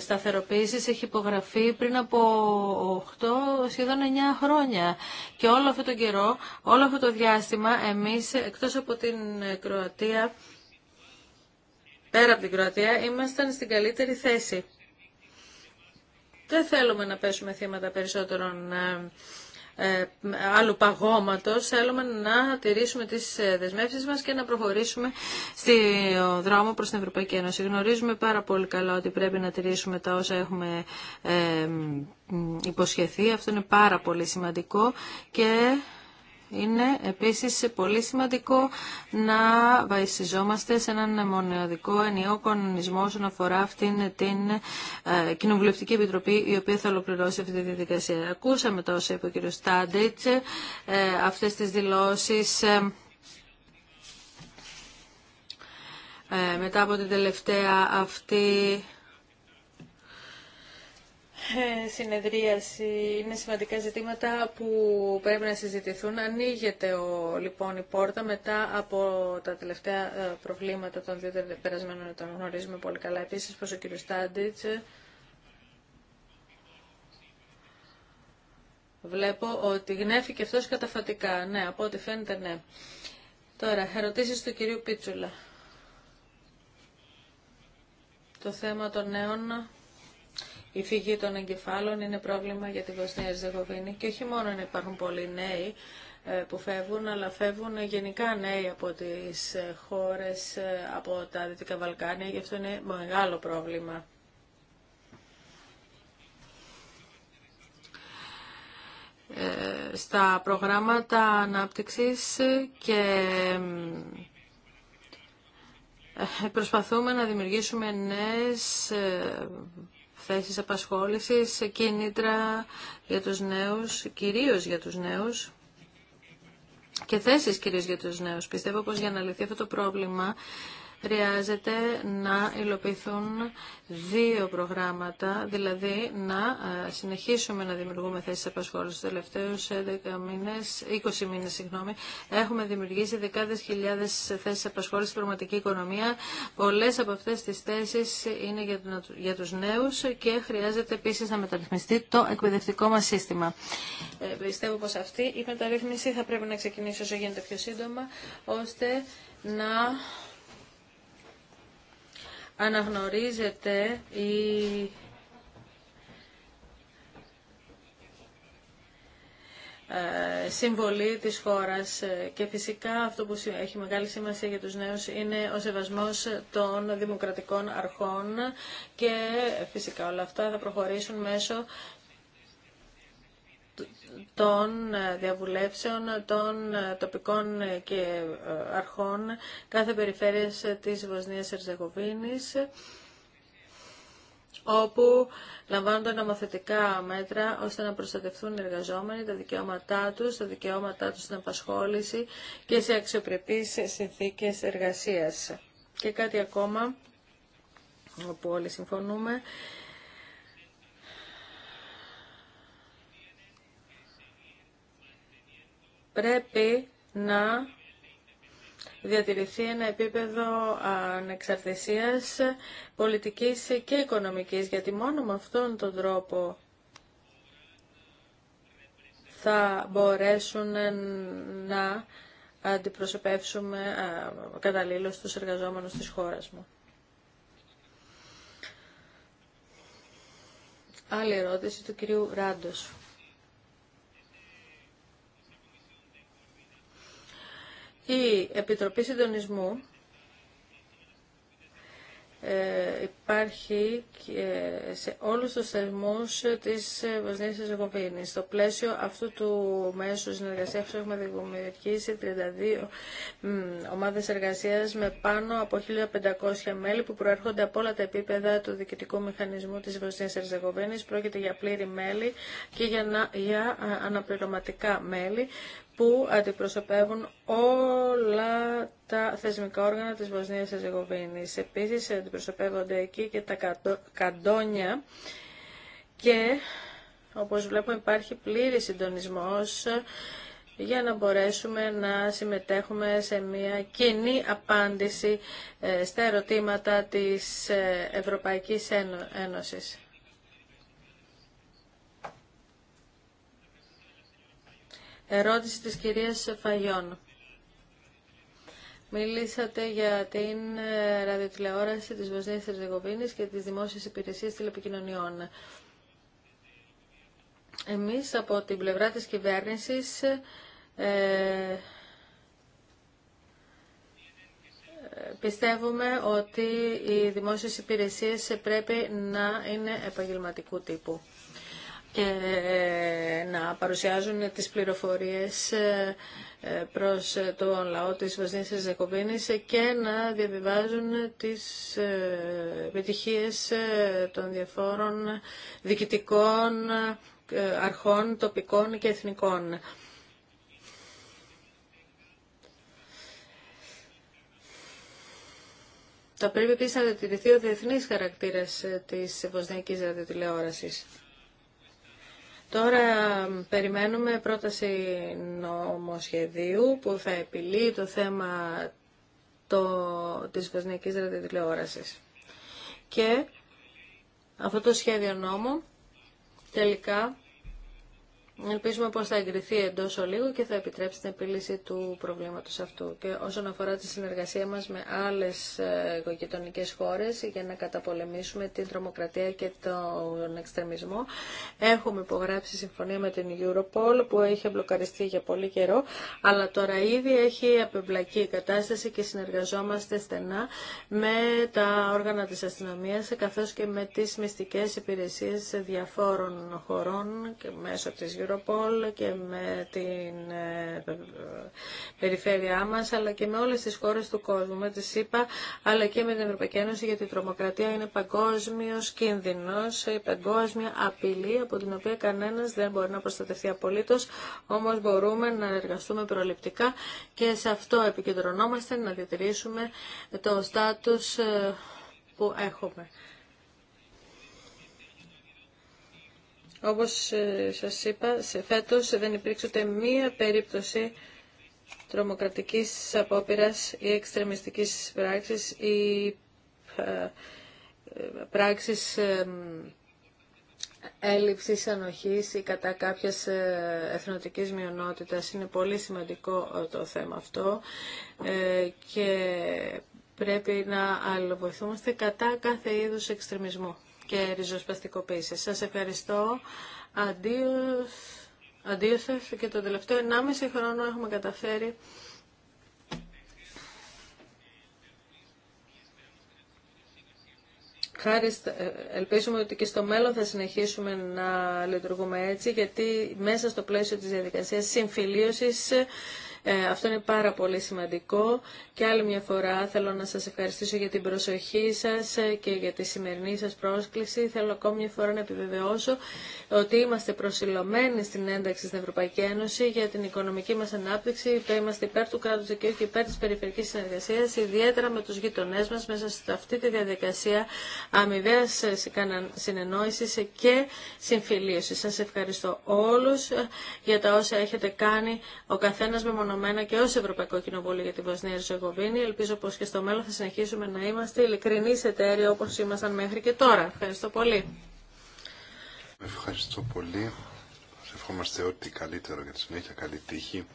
Σταθεροποίησης έχει υπογραφεί πριν από 8, σχεδόν 9 χρόνια. Και όλο αυτό το καιρό, όλο αυτό το διάστημα, εμείς, εκτός από από την ε, Κροατία, πέρα από την Κροατία, ήμασταν στην καλύτερη θέση. Δεν θέλουμε να πέσουμε θύματα περισσότερων ε, ε, άλλου παγώματος. Θέλουμε να τηρήσουμε τις δεσμεύσεις μας και να προχωρήσουμε στο δρόμο προς την Ευρωπαϊκή Ένωση. Γνωρίζουμε πάρα πολύ καλά ότι πρέπει να τηρήσουμε τα όσα έχουμε υποσχεθεί. Αυτό είναι πάρα πολύ σημαντικό και είναι επίσης πολύ σημαντικό να βασιζόμαστε σε έναν μοναδικό ενιαίο κανονισμό όσον αφορά αυτήν την ε, Κοινοβουλευτική Επιτροπή η οποία θα ολοκληρώσει αυτή τη διαδικασία. Ακούσαμε τόσο είπε ο κ. Στάντιτς ε, αυτές τις δηλώσεις ε, ε, μετά από την τελευταία αυτή ε, συνεδρίαση. Είναι σημαντικά ζητήματα που πρέπει να συζητηθούν. Ανοίγεται ο, λοιπόν η πόρτα μετά από τα τελευταία ε, προβλήματα των δύο περασμένων ετών. Γνωρίζουμε πολύ καλά επίσης πως ο κ. Στάντιτς ε, Βλέπω ότι γνέφηκε αυτός καταφατικά. Ναι, από ό,τι φαίνεται ναι. Τώρα, ερωτήσεις του κυρίου Πίτσουλα. Το θέμα των νέων η φυγή των εγκεφάλων είναι πρόβλημα για τη Βοσνία Ζεγοβίνη και όχι μόνο να υπάρχουν πολλοί νέοι ε, που φεύγουν, αλλά φεύγουν γενικά νέοι από τις ε, χώρες, ε, από τα Δυτικά Βαλκάνια, γι' αυτό είναι μεγάλο πρόβλημα. στα προγράμματα ανάπτυξης και προσπαθούμε να δημιουργήσουμε νέες θέσεις απασχόλησης, κίνητρα για τους νέους, κυρίως για τους νέους και θέσεις κυρίως για τους νέους. Πιστεύω πως για να λυθεί αυτό το πρόβλημα χρειάζεται να υλοποιηθούν δύο προγράμματα, δηλαδή να ε, συνεχίσουμε να δημιουργούμε θέσεις απασχόλησης. τελευταίους 11 ε, μήνες, 20 μήνες συγγνώμη, έχουμε δημιουργήσει δεκάδες χιλιάδες θέσεις απασχόλησης στην πραγματική οικονομία. Πολλές από αυτές τις θέσεις είναι για τους νέους και χρειάζεται επίσης να μεταρρυθμιστεί το εκπαιδευτικό μας σύστημα. Ε, πιστεύω πως αυτή η μεταρρύθμιση θα πρέπει να ξεκινήσει όσο γίνεται πιο σύντομα, ώστε να αναγνωρίζεται η ε, συμβολή της χώρας και φυσικά αυτό που έχει μεγάλη σημασία για τους νέους είναι ο σεβασμός των δημοκρατικών αρχών και φυσικά όλα αυτά θα προχωρήσουν μέσω των ε, διαβουλεύσεων των ε, τοπικών ε, και αρχών κάθε περιφέρειας της Βοσνίας Ερζεγοβίνης όπου λαμβάνονται νομοθετικά μέτρα ώστε να προστατευτούν οι εργαζόμενοι, τα δικαιώματά τους, τα δικαιώματά τους στην απασχόληση και σε αξιοπρεπείς συνθήκες εργασίας. Και κάτι ακόμα, όπου όλοι συμφωνούμε, πρέπει να διατηρηθεί ένα επίπεδο ανεξαρτησίας πολιτικής και οικονομικής, γιατί μόνο με αυτόν τον τρόπο θα μπορέσουν να αντιπροσωπεύσουμε καταλήλως τους εργαζόμενους της χώρας μου. Άλλη ερώτηση του κυρίου Ράντος. η Επιτροπή Συντονισμού ε, υπάρχει και ε, σε όλους τους θεσμούς της ε, Βοσνίας της Στο πλαίσιο αυτού του μέσου συνεργασίας έχουμε δημιουργήσει 32 ομάδες εργασίας με πάνω από 1.500 μέλη που προέρχονται από όλα τα επίπεδα του διοικητικού μηχανισμού της Βοσνίας της Πρόκειται για πλήρη μέλη και για, για αναπληρωματικά μέλη που αντιπροσωπεύουν όλα τα θεσμικά όργανα της Βοσνίας Ερζεγοβίνης. Επίσης αντιπροσωπεύονται εκεί και τα καντόνια και όπως βλέπουμε υπάρχει πλήρη συντονισμός για να μπορέσουμε να συμμετέχουμε σε μια κοινή απάντηση ε, στα ερωτήματα της ε, Ευρωπαϊκής Ένωσης. Ερώτηση της κυρίας Φαγιών. Μιλήσατε για την ε, ραδιοτηλεόραση της Βοσνίας Ερζεγοβίνης και τις δημόσιες υπηρεσίες τηλεπικοινωνιών. Εμείς από την πλευρά της κυβέρνησης ε, πιστεύουμε ότι οι δημόσιες υπηρεσίες πρέπει να είναι επαγγελματικού τύπου και ε, να παρουσιάζουν τις πληροφορίες ε, ε, προς τον λαό της Βοσνίας Ζεκοβίνης και να διαβιβάζουν τις επιτυχίες των διαφόρων διοικητικών αρχών, τοπικών και εθνικών. Θα πρέπει επίση να διατηρηθεί ο διεθνή χαρακτήρα τη Βοσνιακής ραδιοτηλεόρασης. Τώρα περιμένουμε πρόταση νομοσχεδίου που θα επιλύει το θέμα το, της βοσνιακής ραδιοτηλεόρασης. Και αυτό το σχέδιο νόμου τελικά Ελπίζουμε πως θα εγκριθεί εντός ολίγου και θα επιτρέψει την επίλυση του προβλήματος αυτού. Και όσον αφορά τη συνεργασία μας με άλλες ε, γειτονικέ χώρες για να καταπολεμήσουμε την τρομοκρατία και τον εξτρεμισμό, έχουμε υπογράψει συμφωνία με την Europol που έχει μπλοκαριστεί για πολύ καιρό, αλλά τώρα ήδη έχει απεμπλακεί η κατάσταση και συνεργαζόμαστε στενά με τα όργανα της αστυνομίας καθώς και με τις μυστικές υπηρεσίες διαφόρων χωρών και μέσω της Europol και με την ε, ε, περιφέρειά μας, αλλά και με όλες τις χώρες του κόσμου, με τη ΣΥΠΑ, αλλά και με την Ευρωπαϊκή Ένωση, γιατί η τρομοκρατία είναι παγκόσμιος κίνδυνος, η παγκόσμια απειλή, από την οποία κανένας δεν μπορεί να προστατευτεί απολύτως, όμως μπορούμε να εργαστούμε προληπτικά και σε αυτό επικεντρωνόμαστε να διατηρήσουμε το στάτους ε, που έχουμε. Όπως ε, σας είπα, σε φέτος δεν υπήρξε ούτε μία περίπτωση τρομοκρατικής απόπειρας ή εξτρεμιστικής πράξης ή ε, πράξης ε, έλλειψης ανοχής ή κατά κάποιας εθνοτικής μειονότητας. Είναι πολύ σημαντικό το θέμα αυτό και πρέπει να αλληλοβοηθούμαστε κατά κάθε είδους εξτρεμισμού και ριζοσπαστικοποίηση. Σας ευχαριστώ. Αντίο, και το τελευταίο 1,5 χρόνο έχουμε καταφέρει Χάρη, ε, ελπίζουμε ότι και στο μέλλον θα συνεχίσουμε να λειτουργούμε έτσι, γιατί μέσα στο πλαίσιο της διαδικασίας συμφιλίωσης ε, αυτό είναι πάρα πολύ σημαντικό και άλλη μια φορά θέλω να σας ευχαριστήσω για την προσοχή σας ε, και για τη σημερινή σας πρόσκληση. Θέλω ακόμη μια φορά να επιβεβαιώσω ότι είμαστε προσιλωμένοι στην ένταξη στην Ευρωπαϊκή Ένωση για την οικονομική μας ανάπτυξη. Είμαστε υπέρ του κράτους δικαίου και υπέρ της περιφερικής συνεργασίας, ιδιαίτερα με τους γειτονές μας μέσα σε αυτή τη διαδικασία αμοιβαία ε, συνεννόησης και συμφιλίωσης. Σας ευχαριστώ όλους για τα όσα έχετε κάνει ο καθένας με οργανωμένα και ω Ευρωπαϊκό Κοινοβούλιο για τη Βοσνία Ριζεγοβίνη. Ελπίζω πως και στο μέλλον θα συνεχίσουμε να είμαστε ειλικρινεί εταίροι όπως ήμασταν μέχρι και τώρα. Ευχαριστώ πολύ. Ευχαριστώ πολύ. Σε ευχόμαστε ό,τι καλύτερο για τη συνέχεια. Καλή τύχη.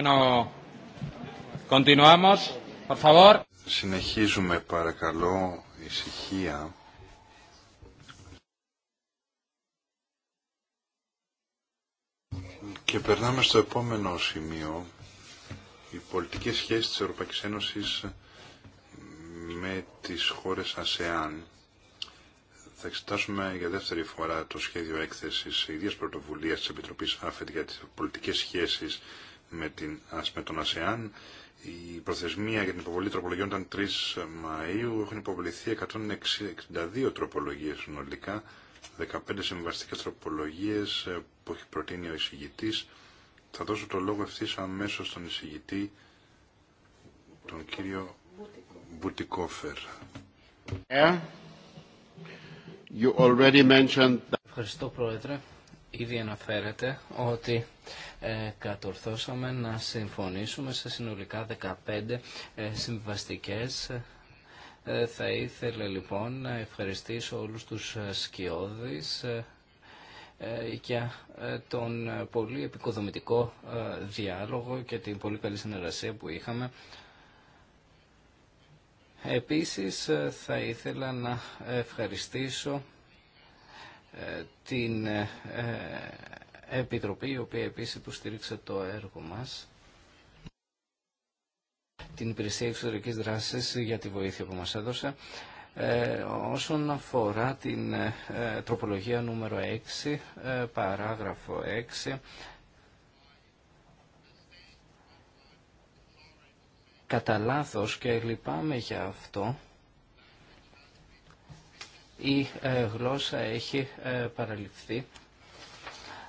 Bueno, continuamos, por favor. Συνεχίζουμε παρακαλώ ησυχία. Και περνάμε στο επόμενο σημείο, οι πολιτικές σχέσεις της Ευρωπαϊκής Ένωσης με τις χώρες ΑΣΕΑΝ. Θα εξετάσουμε για δεύτερη φορά το σχέδιο έκθεσης ίδιας πρωτοβουλίας της Επιτροπής ΑΦΕΤ για τις πολιτικές σχέσεις με, την, με τον ΑΣΕΑΝ. Η προθεσμία για την υποβολή τροπολογιών ήταν 3 Μαΐου. Έχουν υποβληθεί 162 τροπολογίες συνολικά, 15 συμβαστικές τροπολογίες ε, που έχει προτείνει ο εισηγητής. Θα δώσω το λόγο ευθύ αμέσω στον εισηγητή, τον κύριο Μπουτικόφερ. Ε, Ευχαριστώ, Πρόεδρε. Ήδη αναφέρεται ότι ε, κατορθώσαμε να συμφωνήσουμε σε συνολικά 15 ε, συμβαστικές ε, θα ήθελα λοιπόν να ευχαριστήσω όλους τους σκιώδεις για τον πολύ επικοδομητικό διάλογο και την πολύ καλή συνεργασία που είχαμε. Επίσης θα ήθελα να ευχαριστήσω την Επιτροπή, η οποία επίσης υποστήριξε το έργο μας, την υπηρεσία εξωτερικής δράσης για τη βοήθεια που μας έδωσε. Ε, όσον αφορά την ε, τροπολογία νούμερο 6, ε, παράγραφο 6, κατά λάθο και λυπάμαι για αυτό, η ε, γλώσσα έχει παραληφθεί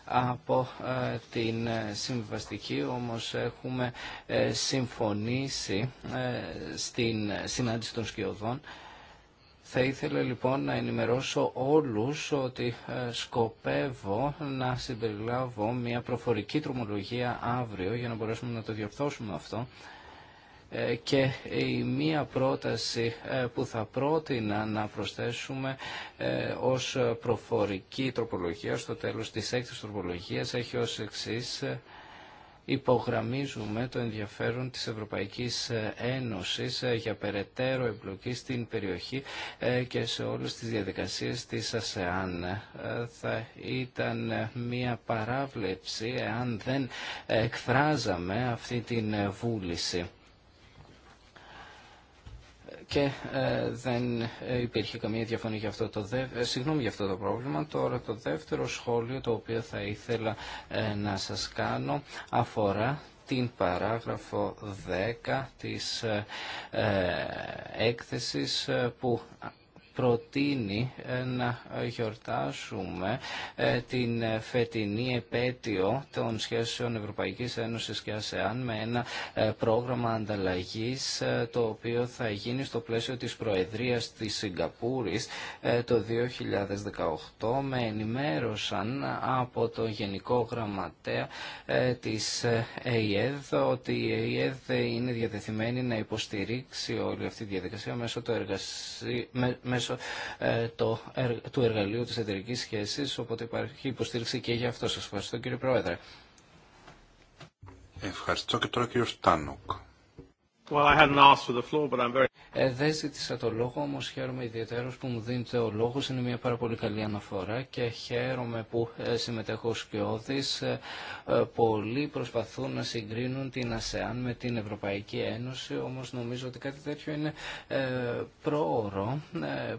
από ε, την ε, συμβιβαστική, όμως έχουμε ε, συμφωνήσει στην συνάντηση των σκιωδών. Θα ήθελα λοιπόν να ενημερώσω όλους ότι σκοπεύω να συμπεριλάβω μια προφορική τρομολογία αύριο για να μπορέσουμε να το διορθώσουμε αυτό ε, και η μία πρόταση ε, που θα πρότεινα να προσθέσουμε ε, ως προφορική τροπολογία στο τέλος της έκτης τροπολογίας έχει ως εξής υπογραμμίζουμε το ενδιαφέρον της Ευρωπαϊκής Ένωσης για περαιτέρω εμπλοκή στην περιοχή και σε όλες τις διαδικασίες της ΑΣΕΑΝ. Θα ήταν μια παράβλεψη εάν δεν εκφράζαμε αυτή την βούληση και ε, δεν ε, υπήρχε καμία διαφωνία για αυτό το, ε, συγγνώμη για αυτό το πρόβλημα. Τώρα το δεύτερο σχόλιο το οποίο θα ήθελα να σας κάνω αφορά την παράγραφο 10 της ε, έκθεσης που προτείνει ε, να γιορτάσουμε ε, την φετινή επέτειο των σχέσεων Ευρωπαϊκής Ένωσης και ΑΣΕΑΝ με ένα ε, πρόγραμμα ανταλλαγής το οποίο θα γίνει στο πλαίσιο της Προεδρίας της Σιγκαπούρης το 2018 με ενημέρωσαν από το Γενικό Γραμματέα της ΕΙΕΔ ότι η ΕΙΕΔ είναι διατεθειμένη να υποστηρίξει όλη αυτή τη διαδικασία μέσω, μέσω ε, το, του εργαλείου της εταιρική σχέσης, οπότε υπάρχει υποστήριξη και για αυτό. Σας ευχαριστώ κύριε Πρόεδρε. Ευχαριστώ και τώρα κύριο Στάνοκ δεν ζήτησα το λόγο, όμως χαίρομαι ιδιαίτερος που μου δίνετε ο λόγος. Είναι μια πάρα πολύ καλή αναφορά και χαίρομαι που ε, συμμετέχω ως ε, ε, Πολλοί προσπαθούν να συγκρίνουν την ΑΣΕΑΝ με την Ευρωπαϊκή Ένωση, όμως νομίζω ότι κάτι τέτοιο είναι πρόωρο,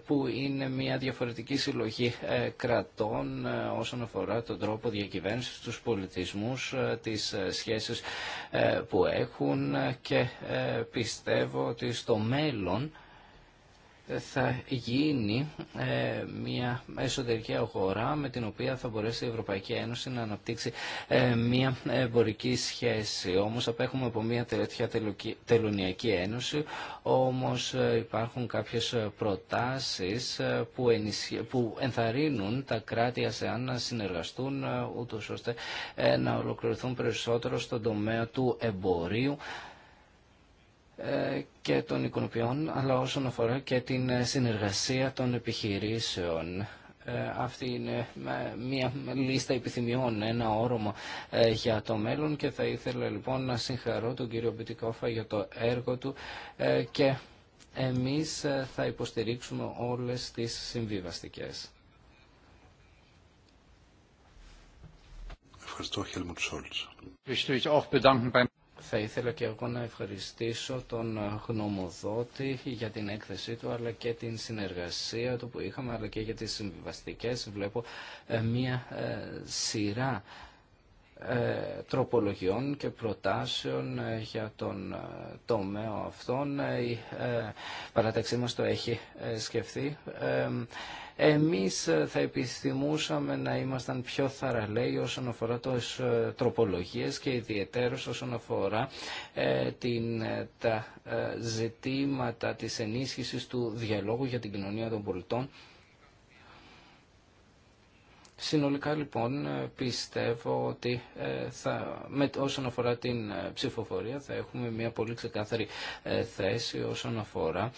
που είναι μια διαφορετική συλλογή κρατών όσον αφορά τον τρόπο διακυβέρνησης, τους πολιτισμούς, τις σχέσεις που έχουν και πιστεύω ότι στο μέλλον θα γίνει ε, μια εσωτερική αγορά με την οποία θα μπορέσει η Ευρωπαϊκή Ένωση να αναπτύξει ε, μια εμπορική σχέση. Όμως απέχουμε από μια τέτοια τελωνιακή ένωση, όμως ε, υπάρχουν κάποιες προτάσεις που, ενισχυ... που ενθαρρύνουν τα κράτη ΑΣΕΑΝ να συνεργαστούν ούτως ώστε να ολοκληρωθούν περισσότερο στον τομέα του εμπορίου ε, και των οικονοποιών, αλλά όσον αφορά και την ε, συνεργασία των επιχειρήσεων. Ε, αυτή είναι μια λίστα επιθυμιών, ένα όρομα για το μέλλον και θα ήθελα λοιπόν να συγχαρώ τον κύριο Μπιτικόφα για το έργο του και εμείς θα υποστηρίξουμε όλες τις συμβιβαστικές. Ευχαριστώ, Σόλτς. Θα ήθελα και εγώ να ευχαριστήσω τον γνωμοδότη για την έκθεσή του αλλά και την συνεργασία του που είχαμε αλλά και για τις συμβιβαστικές. Βλέπω ε, μια ε, σειρά ε, τροπολογιών και προτάσεων ε, για τον ε, τομέα αυτών. Η παραταξή μας το έχει σκεφτεί. Εμείς θα επιθυμούσαμε να ήμασταν πιο θαραλέοι όσον αφορά τις τροπολογίες και ιδιαιτέρως όσον αφορά την, τα ζητήματα της ενίσχυσης του διαλόγου για την κοινωνία των πολιτών Συνολικά λοιπόν ε, πιστεύω ότι ε, θα, με, όσον αφορά την ε, ψηφοφορία θα έχουμε μια πολύ ξεκάθαρη θέση όσον αφορά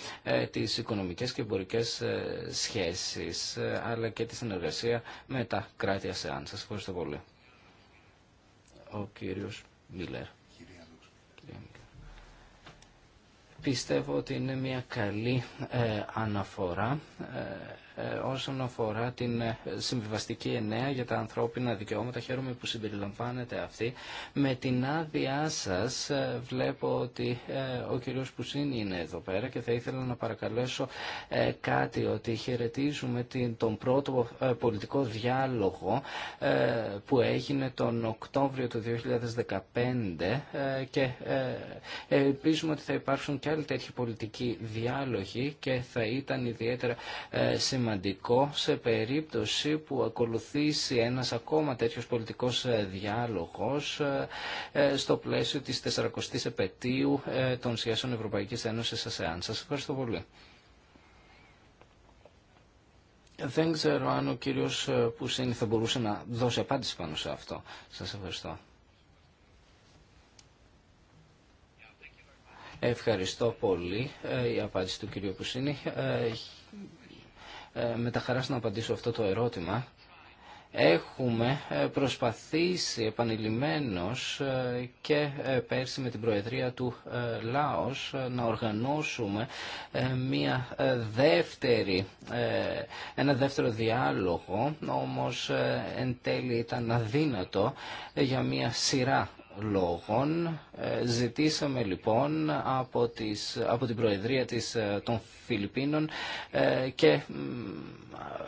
τις οικονομικές και εμπορικές σχέσεις αλλά και τη συνεργασία με τα κράτη ΑΣΕΑΝ. Σας ευχαριστώ πολύ. Ο κύριος Μίλερ. Πιστεύω ότι είναι μια καλή αναφορά ε, όσον αφορά την ε, συμβιβαστική ενέα για τα ανθρώπινα δικαιώματα. Χαίρομαι που συμπεριλαμβάνεται αυτή. Με την άδειά σας ε, βλέπω ότι ο κύριος Πουσίνη είναι εδώ πέρα και θα ήθελα να παρακαλέσω κάτι ότι χαιρετίζουμε τον πρώτο πολιτικό διάλογο που έγινε τον Οκτώβριο του 2015 και ελπίζουμε ότι θα υπάρξουν και άλλοι τέτοιοι πολιτικοί διάλογοι και θα ήταν ιδιαίτερα σημαντικοί σημαντικό σε περίπτωση που ακολουθήσει ένας ακόμα τέτοιος πολιτικός ε, διάλογος ε, ε, στο πλαίσιο της 40ης επαιτίου των σχέσεων Ευρωπαϊκής Ένωσης ΑΣΕΑΝ. Σας ευχαριστώ πολύ. Δεν ξέρω αν ο κύριος Πουσίνη θα μπορούσε να δώσει απάντηση πάνω σε αυτό. Σας ευχαριστώ. Ευχαριστώ πολύ η απάντηση του κυρίου Πουσίνη. Ε, με τα χαράς να απαντήσω αυτό το ερώτημα. Έχουμε ε, προσπαθήσει επανειλημμένως ε, και πέρσι με την Προεδρία του Λάος να οργανώσουμε μια δεύτερη, ένα δεύτερο διάλογο, όμως εν τέλει ήταν αδύνατο για μια σειρά λόγων ε, ζητήσαμε λοιπόν από, τις, από την Προεδρία της, ε, των Φιλιππίνων ε, και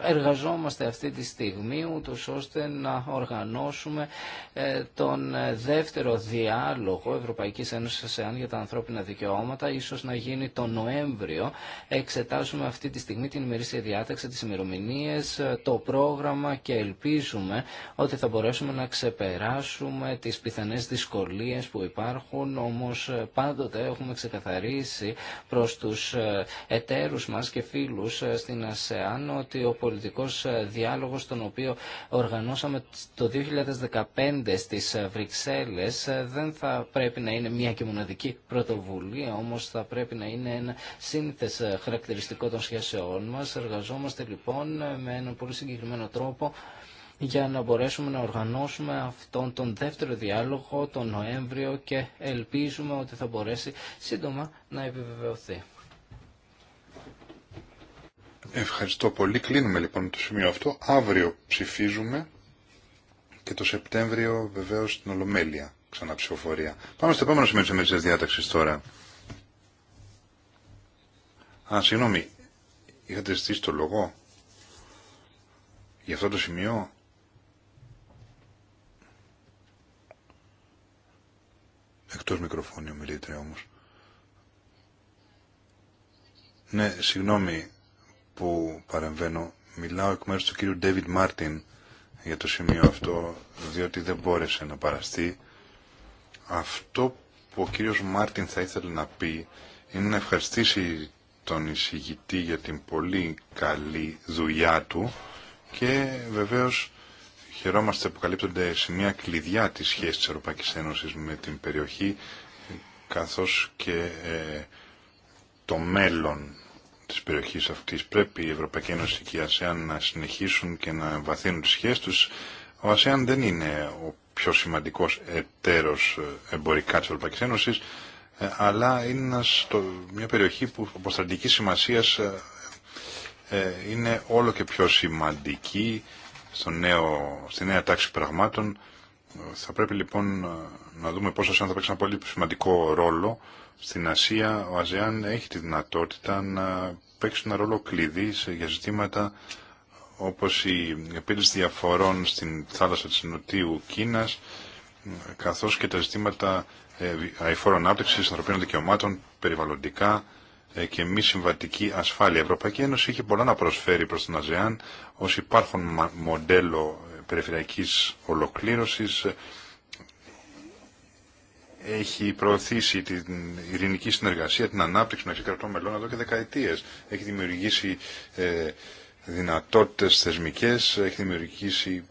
εργαζόμαστε αυτή τη στιγμή ούτως ώστε να οργανώσουμε τον δεύτερο διάλογο Ευρωπαϊκής Ένωσης ΑΣΕΑΝ για τα ανθρώπινα δικαιώματα ίσως να γίνει το Νοέμβριο. Εξετάζουμε αυτή τη στιγμή την ημερήσια διάταξη, τις ημερομηνίε, το πρόγραμμα και ελπίζουμε ότι θα μπορέσουμε να ξεπεράσουμε τις πιθανές δυσκολίες που υπάρχουν υπάρχουν, όμως ε, πάντοτε έχουμε ξεκαθαρίσει προς τους ε, εταίρους μας και φίλους ε, στην ΑΣΕΑΝ ότι ο πολιτικός διάλογος τον οποίο οργανώσαμε το 2015 στις Βρυξέλλες δεν θα πρέπει να είναι μια και μοναδική πρωτοβουλία, όμως θα πρέπει να είναι ένα σύνθες χαρακτηριστικό των σχέσεών μας. Εργαζόμαστε λοιπόν με έναν πολύ συγκεκριμένο τρόπο για να μπορέσουμε να οργανώσουμε αυτόν τον δεύτερο διάλογο τον Νοέμβριο και ελπίζουμε ότι θα μπορέσει σύντομα να επιβεβαιωθεί. Ευχαριστώ πολύ. Κλείνουμε λοιπόν το σημείο αυτό. Αύριο ψηφίζουμε και το Σεπτέμβριο βεβαίως στην Ολομέλεια ξαναψηφοφορία. Πάμε στο επόμενο σημείο της εμείς διάταξης τώρα. Α, συγγνώμη, είχατε ζητήσει το λόγο για αυτό το σημείο. Εκτός μικροφώνιο, μιλήτρια όμως. Ναι, συγγνώμη που παρεμβαίνω. Μιλάω εκ μέρους του κύριου David Μάρτιν για το σημείο αυτό, διότι δεν μπόρεσε να παραστεί. Αυτό που ο κύριος Μάρτιν θα ήθελε να πει είναι να ευχαριστήσει τον εισηγητή για την πολύ καλή δουλειά του και βεβαίως Χαιρόμαστε που καλύπτονται μια κλειδιά της σχέσης της Ευρωπαϊκής Ένωσης με την περιοχή καθώς και ε, το μέλλον της περιοχής αυτής. Πρέπει η Ευρωπαϊκή Ένωση και η ΑΣΕΑΝ να συνεχίσουν και να βαθύνουν τις σχέσεις τους. Ο ΑΣΕΑΝ δεν είναι ο πιο σημαντικός εταίρος ε, εμπορικά της Ευρωπαϊκής Ένωσης, ε, αλλά είναι μια περιοχή που από στρατηγική σημασίας είναι όλο και πιο σημαντική στο νέο, στη νέα τάξη πραγμάτων. Θα πρέπει λοιπόν ε, να δούμε πώς ασάν θα παίξει ένα πολύ σημαντικό ρόλο. Στην Ασία ο ΑΖΕΑΝ έχει τη δυνατότητα να παίξει ένα ρόλο κλειδί για ζητήματα όπως η επίλυση διαφορών στην θάλασσα της Νοτιού Κίνας, καθώς και τα ζητήματα ε, αηφόρων άπτυξης, ανθρωπίνων δικαιωμάτων, περιβαλλοντικά, ε, και μη συμβατική ασφάλεια. Η Ευρωπαϊκή Ένωση έχει πολλά να προσφέρει προς τον ΑΖΕΑΝ ως υπάρχον μοντέλο ε, περιφερειακής ολοκλήρωσης έχει προωθήσει την ειρηνική συνεργασία, την ανάπτυξη των εξεκρατών μελών εδώ και δεκαετίες. Έχει δημιουργήσει ε, δυνατότητες θεσμικές, έχει δημιουργήσει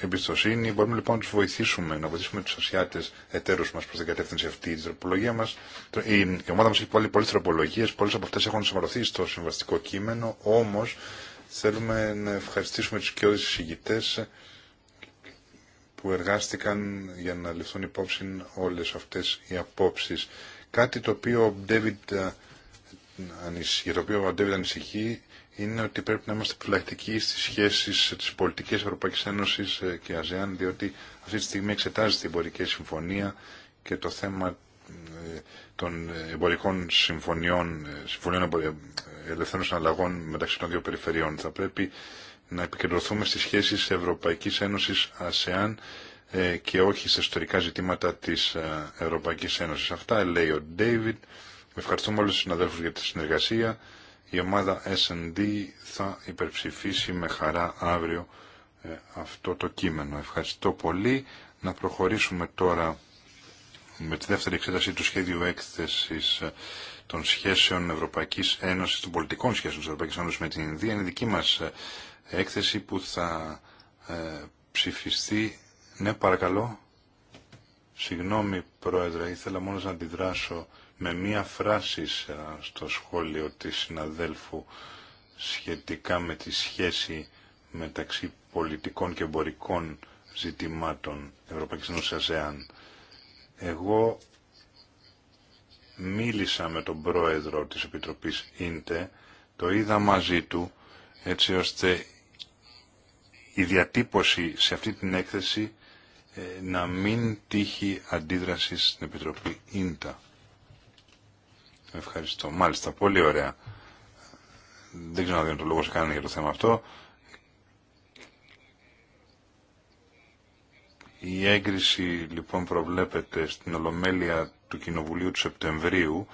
εμπιστοσύνη. Μπορούμε λοιπόν να του βοηθήσουμε, να βοηθήσουμε του ασιάτε εταίρου μα προ την κατεύθυνση αυτή. τη τροπολογία μα. η, η ομάδα μα έχει πολλέ πολλές τροπολογίε, πολλέ από αυτέ έχουν σωματωθεί στο συμβαστικό κείμενο. Όμω θέλουμε να ευχαριστήσουμε του κοιόδη εισηγητέ που εργάστηκαν για να ληφθούν υπόψη όλε αυτέ οι απόψει. Κάτι το οποίο David, ε, για το οποίο ο David ανησυχεί είναι ότι πρέπει να είμαστε φυλακτικοί στις σχέσεις της πολιτικής Ευρωπαϊκής Ένωσης ε, και ΑΖΕΑΝ, διότι αυτή τη στιγμή εξετάζεται η εμπορική συμφωνία και το θέμα ε, των εμπορικών συμφωνιών, ε, συμφωνιών ελευθέρων αλλαγών μεταξύ των δύο περιφερειών. Θα πρέπει να επικεντρωθούμε στις σχέσεις Ευρωπαϊκής Ένωσης ΑΣΕΑΝ και όχι σε ιστορικά ζητήματα της Ευρωπαϊκής Ένωσης. Αυτά λέει ο Ντέιβιντ. Ευχαριστούμε όλους του συναδέλφου για τη συνεργασία. Η ομάδα S&D θα υπερψηφίσει με χαρά αύριο ε, αυτό το κείμενο. Ευχαριστώ πολύ. Να προχωρήσουμε τώρα με τη δεύτερη εξέταση του σχέδιου έκθεσης ε, των σχέσεων Ευρωπαϊκής Ένωσης, των πολιτικών σχέσεων της Ευρωπαϊκής Ένωσης με την Ινδία. Είναι η δική μας ε, έκθεση που θα ψηφιστεί. Ναι, παρακαλώ. Συγγνώμη, Πρόεδρε, ήθελα μόνο να αντιδράσω με μία φράση στο σχόλιο της συναδέλφου σχετικά με τη σχέση μεταξύ πολιτικών και εμπορικών ζητημάτων Ευρωπαϊκής Ένωσης Εγώ μίλησα με τον πρόεδρο της Επιτροπής ΙΝΤΕ, το είδα μαζί του, έτσι ώστε η διατύπωση σε αυτή την έκθεση ε, να μην τύχει αντίδραση στην Επιτροπή ΙΝΤΑ. Ευχαριστώ. Μάλιστα, πολύ ωραία. Δεν ξέρω να δίνω το λόγο σε κανένα για το θέμα αυτό. Η έγκριση λοιπόν προβλέπεται στην Ολομέλεια του Κοινοβουλίου του Σεπτεμβρίου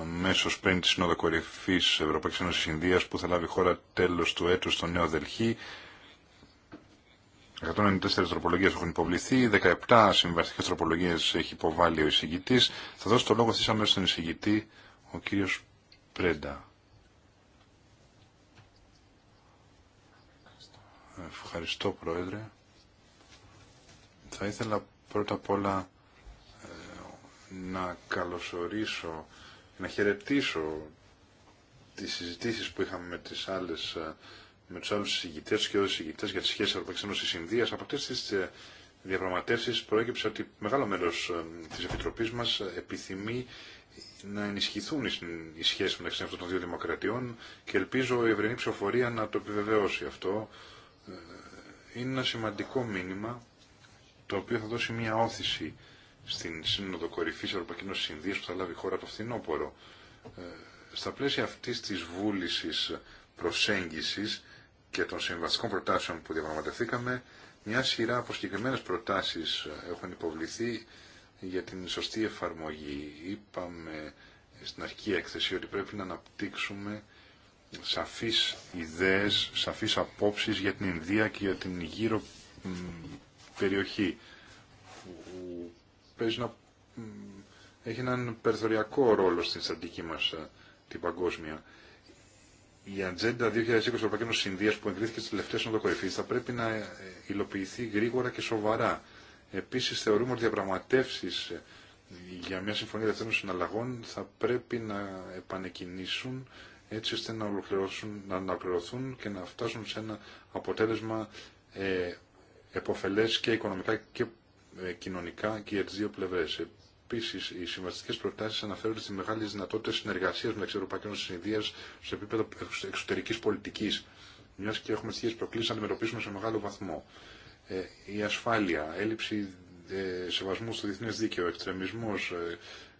αμέσω πριν τη Σύνοδο Κορυφή Ευρωπαϊκή Ένωση Ινδία που θα λάβει χώρα τέλο του έτου στο Νέο Δελχή. 194 τροπολογίε έχουν υποβληθεί, 17 συμβαστικέ τροπολογίες έχει υποβάλει ο εισηγητή. Θα δώσω το λόγο θύσαμε αμέσως στον εισηγητή, ο κύριος Πρέντα. Ευχαριστώ Πρόεδρε. Θα ήθελα πρώτα απ' όλα ε, να καλωσορίσω, να χαιρετήσω τις συζητήσεις που είχαμε με τις άλλες ε, με του άλλου συγκητέ και όλου συγκητέ για τι σχέσει Ευρωπαϊκή Ένωση Ινδία. Από αυτέ τι ε, διαπραγματεύσει προέκυψε ότι μεγάλο μέρο ε, τη Επιτροπή μα επιθυμεί να ενισχυθούν οι σχέσει μεταξύ αυτών των δύο δημοκρατιών και ελπίζω η ευρενή ψηφοφορία να το επιβεβαιώσει αυτό. Ε, είναι ένα σημαντικό μήνυμα το οποίο θα δώσει μια όθηση στην Σύνοδο Κορυφή Ευρωπαϊκή Ένωση Ινδία που θα λάβει χώρα το φθινόπωρο. Στα πλαίσια αυτή τη βούληση προσέγγισης και των συμβαστικών προτάσεων που διαπραγματευθήκαμε, μια σειρά από συγκεκριμένε προτάσει έχουν υποβληθεί για την σωστή εφαρμογή. Είπαμε στην αρχική έκθεση ότι πρέπει να αναπτύξουμε σαφείς ιδέες, σαφείς απόψεις για την Ινδία και για την γύρω περιοχή που παίζει να... έχει έναν περιθωριακό ρόλο στην στρατική μας ε, την παγκόσμια η Ατζέντα 2020 Ευρωπαϊκή Ευρωπαϊκού Ινδίας που εγκρίθηκε στι τελευταίε νοδοκορυφή θα πρέπει να υλοποιηθεί γρήγορα και σοβαρά. Επίση, θεωρούμε ότι διαπραγματεύσει για μια συμφωνία δευτερών συναλλαγών θα πρέπει να επανεκκινήσουν έτσι ώστε να, ολοκληρώσουν, να αναπληρωθούν και να φτάσουν σε ένα αποτέλεσμα ε, και οικονομικά και ε, κοινωνικά και για τις δύο πλευρές. Επίση, οι συμβαστικέ προτάσει αναφέρονται στι μεγάλε δυνατότητε συνεργασία μεταξύ Ευρωπαϊκών Συνδία σε επίπεδο εξωτερική πολιτική, μια και έχουμε τι ίδιε προκλήσει να αντιμετωπίσουμε σε μεγάλο βαθμό. Ε, η ασφάλεια, έλλειψη ε, σεβασμού στο διεθνέ δίκαιο, εξτρεμισμό,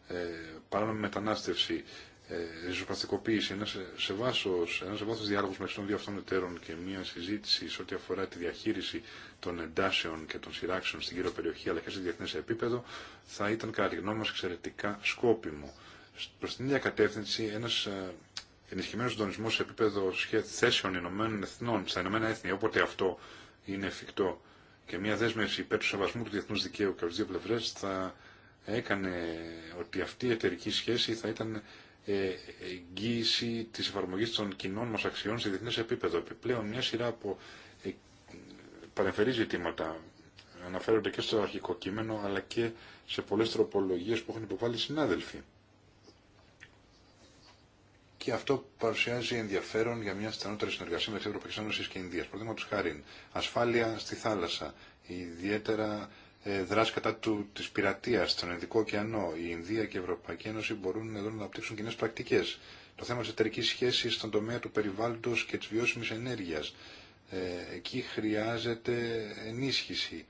ε, ε, παράνομη μετανάστευση, ε, ριζοσπαστικοποίηση, ένα ε, σε βάθο ένας σε διάλογος μεταξύ των δύο αυτών εταίρων και μια συζήτηση σε ό,τι αφορά τη διαχείριση των εντάσεων και των σειράξεων στην κύριο περιοχή αλλά και σε διεθνέ επίπεδο θα ήταν κατά τη γνώμη μα εξαιρετικά σκόπιμο. Προ την ίδια κατεύθυνση ένας ε, ενισχυμένο συντονισμό σε επίπεδο θέσεων Ηνωμένων Εθνών στα Ηνωμένα Έθνη, όποτε αυτό είναι εφικτό, και μια δέσμευση υπέρ του σεβασμού του διεθνού δικαίου και από τι δύο πλευρέ θα έκανε ότι αυτή η εταιρική σχέση θα ήταν εγγύηση της εφαρμογής των κοινών μας αξιών σε διεθνές επίπεδο. Επιπλέον μια σειρά από ε, παρεμφερή ζητήματα αναφέρονται και στο αρχικό κείμενο αλλά και σε πολλές τροπολογίες που έχουν υποβάλει συνάδελφοι. Και αυτό παρουσιάζει ενδιαφέρον για μια στενότερη συνεργασία μεταξύ Ευρωπαϊκή Ένωση και Ινδία. Παραδείγματο χάρη, ασφάλεια στη θάλασσα, ιδιαίτερα ε, δράση κατά του, της πειρατείας στον Ειδικό ωκεανό. Η Ινδία και η Ευρωπαϊκή Ένωση μπορούν εδώ να αναπτύξουν κοινέ πρακτικές. Το θέμα της εταιρικής σχέσης στον τομέα του περιβάλλοντος και της βιώσιμης ενέργειας. Ε, εκεί χρειάζεται ενίσχυση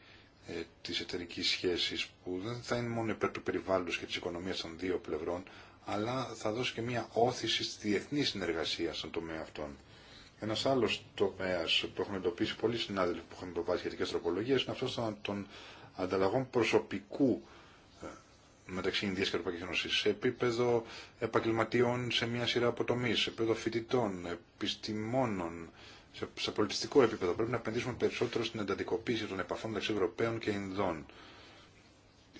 ε, της εταιρικής σχέσης που δεν θα είναι μόνο υπέρ του περιβάλλοντος και της οικονομίας των δύο πλευρών αλλά θα δώσει και μια όθηση στη διεθνή συνεργασία στον τομέα αυτών. Ένα άλλο τομέα που έχουν εντοπίσει πολλοί συνάδελφοι που έχουν προβάσει σχετικέ τροπολογίε είναι αυτό των ανταλλαγών προσωπικού ε, μεταξύ Ινδίας και Ευρωπαϊκή Ένωση, σε επίπεδο επαγγελματιών σε μια σειρά αποτομής, σε επίπεδο φοιτητών, επιστημόνων, σε, πολιτιστικό επίπεδο. Πρέπει να επενδύσουμε περισσότερο στην εντατικοποίηση των επαφών μεταξύ Ευρωπαίων και Ινδών.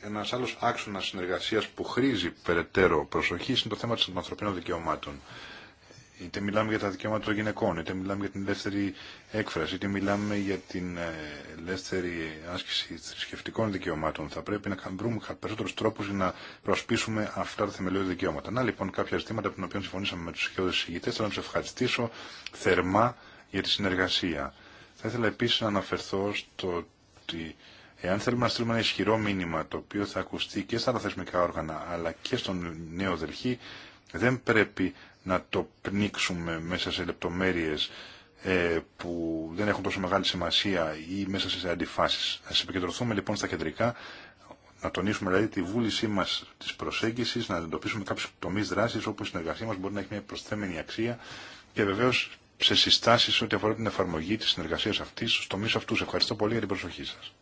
Ένα άλλο άξονα συνεργασία που χρήζει περαιτέρω προσοχή είναι το θέμα των ανθρωπίνων δικαιωμάτων είτε μιλάμε για τα δικαιώματα των γυναικών, είτε μιλάμε για την ελεύθερη έκφραση, είτε μιλάμε για την ε, ελεύθερη άσκηση θρησκευτικών δικαιωμάτων. Θα πρέπει να βρούμε περισσότερου τρόπου για να προσπίσουμε αυτά τα θεμελιώδη δικαιώματα. Να λοιπόν κάποια ζητήματα από τα οποία συμφωνήσαμε με του σχεδόν συγγητέ, Θέλω να του ευχαριστήσω θερμά για τη συνεργασία. Θα ήθελα επίση να αναφερθώ στο ότι εάν θέλουμε να στείλουμε ένα ισχυρό μήνυμα το οποίο θα ακουστεί και στα όργανα αλλά και στον νέο Δελχή, δεν πρέπει να το πνίξουμε μέσα σε λεπτομέρειες ε, που δεν έχουν τόσο μεγάλη σημασία ή μέσα σε αντιφάσεις. Να επικεντρωθούμε λοιπόν στα κεντρικά, να τονίσουμε δηλαδή τη βούλησή μας της προσέγγισης, να εντοπίσουμε κάποιους τομείς δράσης όπου η συνεργασία μας μπορεί να έχει μια προσθέμενη αξία και βεβαίως σε συστάσεις ό,τι αφορά την εφαρμογή της συνεργασίας αυτής στους τομείς αυτούς. Ευχαριστώ πολύ για την προσοχή σας.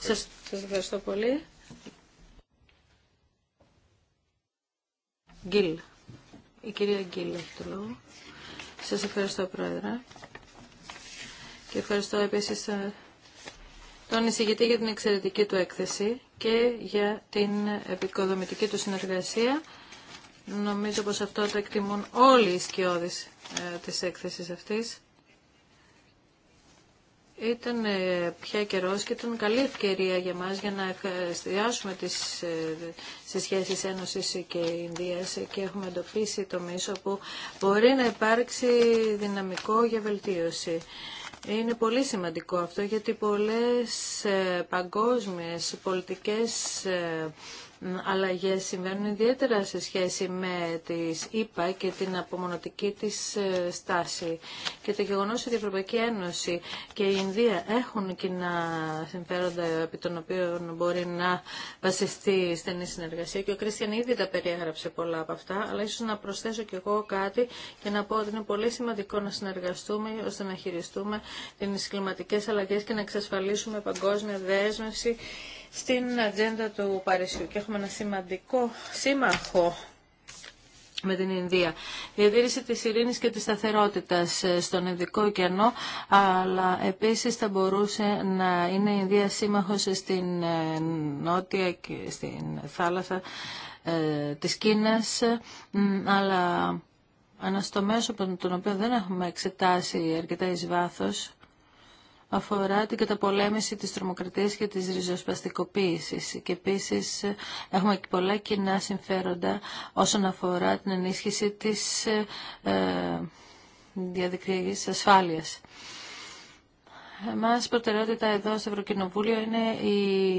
Σας ευχαριστώ πολύ. Γκίλ. Η κυρία Γκίλ έχει το λόγο. Σας ευχαριστώ, Πρόεδρε. Και ευχαριστώ επίσης ε, τον εισηγητή για την εξαιρετική του έκθεση και για την επικοδομητική του συνεργασία. Νομίζω πως αυτό το εκτιμούν όλοι οι σκιώδεις ε, της έκθεσης αυτής. Ήταν ε, πια καιρός και ήταν καλή ευκαιρία για μας για να εστιάσουμε τις, τις ε, σχέσεις Ένωσης και Ινδίας και έχουμε εντοπίσει το μίσο που μπορεί να υπάρξει δυναμικό για βελτίωση. Είναι πολύ σημαντικό αυτό γιατί πολλές ε, παγκόσμιες πολιτικές αλλαγές συμβαίνουν ιδιαίτερα σε σχέση με τις ΗΠΑ και την απομονωτική της ε, στάση. Και το γεγονός ότι η Ευρωπαϊκή Ένωση και η Ινδία έχουν κοινά συμφέροντα επί των οποίων μπορεί να βασιστεί στενή συνεργασία και ο Κρίστιαν ήδη τα περιέγραψε πολλά από αυτά, αλλά ίσως να προσθέσω κι εγώ κάτι και να πω ότι είναι πολύ σημαντικό να συνεργαστούμε ώστε να χειριστούμε τις κλιματικές αλλαγές και να εξασφαλίσουμε παγκόσμια δέσμευση στην ατζέντα του Παρισιού και έχουμε ένα σημαντικό σύμμαχο με την Ινδία. Διατήρηση της ειρήνης και της σταθερότητας ε, στον Ειδικό κενό αλλά επίσης θα μπορούσε να είναι η Ινδία σύμμαχος στην ε, νότια και στην θάλασσα ε, της Κίνας, αλλά ένας τομέας τον οποίο δεν έχουμε εξετάσει αρκετά εις βάθος, αφορά την καταπολέμηση της τρομοκρατίας και της ριζοσπαστικοποίησης και επίσης έχουμε και πολλά κοινά συμφέροντα όσον αφορά την ενίσχυση της ε, ε, διαδικτυακής ασφάλειας η προτεραιότητα εδώ στο Ευρωκοινοβούλιο είναι οι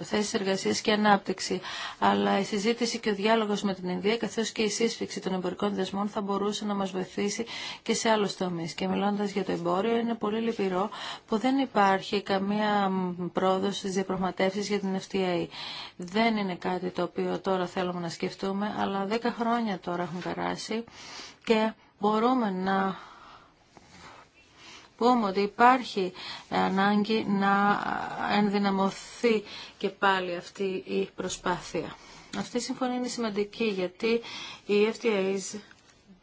ε, θέσει εργασίας και ανάπτυξη. Αλλά η συζήτηση και ο διάλογος με την Ινδία καθώς και η σύσφυξη των εμπορικών δεσμών θα μπορούσε να μας βοηθήσει και σε άλλους τομείς. Και μιλώντας για το εμπόριο είναι πολύ λυπηρό που δεν υπάρχει καμία πρόοδο στι διαπραγματεύσει για την FTA. Δεν είναι κάτι το οποίο τώρα θέλουμε να σκεφτούμε, αλλά 10 χρόνια τώρα έχουν περάσει και μπορούμε να πούμε ότι υπάρχει ανάγκη να ενδυναμωθεί και πάλι αυτή η προσπάθεια. Αυτή η συμφωνία είναι σημαντική γιατί οι FTAs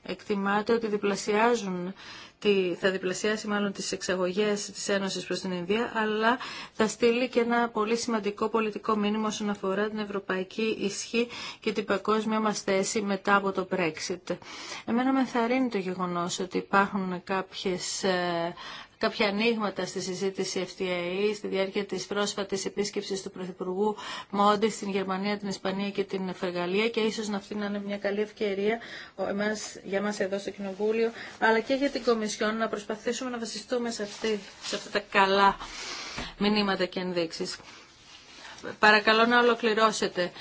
εκτιμάται ότι διπλασιάζουν τη, θα διπλασιάσει μάλλον τις εξαγωγές της Ένωσης προς την Ινδία, αλλά θα στείλει και ένα πολύ σημαντικό πολιτικό μήνυμα όσον αφορά την ευρωπαϊκή ισχύ και την παγκόσμια μας θέση μετά από το Brexit. Εμένα με θαρρύνει το γεγονός ότι υπάρχουν κάποιες ε, κάποια ανοίγματα στη συζήτηση FTA στη διάρκεια της πρόσφατης επίσκεψης του Πρωθυπουργού Μόντι στην Γερμανία, την Ισπανία και την Φεργαλία και ίσως να αυτή να είναι μια καλή ευκαιρία για μας εδώ στο Κοινοβούλιο αλλά και για την Κομισιόν να προσπαθήσουμε να βασιστούμε σε, αυτή, σε αυτά τα καλά μηνύματα και ενδείξεις. Παρακαλώ να ολοκληρώσετε.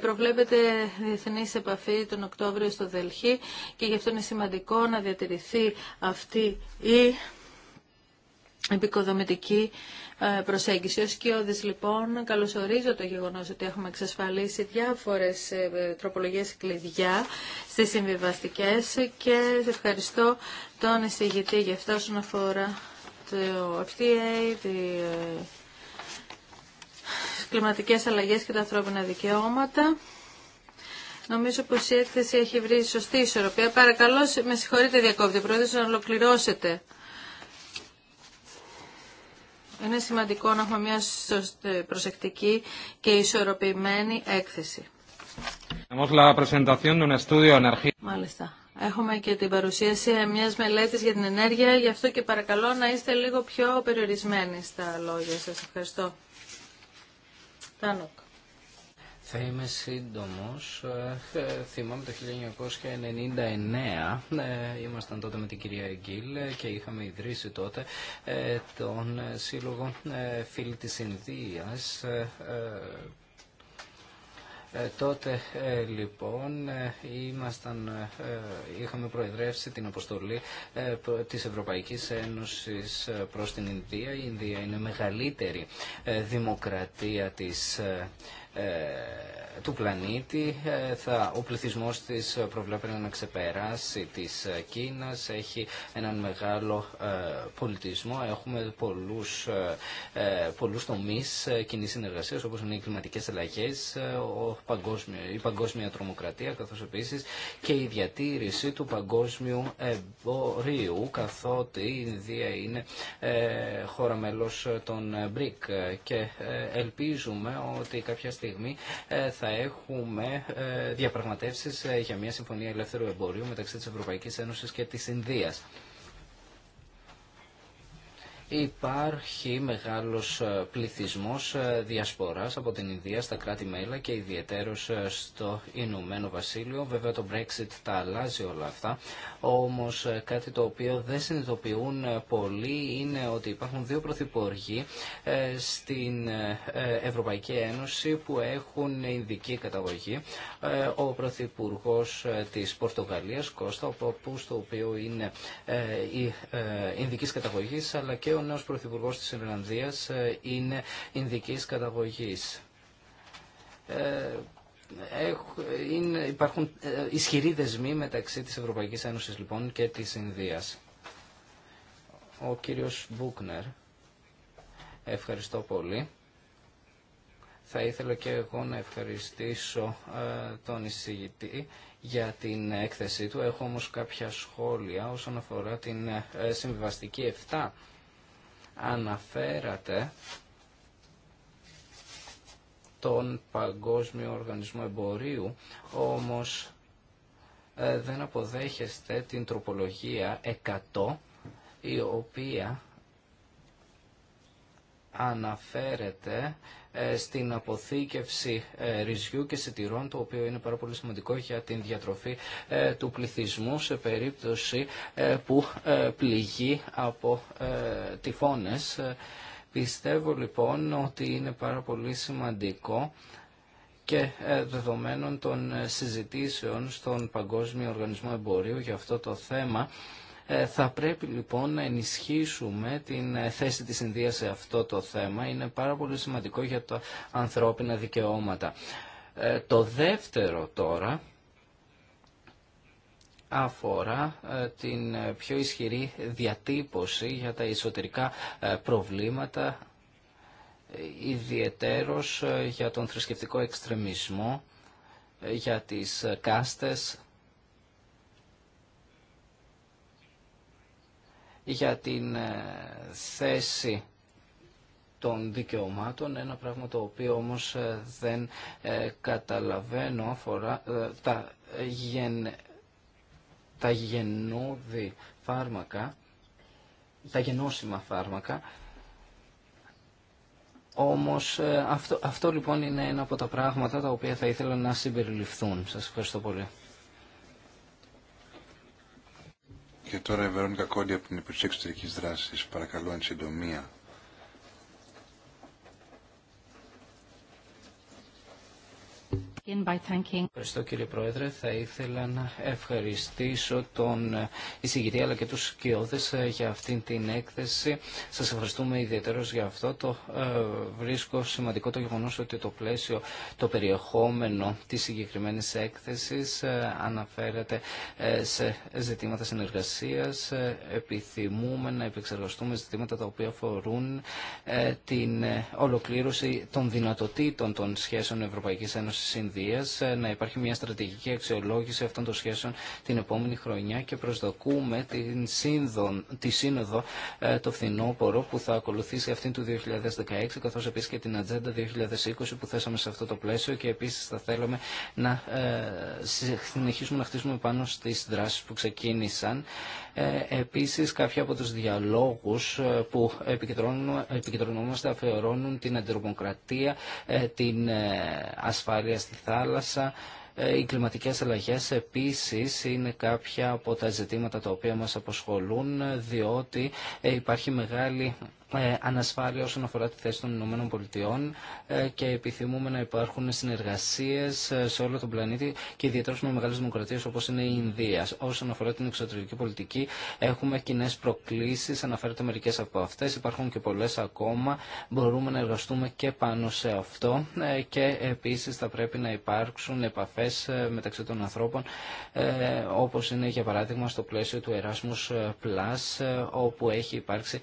Προβλέπετε διεθνή επαφή τον Οκτώβριο στο Δελχή και γι' αυτό είναι σημαντικό να διατηρηθεί αυτή η επικοδομητική ε, προσέγγιση. Ως κοιόδης λοιπόν καλωσορίζω το γεγονός ότι έχουμε εξασφαλίσει διάφορες ε, τροπολογίες κλειδιά στις συμβιβαστικές και σε ευχαριστώ τον εισηγητή για αυτό όσον αφορά το FTA, τη ε, κλιματικές αλλαγές και τα ανθρώπινα δικαιώματα. Νομίζω πως η έκθεση έχει βρει σωστή ισορροπία. Παρακαλώ, με συγχωρείτε διακόπτη πρόεδρε, να ολοκληρώσετε. Είναι σημαντικό να έχουμε μια προσεκτική και ισορροπημένη έκθεση. Έχουμε και την παρουσίαση μιας μελέτης για την ενέργεια, γι' αυτό και παρακαλώ να είστε λίγο πιο περιορισμένοι στα λόγια σας. Ευχαριστώ. Τάνο. Θα είμαι σύντομο. Ε, θυμάμαι το 1999, ε, ήμασταν τότε με την κυρία Γκίλ ε, και είχαμε ιδρύσει τότε τον Σύλλογο Φίλη τη Ινδία. τότε λοιπόν ε, είχαμε προεδρεύσει την αποστολή της Ευρωπαϊκής Ένωσης προς την Ινδία. Η Ινδία είναι μεγαλύτερη δημοκρατία της ε, του πλανήτη. Ε, θα, ο πληθυσμός της προβλέπεται να ξεπεράσει της ε, Κίνας. Έχει έναν μεγάλο ε, πολιτισμό. Έχουμε πολλούς, πολλούς τομείς κοινή συνεργασίας όπως είναι οι κλιματικές αλλαγέ, ο η παγκόσμια τρομοκρατία καθώς επίσης και η διατήρηση του παγκόσμιου εμπορίου καθότι η Ινδία είναι χώρα μέλος των BRIC και ελπίζουμε ότι κάποια στιγμή θα θα έχουμε ε, διαπραγματεύσεις ε, για μια συμφωνία ελεύθερου εμπορίου μεταξύ της Ευρωπαϊκής Ένωσης και της Ινδίας. Υπάρχει μεγάλος πληθυσμός διασποράς από την Ινδία στα κράτη-μέλα και ιδιαίτερος στο Ηνωμένο Βασίλειο. Βέβαια το Brexit τα αλλάζει όλα αυτά, όμως κάτι το οποίο δεν συνειδητοποιούν πολλοί είναι ότι υπάρχουν δύο πρωθυπουργοί στην Ευρωπαϊκή Ένωση που έχουν ειδική καταγωγή. Ο πρωθυπουργό της Πορτογαλίας, Κώστα, ο οποίος είναι η καταγωγής, αλλά και ο νέος πρωθυπουργός της Ιρλανδίας ε, είναι Ινδικής καταγωγής. Ε, είναι, υπάρχουν ε, ισχυροί δεσμοί μεταξύ της Ευρωπαϊκής Ένωσης λοιπόν και της Ινδίας. Ο κύριος Μπούκνερ, ευχαριστώ πολύ. Θα ήθελα και εγώ να ευχαριστήσω τον εισηγητή για την έκθεσή του. Έχω όμως κάποια σχόλια όσον αφορά την συμβιβαστική 7 αναφέρατε τον Παγκόσμιο Οργανισμό Εμπορίου, όμως ε, δεν αποδέχεστε την τροπολογία 100 η οποία αναφέρεται ε, στην αποθήκευση ε, ρυζιού και σιτηρών, το οποίο είναι πάρα πολύ σημαντικό για την διατροφή ε, του πληθυσμού σε περίπτωση που πληγεί από τυφώνες. Πιστεύω λοιπόν ότι είναι πάρα πολύ σημαντικό και δεδομένων των συζητήσεων στον Παγκόσμιο Οργανισμό Εμπορίου για αυτό το θέμα ε, θα πρέπει λοιπόν να ενισχύσουμε την ε, θέση της Ινδίας σε αυτό το θέμα. Είναι πάρα πολύ σημαντικό για τα ανθρώπινα δικαιώματα. Ε, το δεύτερο τώρα αφορά την πιο ισχυρή διατύπωση για τα εσωτερικά προβλήματα ιδιαιτέρως για τον θρησκευτικό εξτρεμισμό, για τις κάστες για την ε, θέση των δικαιωμάτων, ένα πράγμα το οποίο όμως ε, δεν ε, καταλαβαίνω αφορά τα, γεν, τα φάρμακα, τα γενώσιμα φάρμακα, όμως αυτό, αυτό λοιπόν είναι ένα από τα πράγματα τα οποία θα ήθελα να συμπεριληφθούν. Σας ευχαριστώ πολύ. Και τώρα η Βερόνικα από την Υπηρεσία Εξωτερική Δράση. Παρακαλώ, εν συντομία. Ευχαριστώ κύριε Πρόεδρε. Θα ήθελα να ευχαριστήσω τον εισηγητή αλλά και τους σκιώδες ε, για αυτήν την έκθεση. Σας ευχαριστούμε ιδιαίτερως για αυτό. Το ε, βρίσκω σημαντικό το γεγονός ότι το πλαίσιο, το περιεχόμενο της συγκεκριμένη έκθεσης ε, αναφέρεται σε ζητήματα συνεργασίας. Επιθυμούμε να επεξεργαστούμε ζητήματα τα οποία αφορούν την ολοκλήρωση των δυνατοτήτων των σχέσεων Ευρωπαϊκής Ένωσης ε, να υπάρχει μια στρατηγική αξιολόγηση αυτών των σχέσεων την επόμενη χρονιά και προσδοκούμε την σύνδον, τη σύνοδο ε, το φθινόπωρο που θα ακολουθήσει αυτήν του 2016 καθώς επίσης και την Ατζέντα 2020 που θέσαμε σε αυτό το πλαίσιο και επίσης θα θέλαμε να ε, συνεχίσουμε να χτίσουμε πάνω στις δράσεις που ξεκίνησαν Επίσης, κάποιοι από τους διαλόγους που επικεντρωνόμαστε αφαιρώνουν την ε, την ασφάλεια στη θέση, θάλασσα. Ε, οι κλιματικές αλλαγές επίσης είναι κάποια από τα ζητήματα τα οποία μας απασχολούν διότι ε, υπάρχει μεγάλη ε, ανασφάλεια όσον αφορά τη θέση των Ηνωμένων Πολιτειών ε, και επιθυμούμε να υπάρχουν συνεργασίες ε, σε όλο τον πλανήτη και ιδιαίτερα με μεγάλες δημοκρατίες όπως είναι η Ινδία. Όσον αφορά την εξωτερική πολιτική έχουμε κοινέ προκλήσεις, αναφέρεται μερικές από αυτές, υπάρχουν και πολλές ακόμα, μπορούμε να εργαστούμε και πάνω σε αυτό και επίσης θα πρέπει να υπάρξουν επαφές μεταξύ των ανθρώπων όπως είναι για παράδειγμα στο πλαίσιο του Erasmus Plus όπου έχει υπάρξει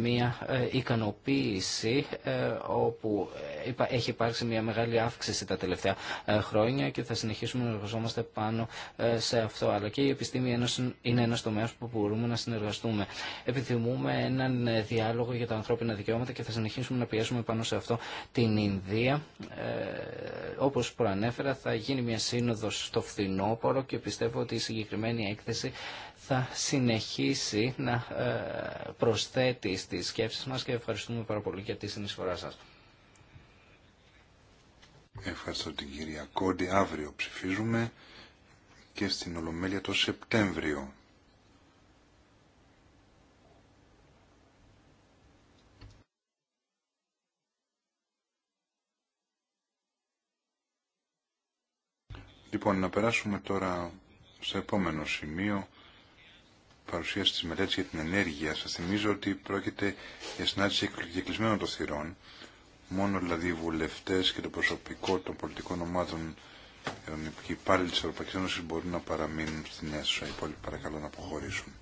μια ε, ικανοποίηση ε, όπου έχει υπάρξει μια μεγάλη αύξηση τα τελευταία ε, χρόνια και θα συνεχίσουμε να εργαζόμαστε πάνω σε αυτό. Αλλά και η επιστήμη είναι ένας τομέας που μπορούμε να συνεργαστούμε. Επιθυμούμε έναν διάλογο για τα ανθρώπινα δικαιώματα και θα συνεχίσουμε να πιέσουμε πάνω σε αυτό την Ινδία. Όπως προανέφερα θα γίνει μια σύνοδος στο φθινόπωρο και πιστεύω ότι η συγκεκριμένη έκθεση θα συνεχίσει να ε, προσθέτει στις σκέψεις μας και ευχαριστούμε πάρα πολύ για τη συνεισφορά σας. Ευχαριστώ την κυρία Κόντι. Αύριο ψηφίζουμε και στην Ολομέλεια το Σεπτέμβριο. Λοιπόν, να περάσουμε τώρα στο επόμενο σημείο παρουσίαση της μελέτης για την ενέργεια. Σας θυμίζω ότι πρόκειται για συνάντηση κλεισμένων των θυρών. Μόνο δηλαδή οι βουλευτές και το προσωπικό των πολιτικών ομάδων και ε, οι υπάλληλοι της Ευρωπαϊκής μπορούν να παραμείνουν στην αίθουσα. Οι υπόλοιποι παρακαλώ να αποχωρήσουν.